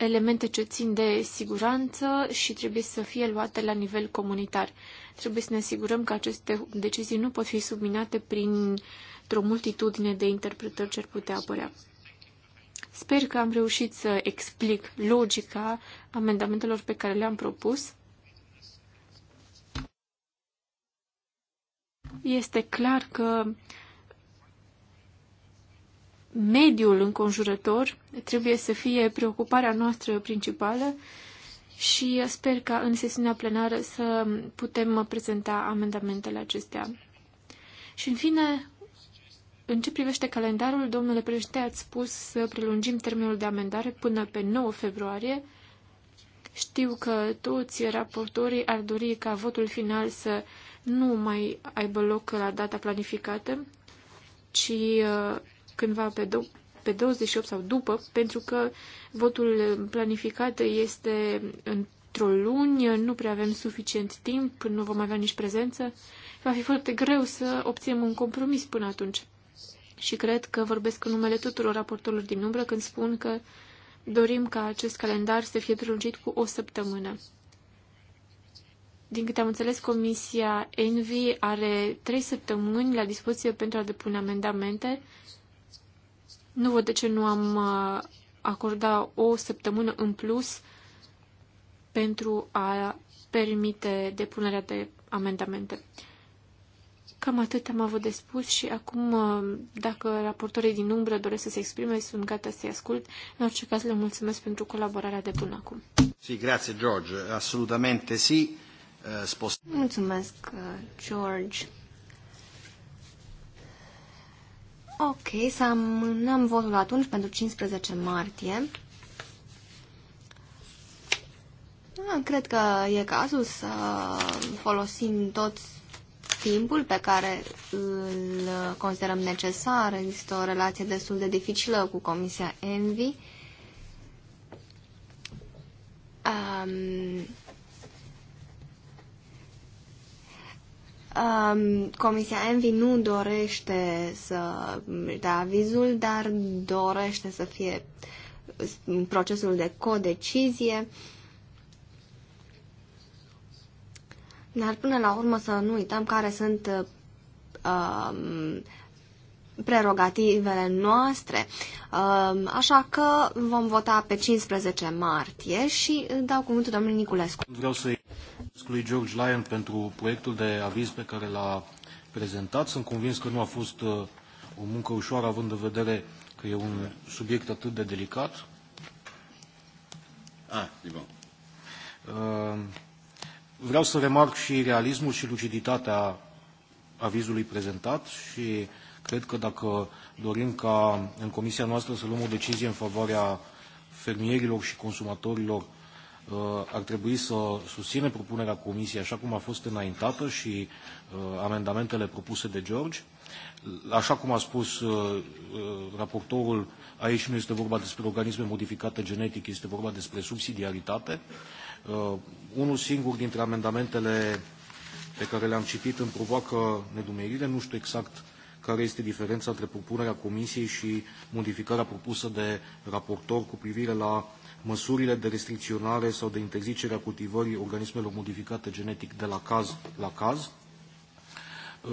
elemente ce țin de siguranță și trebuie să fie luate la nivel comunitar. Trebuie să ne asigurăm că aceste decizii nu pot fi subminate prin o multitudine de interpretări ce ar putea apărea. Sper că am reușit să explic logica amendamentelor pe care le-am propus. Este clar că mediul înconjurător trebuie să fie preocuparea noastră principală și sper că în sesiunea plenară să putem prezenta amendamentele acestea. Și în fine, în ce privește calendarul, domnule președinte, ați spus să prelungim termenul de amendare până pe 9 februarie. Știu că toți raportorii ar dori ca votul final să nu mai aibă loc la data planificată, ci uh, cândva pe, do- pe 28 sau după, pentru că votul planificat este într-o luni, nu prea avem suficient timp, nu vom avea nici prezență. Va fi foarte greu să obținem un compromis până atunci. Și cred că vorbesc în numele tuturor raportorilor din umbră când spun că dorim ca acest calendar să fie prelungit cu o săptămână. Din câte am înțeles, Comisia Envi are trei săptămâni la dispoziție pentru a depune amendamente nu văd de ce nu am uh, acorda o săptămână în plus pentru a permite depunerea de amendamente. Cam atât am avut de spus și acum, uh, dacă raportorii din umbră doresc să se exprime, sunt gata să-i ascult. În orice caz, le mulțumesc pentru colaborarea de până acum. Sì, grazie George, assolutamente sì. Eh, spost... Mulțumesc, uh, George. Ok, să amânăm votul atunci pentru 15 martie. Da, cred că e cazul să folosim tot timpul pe care îl considerăm necesar. Există o relație destul de dificilă cu Comisia Envi. Um, Um, Comisia Envi nu dorește să da avizul, dar dorește să fie procesul de codecizie. Dar până la urmă să nu uităm care sunt um, prerogativele noastre. Um, așa că vom vota pe 15 martie și dau cuvântul domnului Niculescu. Vreau să lui George Lyon pentru proiectul de aviz pe care l-a prezentat. Sunt convins că nu a fost uh, o muncă ușoară, având în vedere că e un subiect atât de delicat. Ah, e bun. Uh, vreau să remarc și realismul și luciditatea avizului prezentat și cred că dacă dorim ca în comisia noastră să luăm o decizie în favoarea fermierilor și consumatorilor Uh, ar trebui să susține propunerea Comisiei așa cum a fost înaintată și uh, amendamentele propuse de George. Așa cum a spus uh, raportorul, aici nu este vorba despre organisme modificate genetic, este vorba despre subsidiaritate. Unul singur dintre amendamentele pe care le-am citit îmi provoacă nedumerire, nu știu exact care este diferența între propunerea Comisiei și modificarea propusă de raportor cu privire la măsurile de restricționare sau de interzicere a cultivării organismelor modificate genetic de la caz la caz.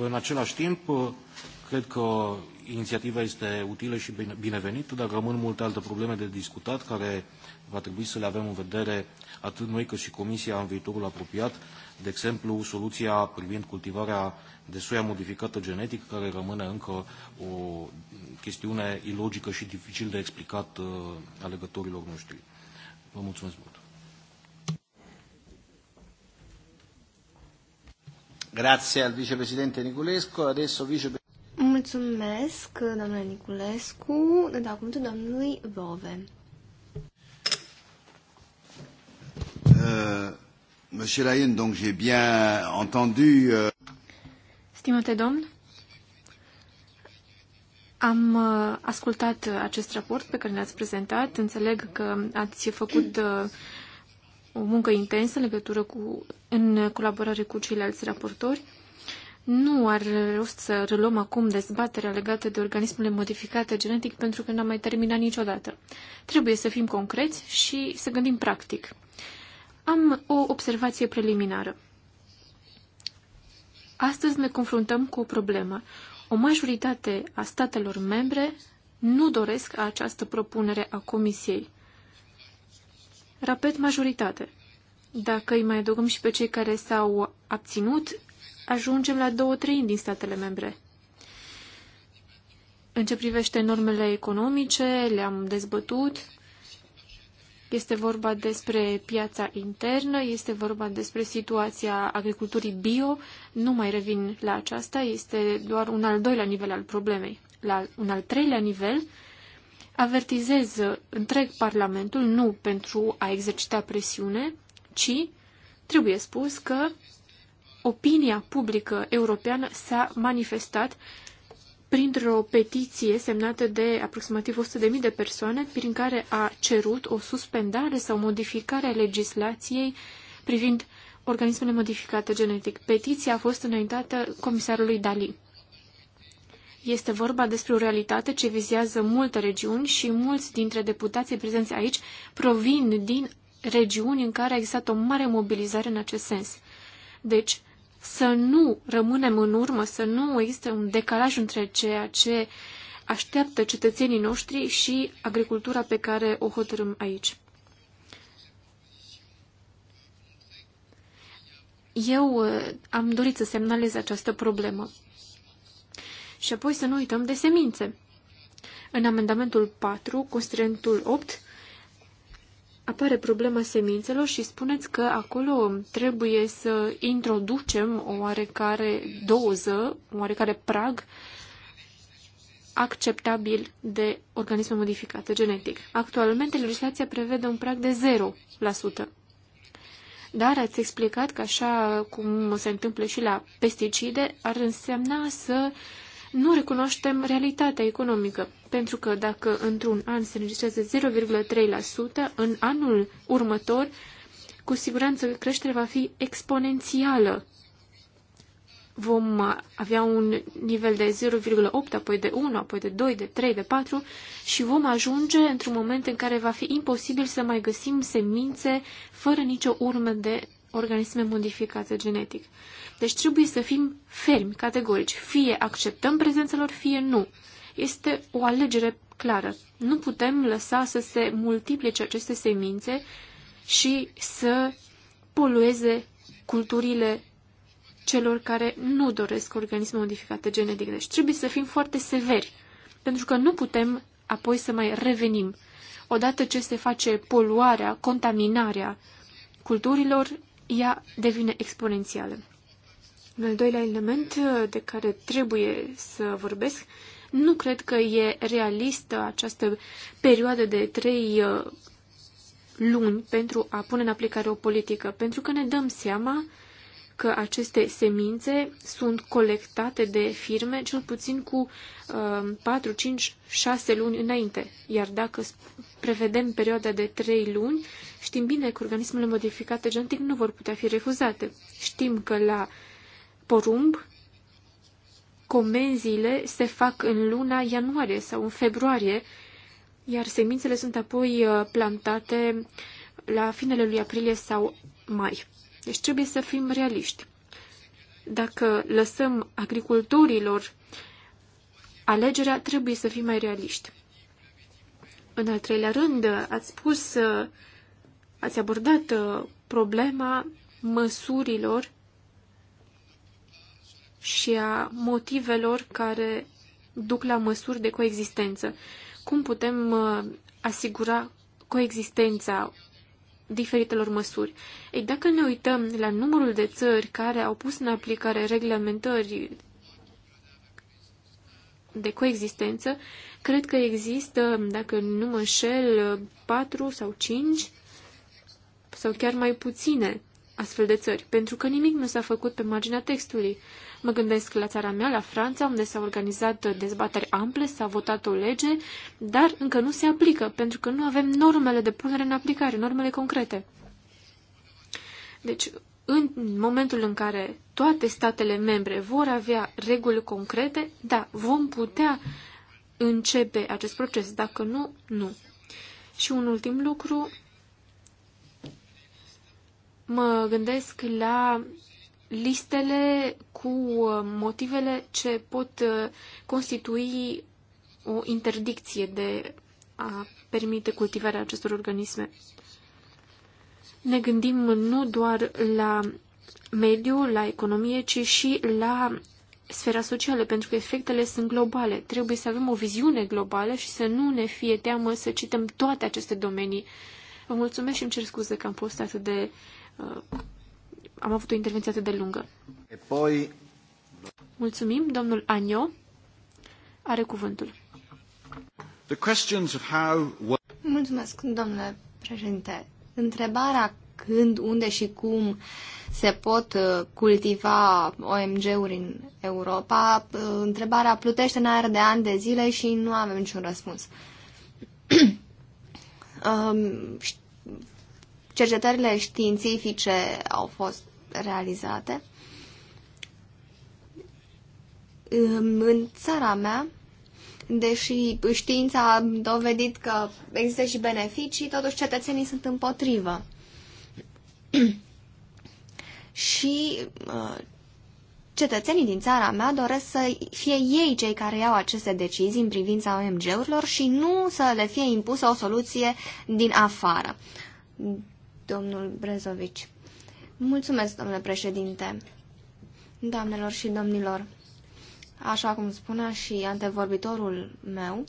În același timp, cred că inițiativa este utilă și binevenită, dar rămân multe alte probleme de discutat care va trebui să le avem în vedere atât noi cât și Comisia în viitorul apropiat, de exemplu soluția privind cultivarea de soia modificată genetic, care rămâne încă o chestiune ilogică și dificil de explicat uh, alegătorilor noștri. Vă mulțumesc mult! Grazie al vicepresidente Niculescu. Adesso Mulțumesc, domnule Niculescu. Da, cuvântul domnului Bove. Uh, Monsieur Lyon, donc j'ai bien entendu... Uh... Stimate domn, am uh, ascultat uh, acest raport pe care l-ați prezentat. Înțeleg că ați făcut uh, o muncă intensă în legătură cu, în colaborare cu ceilalți raportori. Nu ar rost să reluăm acum dezbaterea legată de organismele modificate genetic pentru că n-am mai terminat niciodată. Trebuie să fim concreți și să gândim practic. Am o observație preliminară. Astăzi ne confruntăm cu o problemă, o majoritate a statelor membre nu doresc această propunere a Comisiei. Repet majoritate. Dacă îi mai adăugăm și pe cei care s-au abținut, ajungem la două treimi din statele membre. În ce privește normele economice, le-am dezbătut, este vorba despre piața internă, este vorba despre situația agriculturii bio. Nu mai revin la aceasta, este doar un al doilea nivel al problemei. La un al treilea nivel, avertizez întreg Parlamentul, nu pentru a exercita presiune, ci trebuie spus că opinia publică europeană s-a manifestat printr-o petiție semnată de aproximativ 100.000 de persoane, prin care a cerut o suspendare sau modificare a legislației privind organismele modificate genetic. Petiția a fost înaintată comisarului Dali. Este vorba despre o realitate ce vizează multe regiuni și mulți dintre deputații prezenți aici provin din regiuni în care a existat o mare mobilizare în acest sens. Deci, să nu rămânem în urmă, să nu existe un decalaj între ceea ce așteaptă cetățenii noștri și agricultura pe care o hotărâm aici. Eu uh, am dorit să semnalez această problemă. Și apoi să nu uităm de semințe. În amendamentul 4, constrentul 8, apare problema semințelor și spuneți că acolo trebuie să introducem o oarecare doză, o oarecare prag acceptabil de organisme modificate genetic. Actualmente, legislația prevede un prag de 0%. Dar ați explicat că așa cum se întâmplă și la pesticide, ar însemna să uh, nu recunoaștem realitatea economică, pentru că dacă într-un an se înregistrează 0,3%, în anul următor, cu siguranță creșterea va fi exponențială. Vom avea un nivel de 0,8, apoi de 1, apoi de 2, de 3, de 4 și vom ajunge într-un moment în care va fi imposibil să mai găsim semințe fără nicio urmă de organisme modificate genetic. Deci trebuie să fim fermi, categorici. Fie acceptăm prezența lor, fie nu. Este o alegere clară. Nu putem lăsa să se multiplice aceste semințe și să polueze culturile celor care nu doresc organisme modificate genetic. Deci trebuie să fim foarte severi, pentru că nu putem apoi să mai revenim. Odată ce se face poluarea, contaminarea culturilor, ea devine exponențială. În al doilea element uh, de care trebuie să vorbesc, nu cred că e realistă această perioadă de trei uh, luni pentru a pune în aplicare o politică, pentru că ne dăm seama că aceste semințe sunt colectate de firme cel puțin cu uh, 4, 5, 6 luni înainte. Iar dacă prevedem perioada de 3 luni, știm bine că organismele modificate genetic nu vor putea fi refuzate. Știm că la porumb comenziile se fac în luna ianuarie sau în februarie, iar semințele sunt apoi uh, plantate la finele lui aprilie sau mai. Deci trebuie să fim realiști. Dacă lăsăm agricultorilor alegerea, trebuie să fim mai realiști. În al treilea rând, ați spus, ați abordat uh, problema măsurilor și a motivelor care duc la măsuri de coexistență. Cum putem uh, asigura coexistența diferitelor măsuri. Ei, dacă ne uităm la numărul de țări care au pus în aplicare reglementări de coexistență, cred că există, dacă nu mă înșel, patru sau cinci sau chiar mai puține astfel de țări, pentru că nimic nu s-a făcut pe marginea textului. Mă gândesc la țara mea, la Franța, unde s-au organizat dezbateri ample, s-a votat o lege, dar încă nu se aplică, pentru că nu avem normele de punere în aplicare, normele concrete. Deci, în momentul în care toate statele membre vor avea reguli concrete, da, vom putea începe acest proces. Dacă nu, nu. Și un ultim lucru, mă gândesc la listele cu uh, motivele ce pot uh, constitui o interdicție de a permite cultivarea acestor organisme. Ne gândim nu doar la mediu, la economie, ci și la sfera socială, pentru că efectele sunt globale. Trebuie să avem o viziune globală și să nu ne fie teamă să cităm toate aceste domenii. Vă mulțumesc și îmi cer scuze că am fost atât de uh, am avut o intervenție atât de lungă. Apoi... Mulțumim. Domnul Anio are cuvântul. The questions of how... Mulțumesc, domnule președinte. Întrebarea când, unde și cum se pot uh, cultiva OMG-uri în Europa, uh, întrebarea plutește în aer de ani de zile și nu avem niciun răspuns. Um, cercetările științifice au fost realizate. În țara mea, deși știința a dovedit că există și beneficii, totuși cetățenii sunt împotrivă. și uh, cetățenii din țara mea doresc să fie ei cei care iau aceste decizii în privința OMG-urilor și nu să le fie impusă o soluție din afară domnul Brezovici. Mulțumesc, domnule președinte. Doamnelor și domnilor, așa cum spunea și antevorbitorul meu,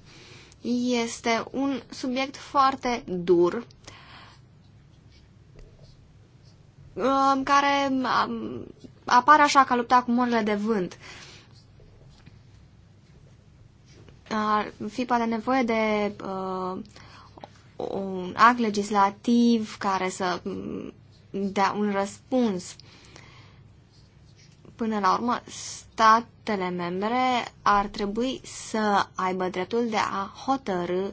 este un subiect foarte dur, um, care um, apare așa ca lupta cu morile de vânt. Ar fi poate nevoie de uh, un act legislativ care să dea un răspuns. Până la urmă, statele membre ar trebui să aibă dreptul de a hotărâ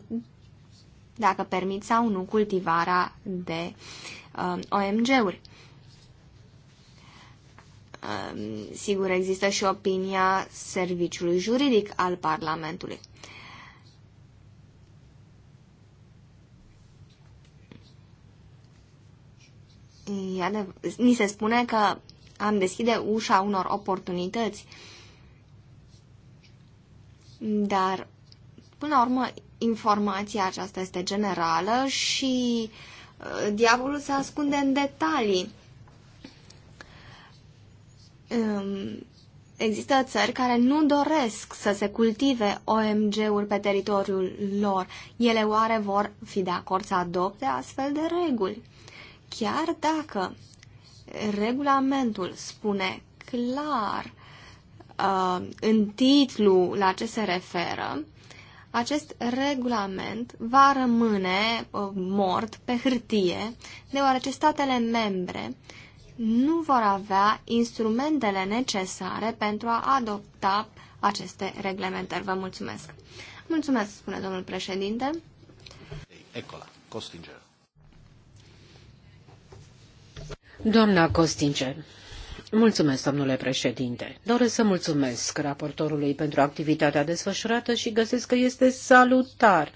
dacă permit sau nu cultivarea de uh, OMG-uri. Uh, sigur, există și opinia serviciului juridic al Parlamentului. ni se spune că am deschide ușa unor oportunități, dar până la urmă informația aceasta este generală și uh, diavolul se ascunde în detalii. Um, există țări care nu doresc să se cultive OMG-uri pe teritoriul lor. Ele oare vor fi de acord să adopte astfel de reguli? Chiar dacă regulamentul spune clar uh, în titlu la ce se referă, acest regulament va rămâne uh, mort pe hârtie, deoarece statele membre nu vor avea instrumentele necesare pentru a adopta aceste reglementări. Vă mulțumesc! Mulțumesc, spune domnul președinte. Ecola, Costinger. Doamna Costince, mulțumesc, domnule președinte. Doresc să mulțumesc raportorului pentru activitatea desfășurată și găsesc că este salutar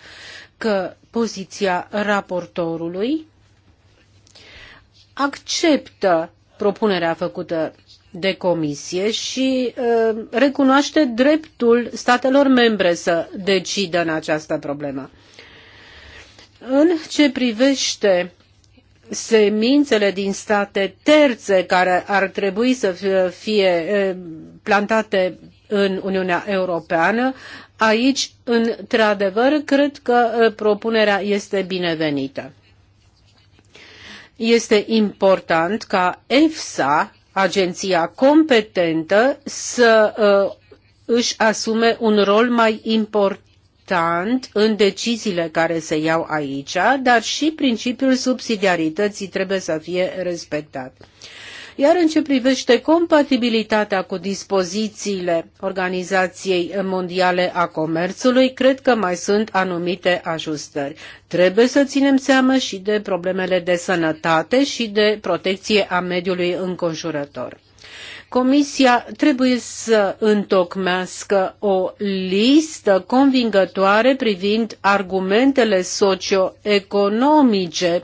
că poziția raportorului acceptă propunerea făcută de comisie și uh, recunoaște dreptul statelor membre să decidă în această problemă. În ce privește semințele din state terțe care ar trebui să fie eh, plantate în Uniunea Europeană. Aici, într-adevăr, cred că eh, propunerea este binevenită. Este important ca EFSA, agenția competentă, să eh, își asume un rol mai important important în deciziile care se iau aici, dar și principiul subsidiarității trebuie să fie respectat. Iar în ce privește compatibilitatea cu dispozițiile Organizației Mondiale a Comerțului, cred că mai sunt anumite ajustări. Trebuie să ținem seama și de problemele de sănătate și de protecție a mediului înconjurător. Comisia trebuie să întocmească o listă convingătoare privind argumentele socioeconomice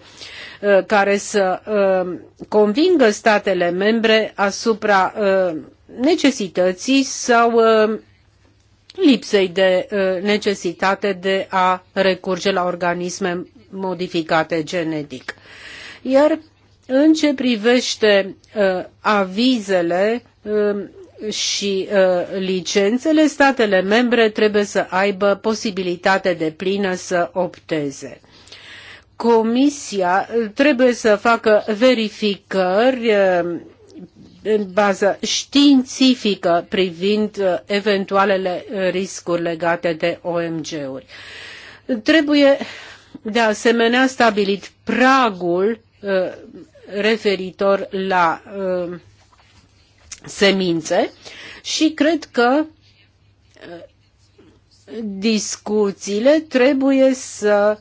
uh, care să uh, convingă statele membre asupra uh, necesității sau lipsei de necesitate de a recurge la organisme modificate genetic. Iar în ce privește uh, avizele uh, și uh, licențele, statele membre trebuie să aibă posibilitate de plină să opteze. Comisia uh, trebuie să facă verificări uh, în bază științifică privind uh, eventualele uh, riscuri legate de OMG-uri. Trebuie de asemenea stabilit pragul uh, referitor la uh, semințe și cred că uh, discuțiile trebuie să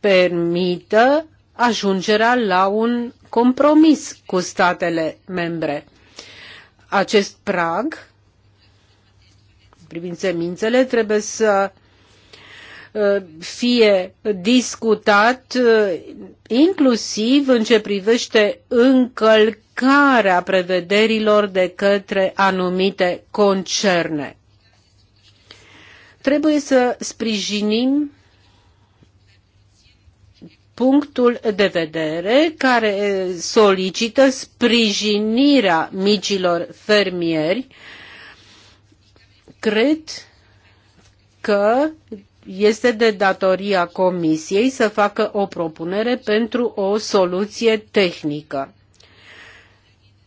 permită ajungerea la un compromis cu statele membre. Acest prag privind semințele trebuie să fie discutat uh, inclusiv în ce privește încălcarea prevederilor de către anumite concerne. Trebuie să sprijinim punctul de vedere care uh, solicită sprijinirea micilor fermieri. Cred că este de datoria Comisiei să facă o propunere pentru o soluție tehnică.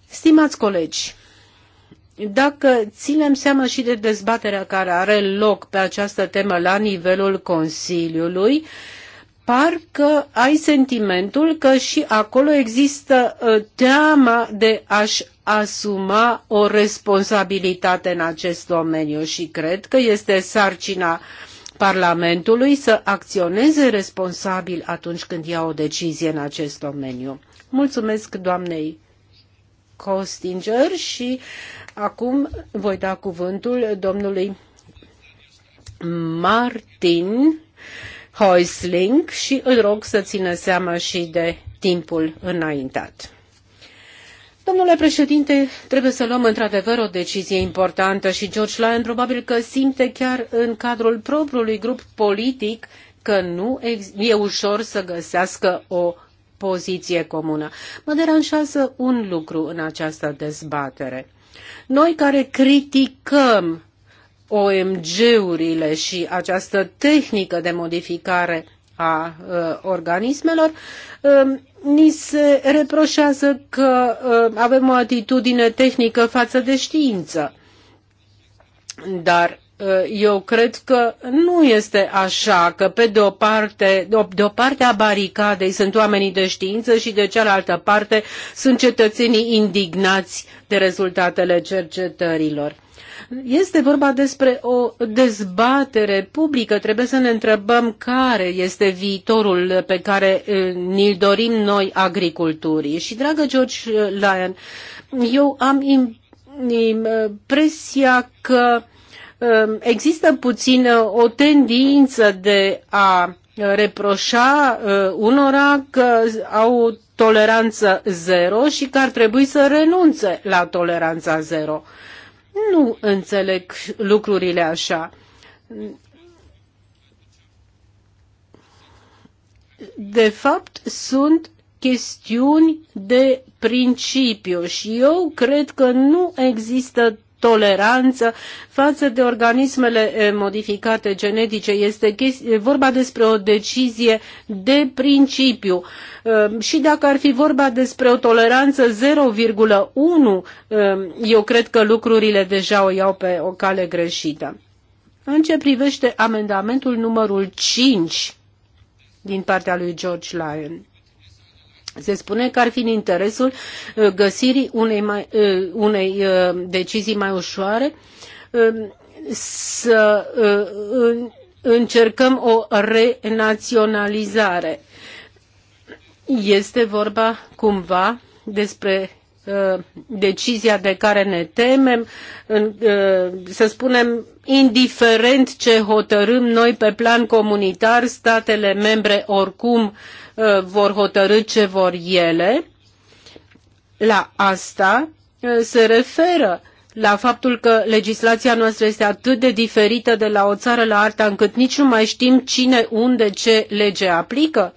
Stimați colegi, dacă ținem seama și de dezbaterea care are loc pe această temă la nivelul Consiliului, parcă ai sentimentul că și acolo există uh, teama de a-și asuma o responsabilitate în acest domeniu și cred că este sarcina uh, Parlamentului să acționeze responsabil atunci când ia o decizie în acest domeniu. Mulțumesc doamnei Costinger și acum voi da cuvântul domnului Martin Heusling și îl rog să țină seama și de timpul înaintat. Domnule președinte, trebuie să luăm într-adevăr o decizie importantă și George Lyon probabil că simte chiar în cadrul propriului grup politic că nu e ușor să găsească o poziție comună. Mă deranjează un lucru în această dezbatere. Noi care criticăm OMG-urile și această tehnică de modificare a uh, organismelor, uh, ni se reproșează că uh, avem o atitudine tehnică față de știință. Dar uh, eu cred că nu este așa, că pe de o parte, de o parte a baricadei sunt oamenii de știință și de cealaltă parte sunt cetățenii indignați de rezultatele cercetărilor. Este vorba despre o dezbatere publică. Trebuie să ne întrebăm care este viitorul pe care ni-l dorim noi agriculturii. Și, dragă George Lyon, eu am impresia că există puțin o tendință de a reproșa unora că au toleranță zero și că ar trebui să renunțe la toleranța zero. Uh, nu înțeleg lucrurile așa. De fapt, sunt chestiuni de principiu și eu cred că nu există toleranță față de organismele eh, modificate genetice. Este eh, vorba despre o decizie de principiu. Eh, și dacă ar fi vorba despre o toleranță 0,1, eu cred că lucrurile deja o iau pe o cale greșită. În ce privește amendamentul numărul 5 din partea lui George Lyon, se spune că ar fi în interesul uh, găsirii unei, mai, uh, unei uh, decizii mai ușoare um, să încercăm o renaționalizare. Este vorba cumva despre decizia de care ne temem, să spunem indiferent ce hotărâm noi pe plan comunitar, statele membre oricum uh, vor hotărâ ce vor ele. La asta uh, se referă la faptul că legislația noastră este atât de diferită de la o țară la alta încât nici nu mai știm cine, unde, ce lege aplică?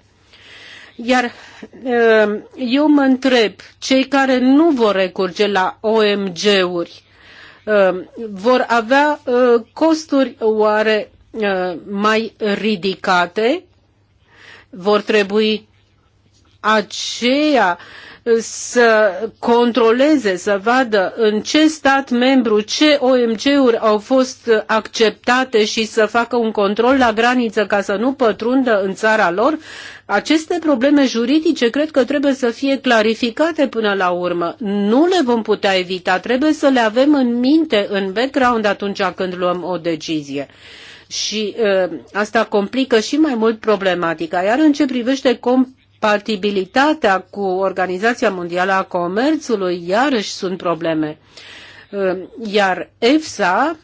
Iar uh, eu mă întreb, cei care nu vor recurge la OMG-uri, Uh, vor avea uh, costuri oare uh, mai ridicate? Vor trebui aceia să controleze, să vadă în ce stat membru, ce OMG-uri au fost acceptate și să facă un control la graniță ca să nu pătrundă în țara lor, aceste probleme juridice cred că trebuie să fie clarificate până la urmă. Nu le vom putea evita, trebuie să le avem în minte, în background atunci când luăm o decizie și ă, asta complică și mai mult problematica. Iar în ce privește comp- compatibilitatea cu Organizația Mondială a Comerțului, iarăși sunt probleme. Uh, iar EFSA,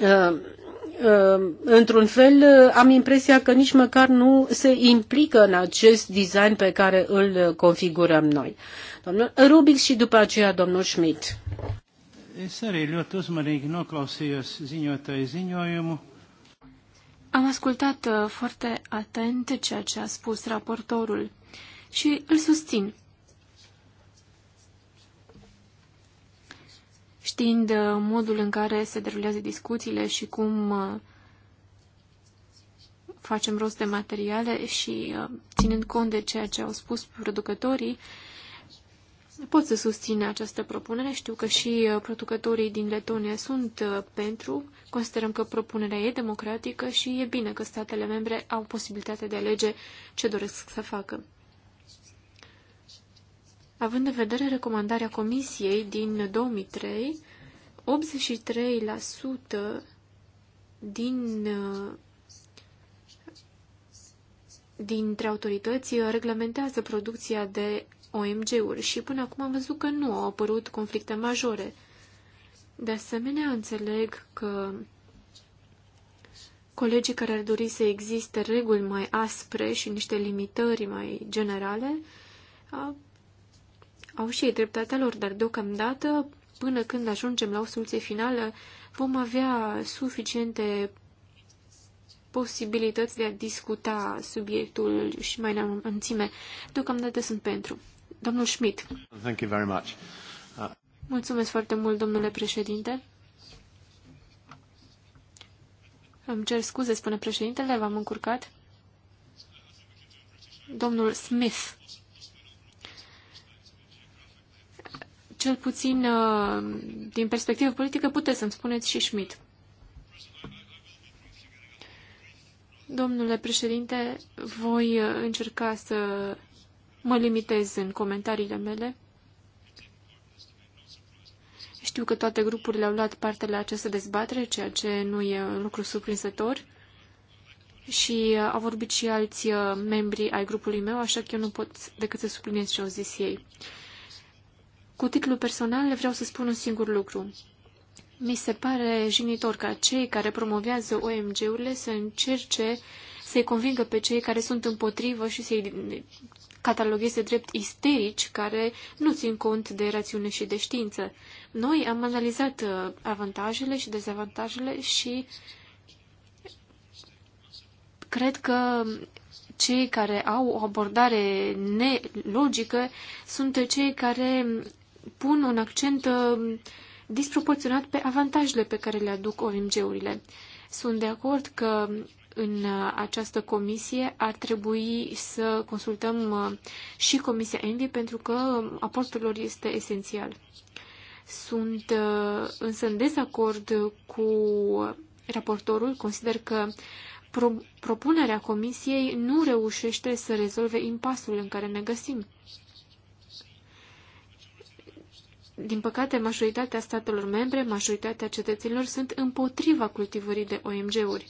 uh, uh, într-un fel, am impresia că nici măcar nu se implică în acest design pe care îl configurăm noi. Domnul Rubic și după aceea domnul Schmidt. Es arī ļoti uzmanīgi noklausījos ziņotāju ziņojumu. Am ascultat uh, foarte atent ceea ce a spus raportorul și îl susțin. Știind uh, modul în care se derulează discuțiile și cum uh, facem rost de materiale și ținând cont de ceea ce au spus producătorii, Pot să susțin această propunere. Știu că și uh, producătorii din Letonia sunt uh, pentru. Considerăm că propunerea e democratică și e bine că statele membre au posibilitatea de a alege ce doresc să facă. Având în vedere recomandarea Comisiei din 2003, 83% din uh, dintre autorități reglementează producția de OMG-uri și până acum am văzut că nu au apărut conflicte majore. De asemenea, înțeleg că colegii care ar dori să existe reguli mai aspre și niște limitări mai generale au și ei dreptatea lor, dar deocamdată, până când ajungem la o soluție finală, vom avea suficiente posibilități de a discuta subiectul și mai în înțime. Deocamdată sunt pentru. Domnul Schmidt. Thank you very much. Mulțumesc foarte mult, domnule președinte. Îmi cer scuze, spune președintele, v-am încurcat. Domnul Smith. Cel puțin uh, din perspectivă politică puteți să-mi spuneți și Schmidt. Domnule președinte, voi uh, încerca să Mă limitez în comentariile mele. Știu că toate grupurile au luat parte la această dezbatere, ceea ce nu e un lucru surprinzător. Și uh, au vorbit și alți uh, membri ai grupului meu, așa că eu nu pot decât să subliniez ce au zis ei. Cu titlu personal vreau să spun un singur lucru. Mi se pare jignitor ca cei care promovează OMG-urile să încerce să-i convingă pe cei care sunt împotrivă și să-i catalogheze drept isterici care nu țin cont de rațiune și de știință. Noi am analizat uh, avantajele și dezavantajele și cred că cei care au o abordare nelogică sunt cei care pun un accent uh, disproporționat pe avantajele pe care le aduc OMG-urile. Sunt de acord că în uh, această comisie, ar trebui să consultăm uh, și Comisia Envi pentru că aportul lor este esențial. Sunt uh, însă în dezacord cu raportorul. Consider că pro propunerea comisiei nu reușește să rezolve impasul în care ne găsim. Din păcate, majoritatea statelor membre, majoritatea cetățenilor sunt împotriva cultivării de OMG-uri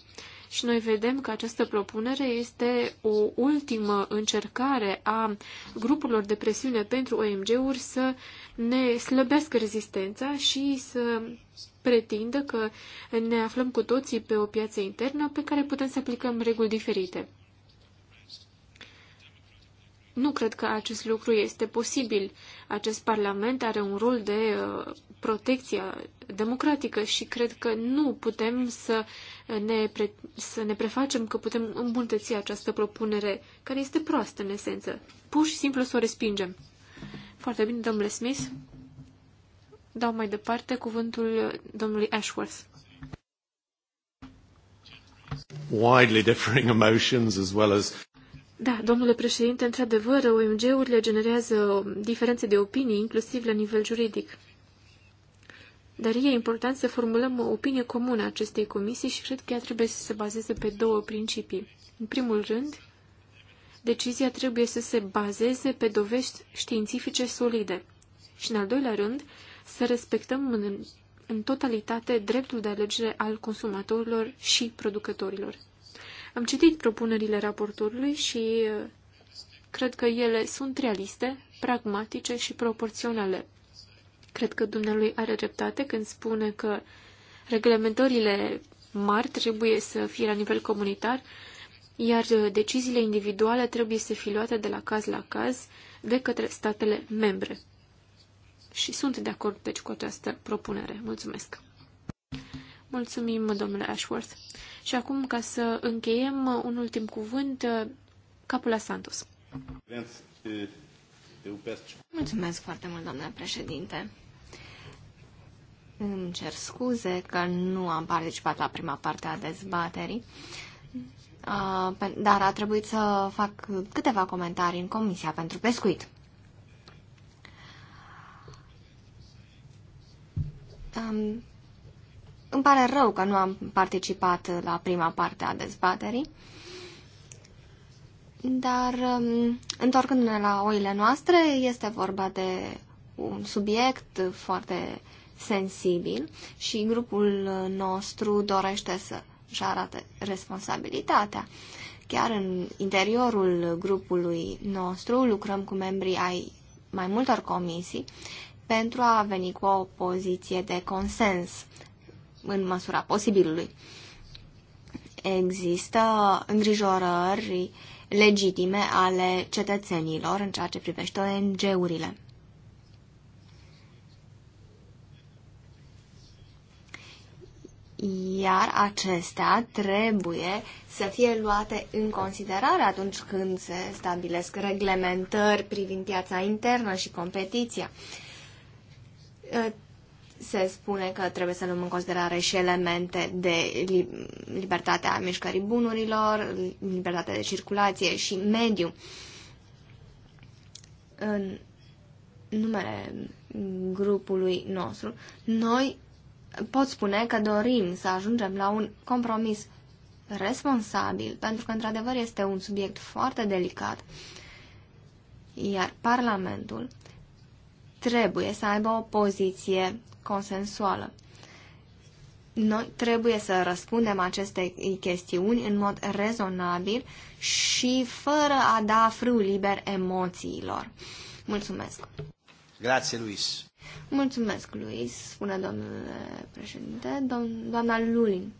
și noi vedem că această propunere este o ultimă încercare a grupurilor de presiune pentru OMG-uri să ne slăbească rezistența și să pretindă că ne aflăm cu toții pe o piață internă pe care putem să aplicăm reguli diferite. Nu cred că acest lucru este posibil. Acest Parlament are un rol de uh, protecție democratică și cred că nu putem să uh, ne, pre, să ne prefacem că putem îmbunătăți această propunere, care este proastă în esență. Pur și simplu să o respingem. Foarte bine, domnule Smith. Dau mai departe cuvântul domnului Ashworth widely differing emotions as well as da, domnule președinte, într-adevăr, OMG-urile generează diferențe de opinii, inclusiv la nivel juridic. Dar e important să formulăm o opinie comună a acestei comisii și cred că ea trebuie să se bazeze pe două principii. În primul rând, decizia trebuie să se bazeze pe dovești științifice solide. Și în al doilea rând, să respectăm în, în totalitate dreptul de alegere al consumatorilor și producătorilor. Am citit propunerile raportorului și uh, cred că ele sunt realiste, pragmatice și proporționale. Cred că dumnealui are dreptate când spune că reglementările mari trebuie să fie la nivel comunitar, iar uh, deciziile individuale trebuie să fie luate de la caz la caz de către statele membre. Și sunt de acord, deci, cu această propunere. Mulțumesc! Mulțumim, domnule Ashworth. Și acum, ca să încheiem, un ultim cuvânt, Capula Santos. Mulțumesc foarte mult, doamnă președinte. Îmi cer scuze că nu am participat la prima parte a dezbaterii, dar a trebuit să fac câteva comentarii în Comisia pentru Pescuit. Um, îmi pare rău că nu am participat la prima parte a dezbaterii, dar um, întorcându-ne la oile noastre, este vorba de un subiect foarte sensibil și grupul nostru dorește să își arate responsabilitatea. Chiar în interiorul grupului nostru lucrăm cu membrii ai mai multor comisii pentru a veni cu o poziție de consens în măsura posibilului. Există îngrijorări legitime ale cetățenilor în ceea ce privește ONG-urile. iar acestea trebuie să fie luate în considerare atunci când se stabilesc reglementări privind piața internă și competiția se spune că trebuie să luăm în considerare și elemente de libertatea mișcării bunurilor, libertatea de circulație și mediu. În numele grupului nostru, noi pot spune că dorim să ajungem la un compromis responsabil, pentru că, într-adevăr, este un subiect foarte delicat, iar Parlamentul trebuie să aibă o poziție consensuală. Noi trebuie să răspundem aceste chestiuni în mod rezonabil și fără a da frâu liber emoțiilor. Mulțumesc! Grație, Luis! Mulțumesc, Luis, spune domnule președinte, Domn- doamna Lulin.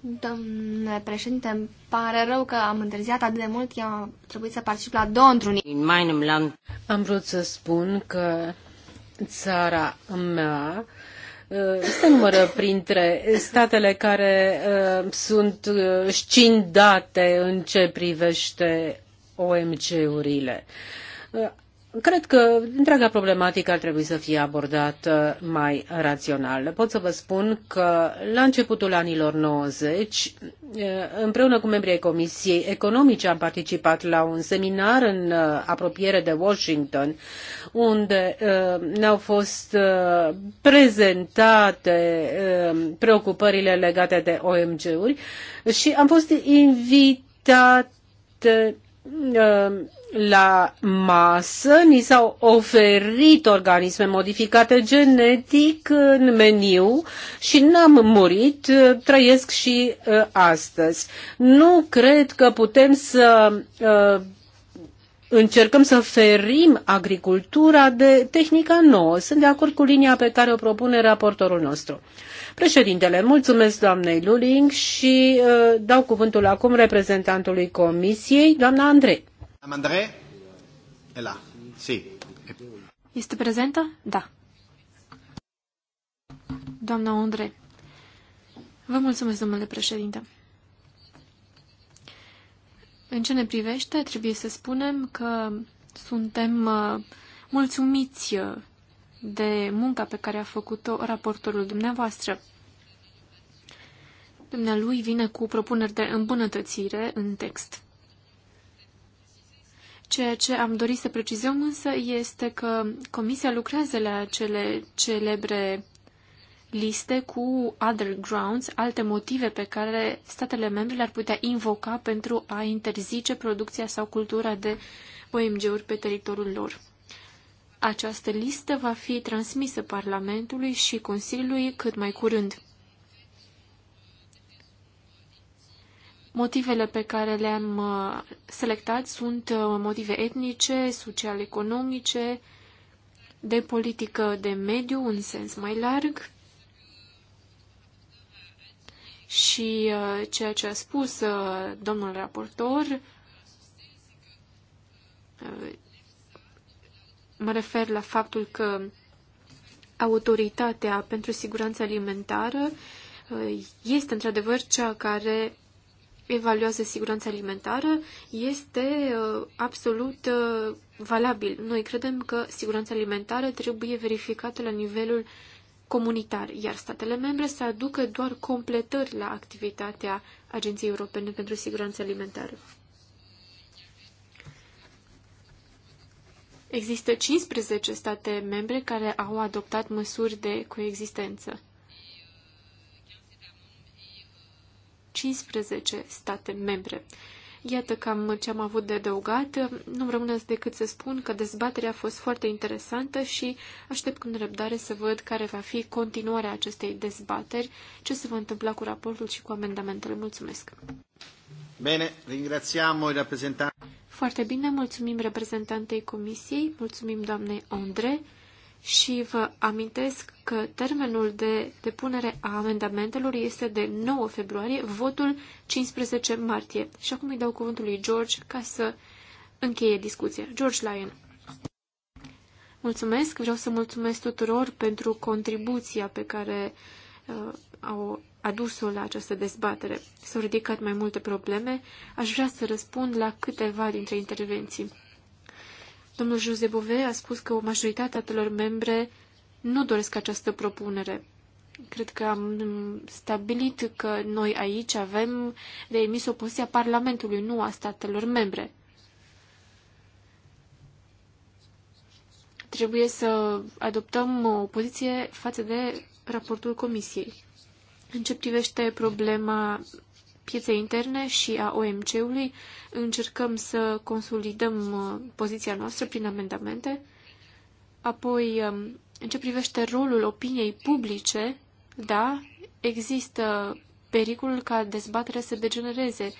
Domnule președinte, îmi pare rău că am întârziat atât de mult, eu am trebuit să particip la două întruniri. Am vrut să spun că țara mea uh, se numără printre statele care uh, sunt uh, scindate în ce privește omc urile cred că întreaga problematică ar trebui să fie abordată mai rațional. Pot să vă spun că la începutul anilor 90, împreună cu membrii Comisiei Economice, am participat la un seminar în uh, apropiere de Washington, unde uh, ne-au fost uh, prezentate preocupările legate de OMG-uri și am fost invitat la masă ni s-au oferit organisme modificate genetic în meniu și n-am murit, trăiesc și uh, astăzi. Nu cred că putem să uh, încercăm să ferim agricultura de tehnica nouă. Sunt de acord cu linia pe care o propune raportorul nostru. Președintele, mulțumesc doamnei Luling și uh, dau cuvântul acum reprezentantului Comisiei, doamna Andrei. Amandre? E la. Si. Este prezentă? Da. Doamna Ondre. Vă mulțumesc, domnule președinte. În ce ne privește, trebuie să spunem că suntem uh, mulțumiți uh, de munca pe care a făcut-o raportorul dumneavoastră. Dumnealui vine cu propuneri de îmbunătățire în text. Ceea ce am dorit să precizăm însă este că Comisia lucrează la cele celebre liste cu other grounds, alte motive pe care statele membre le-ar putea invoca pentru a interzice producția sau cultura de OMG-uri pe teritoriul lor. Această listă va fi transmisă Parlamentului și Consiliului cât mai curând. Motivele pe care le-am uh, selectat sunt uh, motive etnice, social-economice, de politică de mediu în sens mai larg și uh, ceea ce a spus domnul raportor mă refer la faptul că Autoritatea pentru Siguranță Alimentară este într-adevăr cea care evaluează siguranța alimentară este uh, absolut uh, valabil. Noi credem că siguranța alimentară trebuie verificată la nivelul comunitar, iar statele membre să aducă doar completări la activitatea Agenției Europene pentru Siguranță Alimentară. Există 15 state membre care au adoptat măsuri de coexistență. 15 state membre. Iată cam ce am avut de adăugat. Nu-mi rămâne decât să spun că dezbaterea a fost foarte interesantă și aștept cu nerăbdare să văd care va fi continuarea acestei dezbateri, ce se va întâmpla cu raportul și cu amendamentele. Mulțumesc! Bine, ringrațiamo i rappresentanti. Foarte bine, mulțumim reprezentantei Comisiei, mulțumim doamnei Andre și vă amintesc că termenul de depunere a amendamentelor este de 9 februarie, votul 15 martie. Și acum îi dau cuvântul lui George ca să încheie discuția. George Lyon. Mulțumesc, vreau să mulțumesc tuturor pentru contribuția pe care uh, au adus-o la această dezbatere. S-au ridicat mai multe probleme. Aș vrea să răspund la câteva dintre intervenții. Domnul Jose Bove a spus că o majoritate a tălor membre nu doresc această propunere. Cred că am stabilit că noi aici avem de emis o poziție Parlamentului, nu a statelor membre. Trebuie să adoptăm o poziție față de raportul Comisiei. În ce privește problema pieței interne și a OMC-ului. Încercăm să consolidăm uh, poziția noastră prin amendamente. Apoi, um, în ce privește rolul opiniei publice, da, există pericolul ca dezbaterea să degenereze.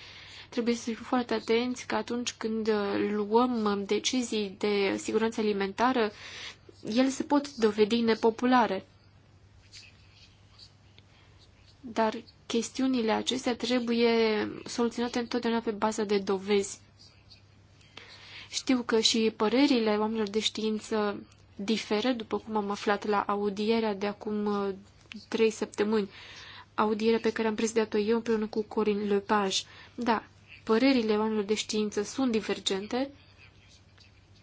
Trebuie să fim foarte atenți că atunci când uh, luăm um, decizii de siguranță alimentară, ele se pot dovedi nepopulare. Dar chestiunile acestea trebuie soluționate întotdeauna pe bază de dovezi. Știu că și părerile oamenilor de știință diferă, după cum am aflat la audierea de acum uh, trei săptămâni, audierea pe care am prezidat-o eu împreună cu Corin Lepage. Da, părerile oamenilor de știință sunt divergente,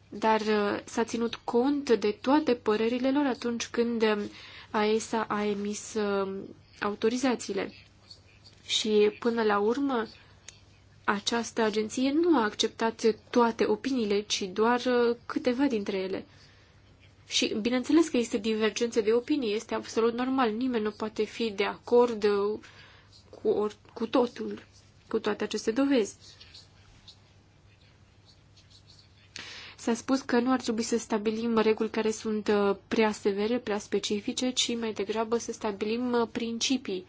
dar uh, s-a ținut cont de toate părerile lor atunci când AESA uh, a emis autorizațiile. Și până la urmă, această agenție nu a acceptat toate opiniile, ci doar uh, câteva dintre ele. Și bineînțeles că este divergență de opinii, este absolut normal, nimeni nu poate fi de acord uh, cu, or, cu totul, cu toate aceste dovezi. S-a spus că nu ar trebui să stabilim reguli care sunt uh, prea severe, prea specifice, ci mai degrabă să stabilim principii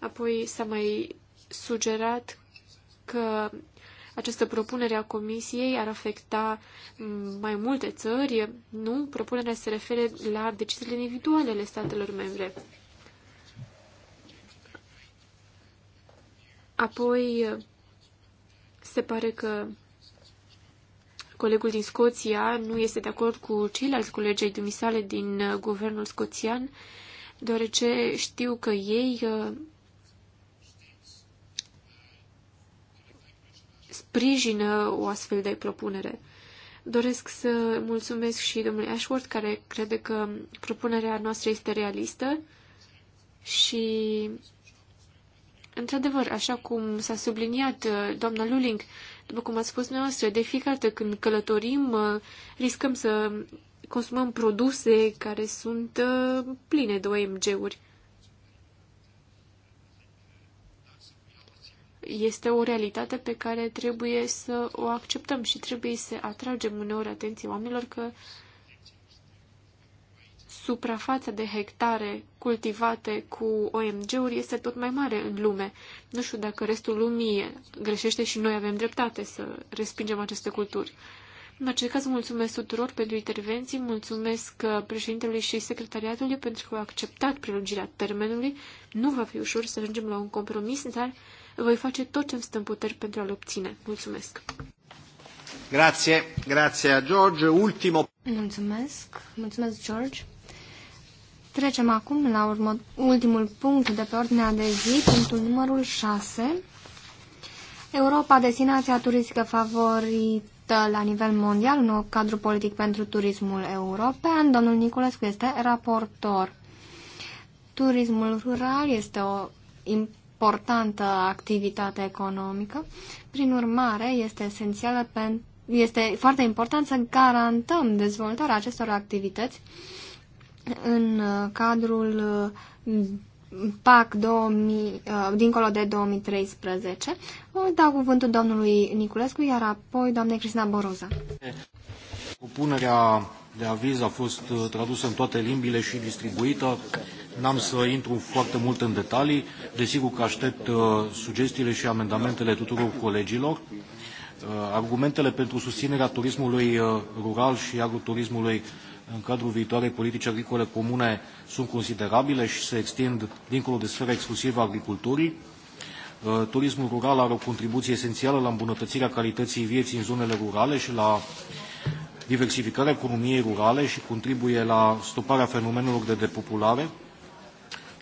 Apoi s-a mai sugerat că această propunere a Comisiei ar afecta mai multe țări. Nu, propunerea se referă la deciziile individuale ale statelor membre. Apoi, se pare că colegul din Scoția nu este de acord cu ceilalți colegi ai dumisale din uh, guvernul scoțian, deoarece știu că ei uh, sprijină o astfel de propunere. Doresc să mulțumesc și domnului Ashworth, care crede că propunerea noastră este realistă și, într-adevăr, așa cum s-a subliniat uh, doamna Luling, după cum a spus noastră, de fiecare dată când călătorim, uh, riscăm să consumăm produse care sunt uh, pline de OMG-uri. este o realitate pe care trebuie să o acceptăm și trebuie să atragem uneori atenția oamenilor că suprafața de hectare cultivate cu OMG-uri este tot mai mare în lume. Nu știu dacă restul lumii greșește și noi avem dreptate să respingem aceste culturi. În acest caz, mulțumesc tuturor pentru intervenții, mulțumesc uh, președintelui și secretariatului pentru că au acceptat prelungirea termenului. Nu va fi ușor să ajungem la un compromis, dar voi face tot ce îmi stă în puteri pentru a-l obține. Mulțumesc! Grazie, grazie a George. Ultimo. Mulțumesc, mulțumesc George. Trecem acum la urmă, ultimul punct de pe ordinea de zi, punctul numărul 6. Europa, destinația turistică favorită la nivel mondial, un nou cadru politic pentru turismul european. Domnul Niculescu este raportor. Turismul rural este o importantă activitate economică. Prin urmare, este esențială pentru este foarte important să garantăm dezvoltarea acestor activități în uh, cadrul uh, PAC 2000, uh, dincolo de 2013. O dau cuvântul domnului Niculescu, iar apoi doamnei Cristina Boroza. Opunerea de aviz a fost uh, tradusă în toate limbile și distribuită. N-am să intru foarte mult în detalii. Desigur că aștept uh, sugestiile și amendamentele tuturor colegilor. Uh, argumentele pentru susținerea turismului rural și agroturismului în cadrul viitoarei politici agricole comune sunt considerabile și se extind dincolo de sfera exclusivă a agriculturii. Turismul rural are o contribuție esențială la îmbunătățirea calității vieții în zonele rurale și la diversificarea economiei rurale și contribuie la stoparea fenomenelor de depopulare.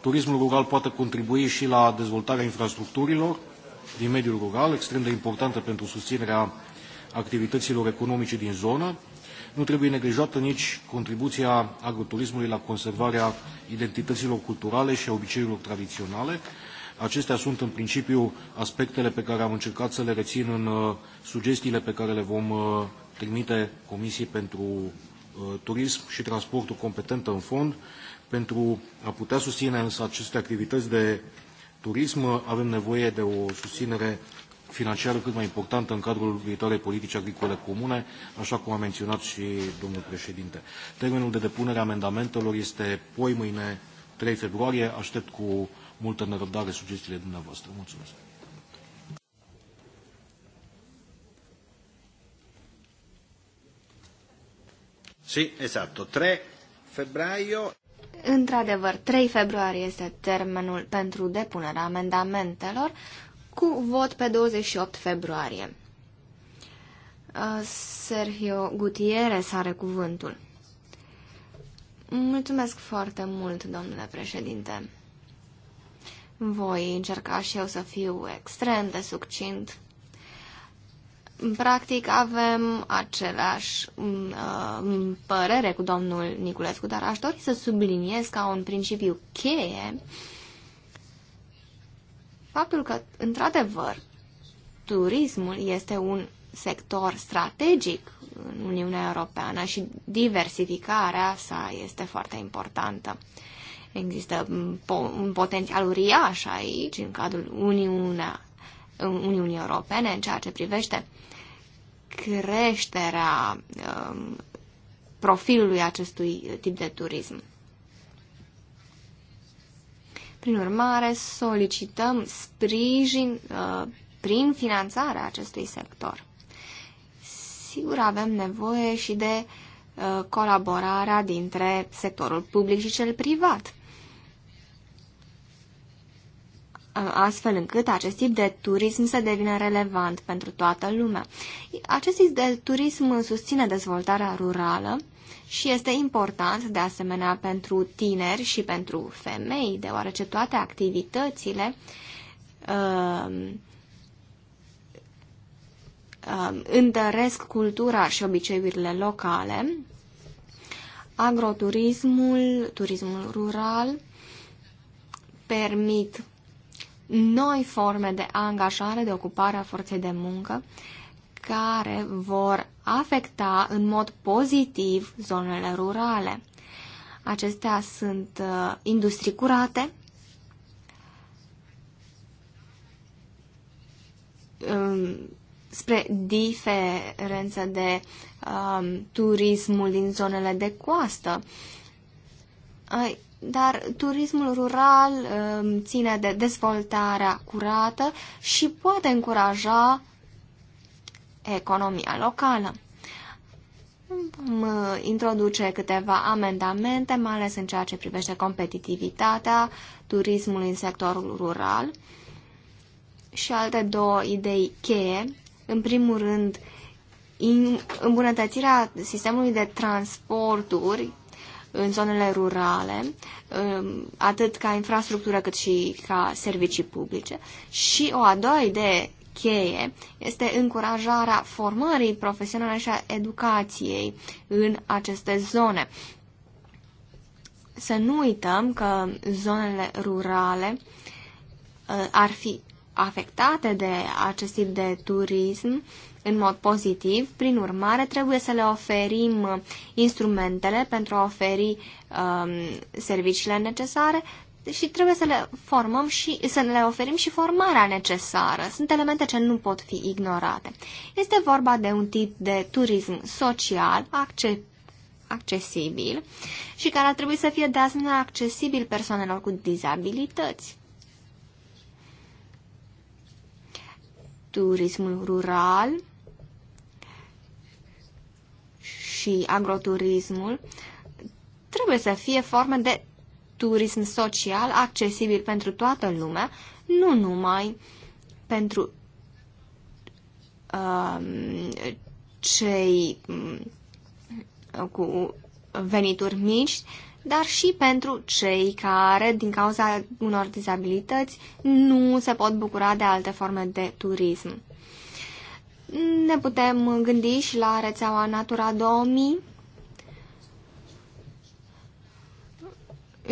Turismul rural poate contribui și la dezvoltarea infrastructurilor din mediul rural, extrem de importantă pentru susținerea activităților economice din zonă. Nu trebuie neglijată nici contribuția agroturismului la conservarea identităților culturale și a obiceiurilor tradiționale. Acestea sunt în principiu aspectele pe care am încercat să le rețin în uh, sugestiile pe care le vom uh, trimite Comisiei pentru uh, Turism și Transportul competentă în fond pentru a putea susține însă aceste activități de turism. Avem nevoie de o susținere financiară cât mai importantă în cadrul viitoarei politici agricole comune, așa cum a menționat și domnul președinte. Termenul de depunere a amendamentelor este poi mâine 3 februarie. Aștept cu multă nerăbdare sugestiile dumneavoastră. Mulțumesc. Sì, esatto, 3 febbraio. Într-adevăr, 3 februarie este termenul pentru depunerea amendamentelor cu vot pe 28 februarie. Uh, Sergio Gutierrez are cuvântul. Mulțumesc foarte mult, domnule președinte. Voi încerca și eu să fiu extrem de succint practic avem același mm, uh, mm, părere cu domnul Niculescu, dar aș dori să subliniez ca un principiu cheie faptul că, într-adevăr, turismul este un sector strategic în Uniunea Europeană și diversificarea sa este foarte importantă. Există un potențial uriaș aici, în cadrul Uniunea, Uniunii Europene, în ceea ce privește creșterea um, profilului acestui tip de turism. Prin urmare, solicităm sprijin uh, prin finanțarea acestui sector. Sigur, avem nevoie și de uh, colaborarea dintre sectorul public și cel privat. astfel încât acest tip de turism să devină relevant pentru toată lumea. Acest tip de turism susține dezvoltarea rurală și este important de asemenea pentru tineri și pentru femei, deoarece toate activitățile uh, uh, întăresc cultura și obiceiurile locale, agroturismul, turismul rural, permit noi forme de angajare, de ocupare a forței de muncă, care vor afecta în mod pozitiv zonele rurale. Acestea sunt uh, industrii curate, um, spre diferență de um, turismul din zonele de coastă. Uh, dar turismul rural um, ține de dezvoltarea curată și poate încuraja economia locală. Vom uh, introduce câteva amendamente, mai ales în ceea ce privește competitivitatea turismului în sectorul rural și alte două idei cheie. În primul rând, îmbunătățirea sistemului de transporturi în zonele rurale, um, atât ca infrastructură cât și ca servicii publice. Și o a doua idee cheie este încurajarea formării profesionale și a educației în aceste zone. Să nu uităm că zonele rurale uh, ar fi afectate de acest tip de turism în mod pozitiv. Prin urmare, trebuie să le oferim uh, instrumentele pentru a oferi um, serviciile necesare și trebuie să le formăm și să le oferim și formarea necesară. Sunt elemente ce nu pot fi ignorate. Este vorba de un tip de turism social acceptat accesibil și care ar trebui să fie de asemenea accesibil persoanelor cu dizabilități. Turismul rural și agroturismul trebuie să fie forme de turism social accesibil pentru toată lumea, nu numai pentru uh, cei um, cu venituri mici, dar și pentru cei care, din cauza unor dizabilități, nu se pot bucura de alte forme de turism. Ne putem gândi și la rețeaua Natura 2000.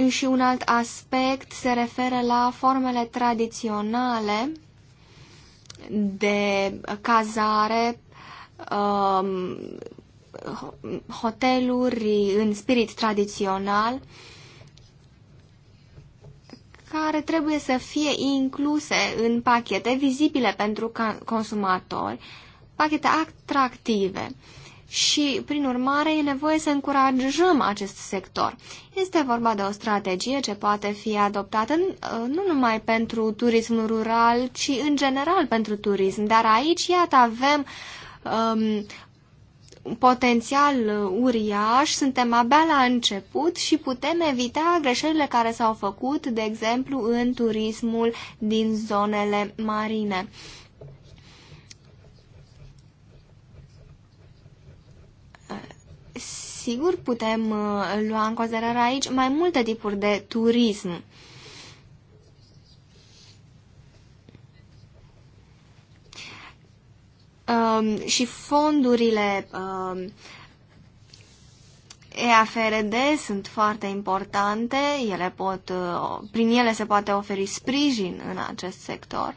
Și un alt aspect se referă la formele tradiționale de cazare, um, hoteluri în spirit tradițional, care trebuie să fie incluse în pachete vizibile pentru consumatori, pachete atractive și, prin urmare, e nevoie să încurajăm acest sector. Este vorba de o strategie ce poate fi adoptată uh, nu numai pentru turismul rural, ci în general pentru turism. Dar aici, iată, avem um, potențial uh, uriaș, suntem abia la început și putem evita greșelile care s-au făcut, de exemplu, în turismul din zonele marine. sigur putem uh, lua în considerare aici mai multe tipuri de turism. Um, și fondurile um, EAFRD sunt foarte importante, ele pot, uh, prin ele se poate oferi sprijin în acest sector.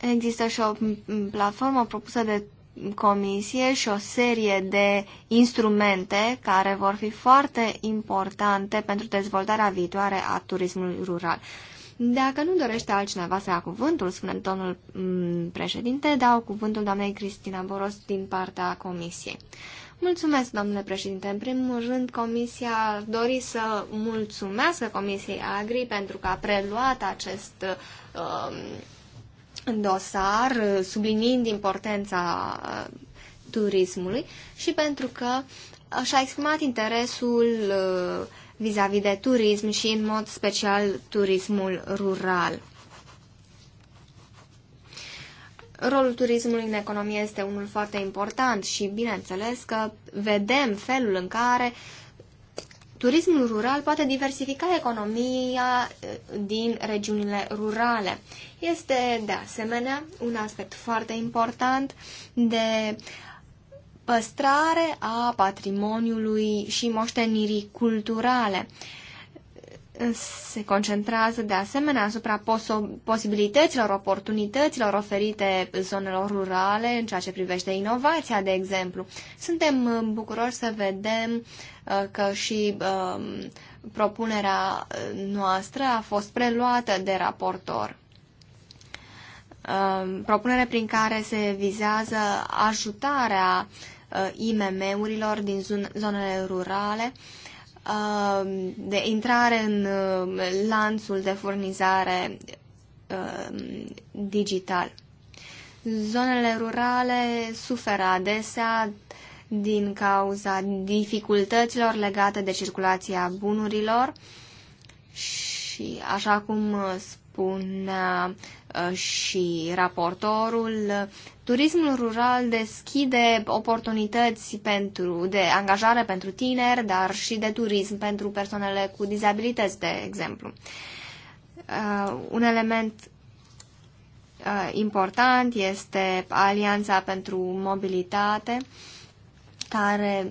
Există și o platformă propusă de comisie și o serie de instrumente care vor fi foarte importante pentru dezvoltarea viitoare a turismului rural. Dacă nu dorește altcineva să ia cuvântul, spune domnul mm, președinte, dau cuvântul doamnei Cristina Boros din partea comisiei. Mulțumesc, domnule președinte. În primul rând, comisia ar dori să mulțumească comisiei Agri pentru că a preluat acest uh, în dosar, subliniind importanța uh, turismului și pentru că și-a exprimat interesul uh, vis-a-vis -vis de turism și în mod special turismul rural. Rolul turismului în economie este unul foarte important și bineînțeles că vedem felul în care turismul rural poate diversifica economia uh, din regiunile rurale este, de asemenea, un aspect foarte important de păstrare a patrimoniului și moștenirii culturale. Se concentrează de asemenea asupra posibilităților, oportunităților oferite zonelor rurale în ceea ce privește inovația, de exemplu. Suntem uh, bucuroși să vedem uh, că și um, propunerea uh, noastră a fost preluată de raportor. Um, propunere prin care se vizează ajutarea uh, IMM-urilor din zonele rurale um, de intrare în uh, lanțul de furnizare um, digital. Zonele rurale suferă adesea din cauza dificultăților legate de circulația bunurilor și, așa cum spun uh, și raportorul, turismul rural deschide oportunități pentru, de angajare pentru tineri, dar și de turism pentru persoanele cu dizabilități, de exemplu. Uh, un element uh, important este Alianța pentru Mobilitate, care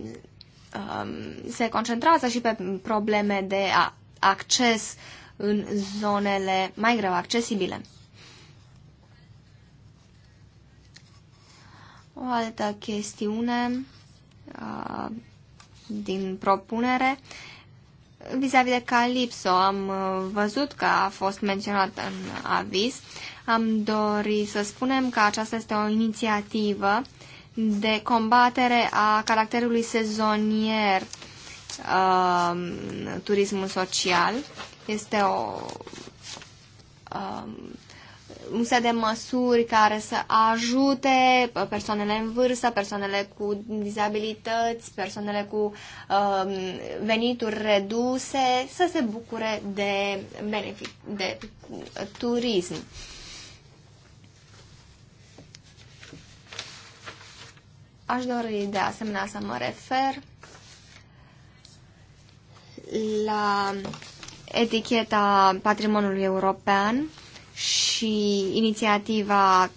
um, se concentrează și pe probleme de acces uh, în zonele mai greu accesibile. O altă chestiune uh, din propunere vis-a-vis -vis de Calipso, am uh, văzut că a fost menționat în aviz. Am dorit să spunem că aceasta este o inițiativă de combatere a caracterului sezonier Um, turismul social. Este o, um, un set de măsuri care să ajute persoanele în vârstă, persoanele cu dizabilități, persoanele cu um, venituri reduse să se bucure de, benefic, de turism. Aș dori de asemenea să mă refer la eticheta patrimoniului european și inițiativa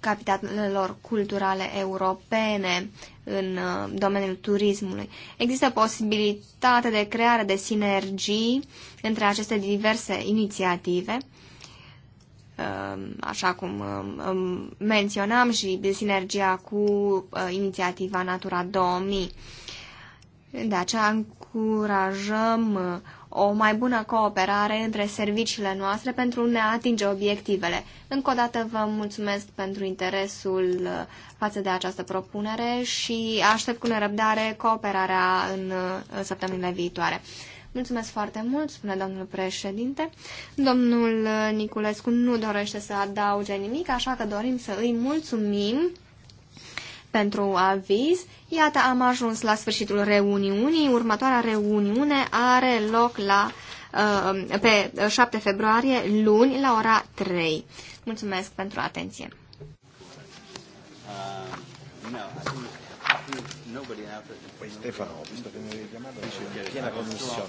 capitalelor culturale europene în uh, domeniul turismului. Există posibilitate de creare de sinergii între aceste diverse inițiative, um, așa cum um, um, menționam și de sinergia cu uh, inițiativa Natura 2000. De aceea încurajăm uh, o mai bună cooperare între serviciile noastre pentru a ne atinge obiectivele. Încă o dată vă mulțumesc pentru interesul uh, față de această propunere și aștept cu nerăbdare cooperarea în uh, săptămânile viitoare. Mulțumesc foarte mult, spune domnul președinte. Domnul Niculescu nu dorește să adauge nimic, așa că dorim să îi mulțumim pentru aviz. Iată, am ajuns la sfârșitul reuniunii. Următoarea reuniune are loc la, uh, pe 7 februarie, luni, la ora 3. Mulțumesc pentru atenție. Uh, Stefano, visto che mi avevi chiamato, piena commissione.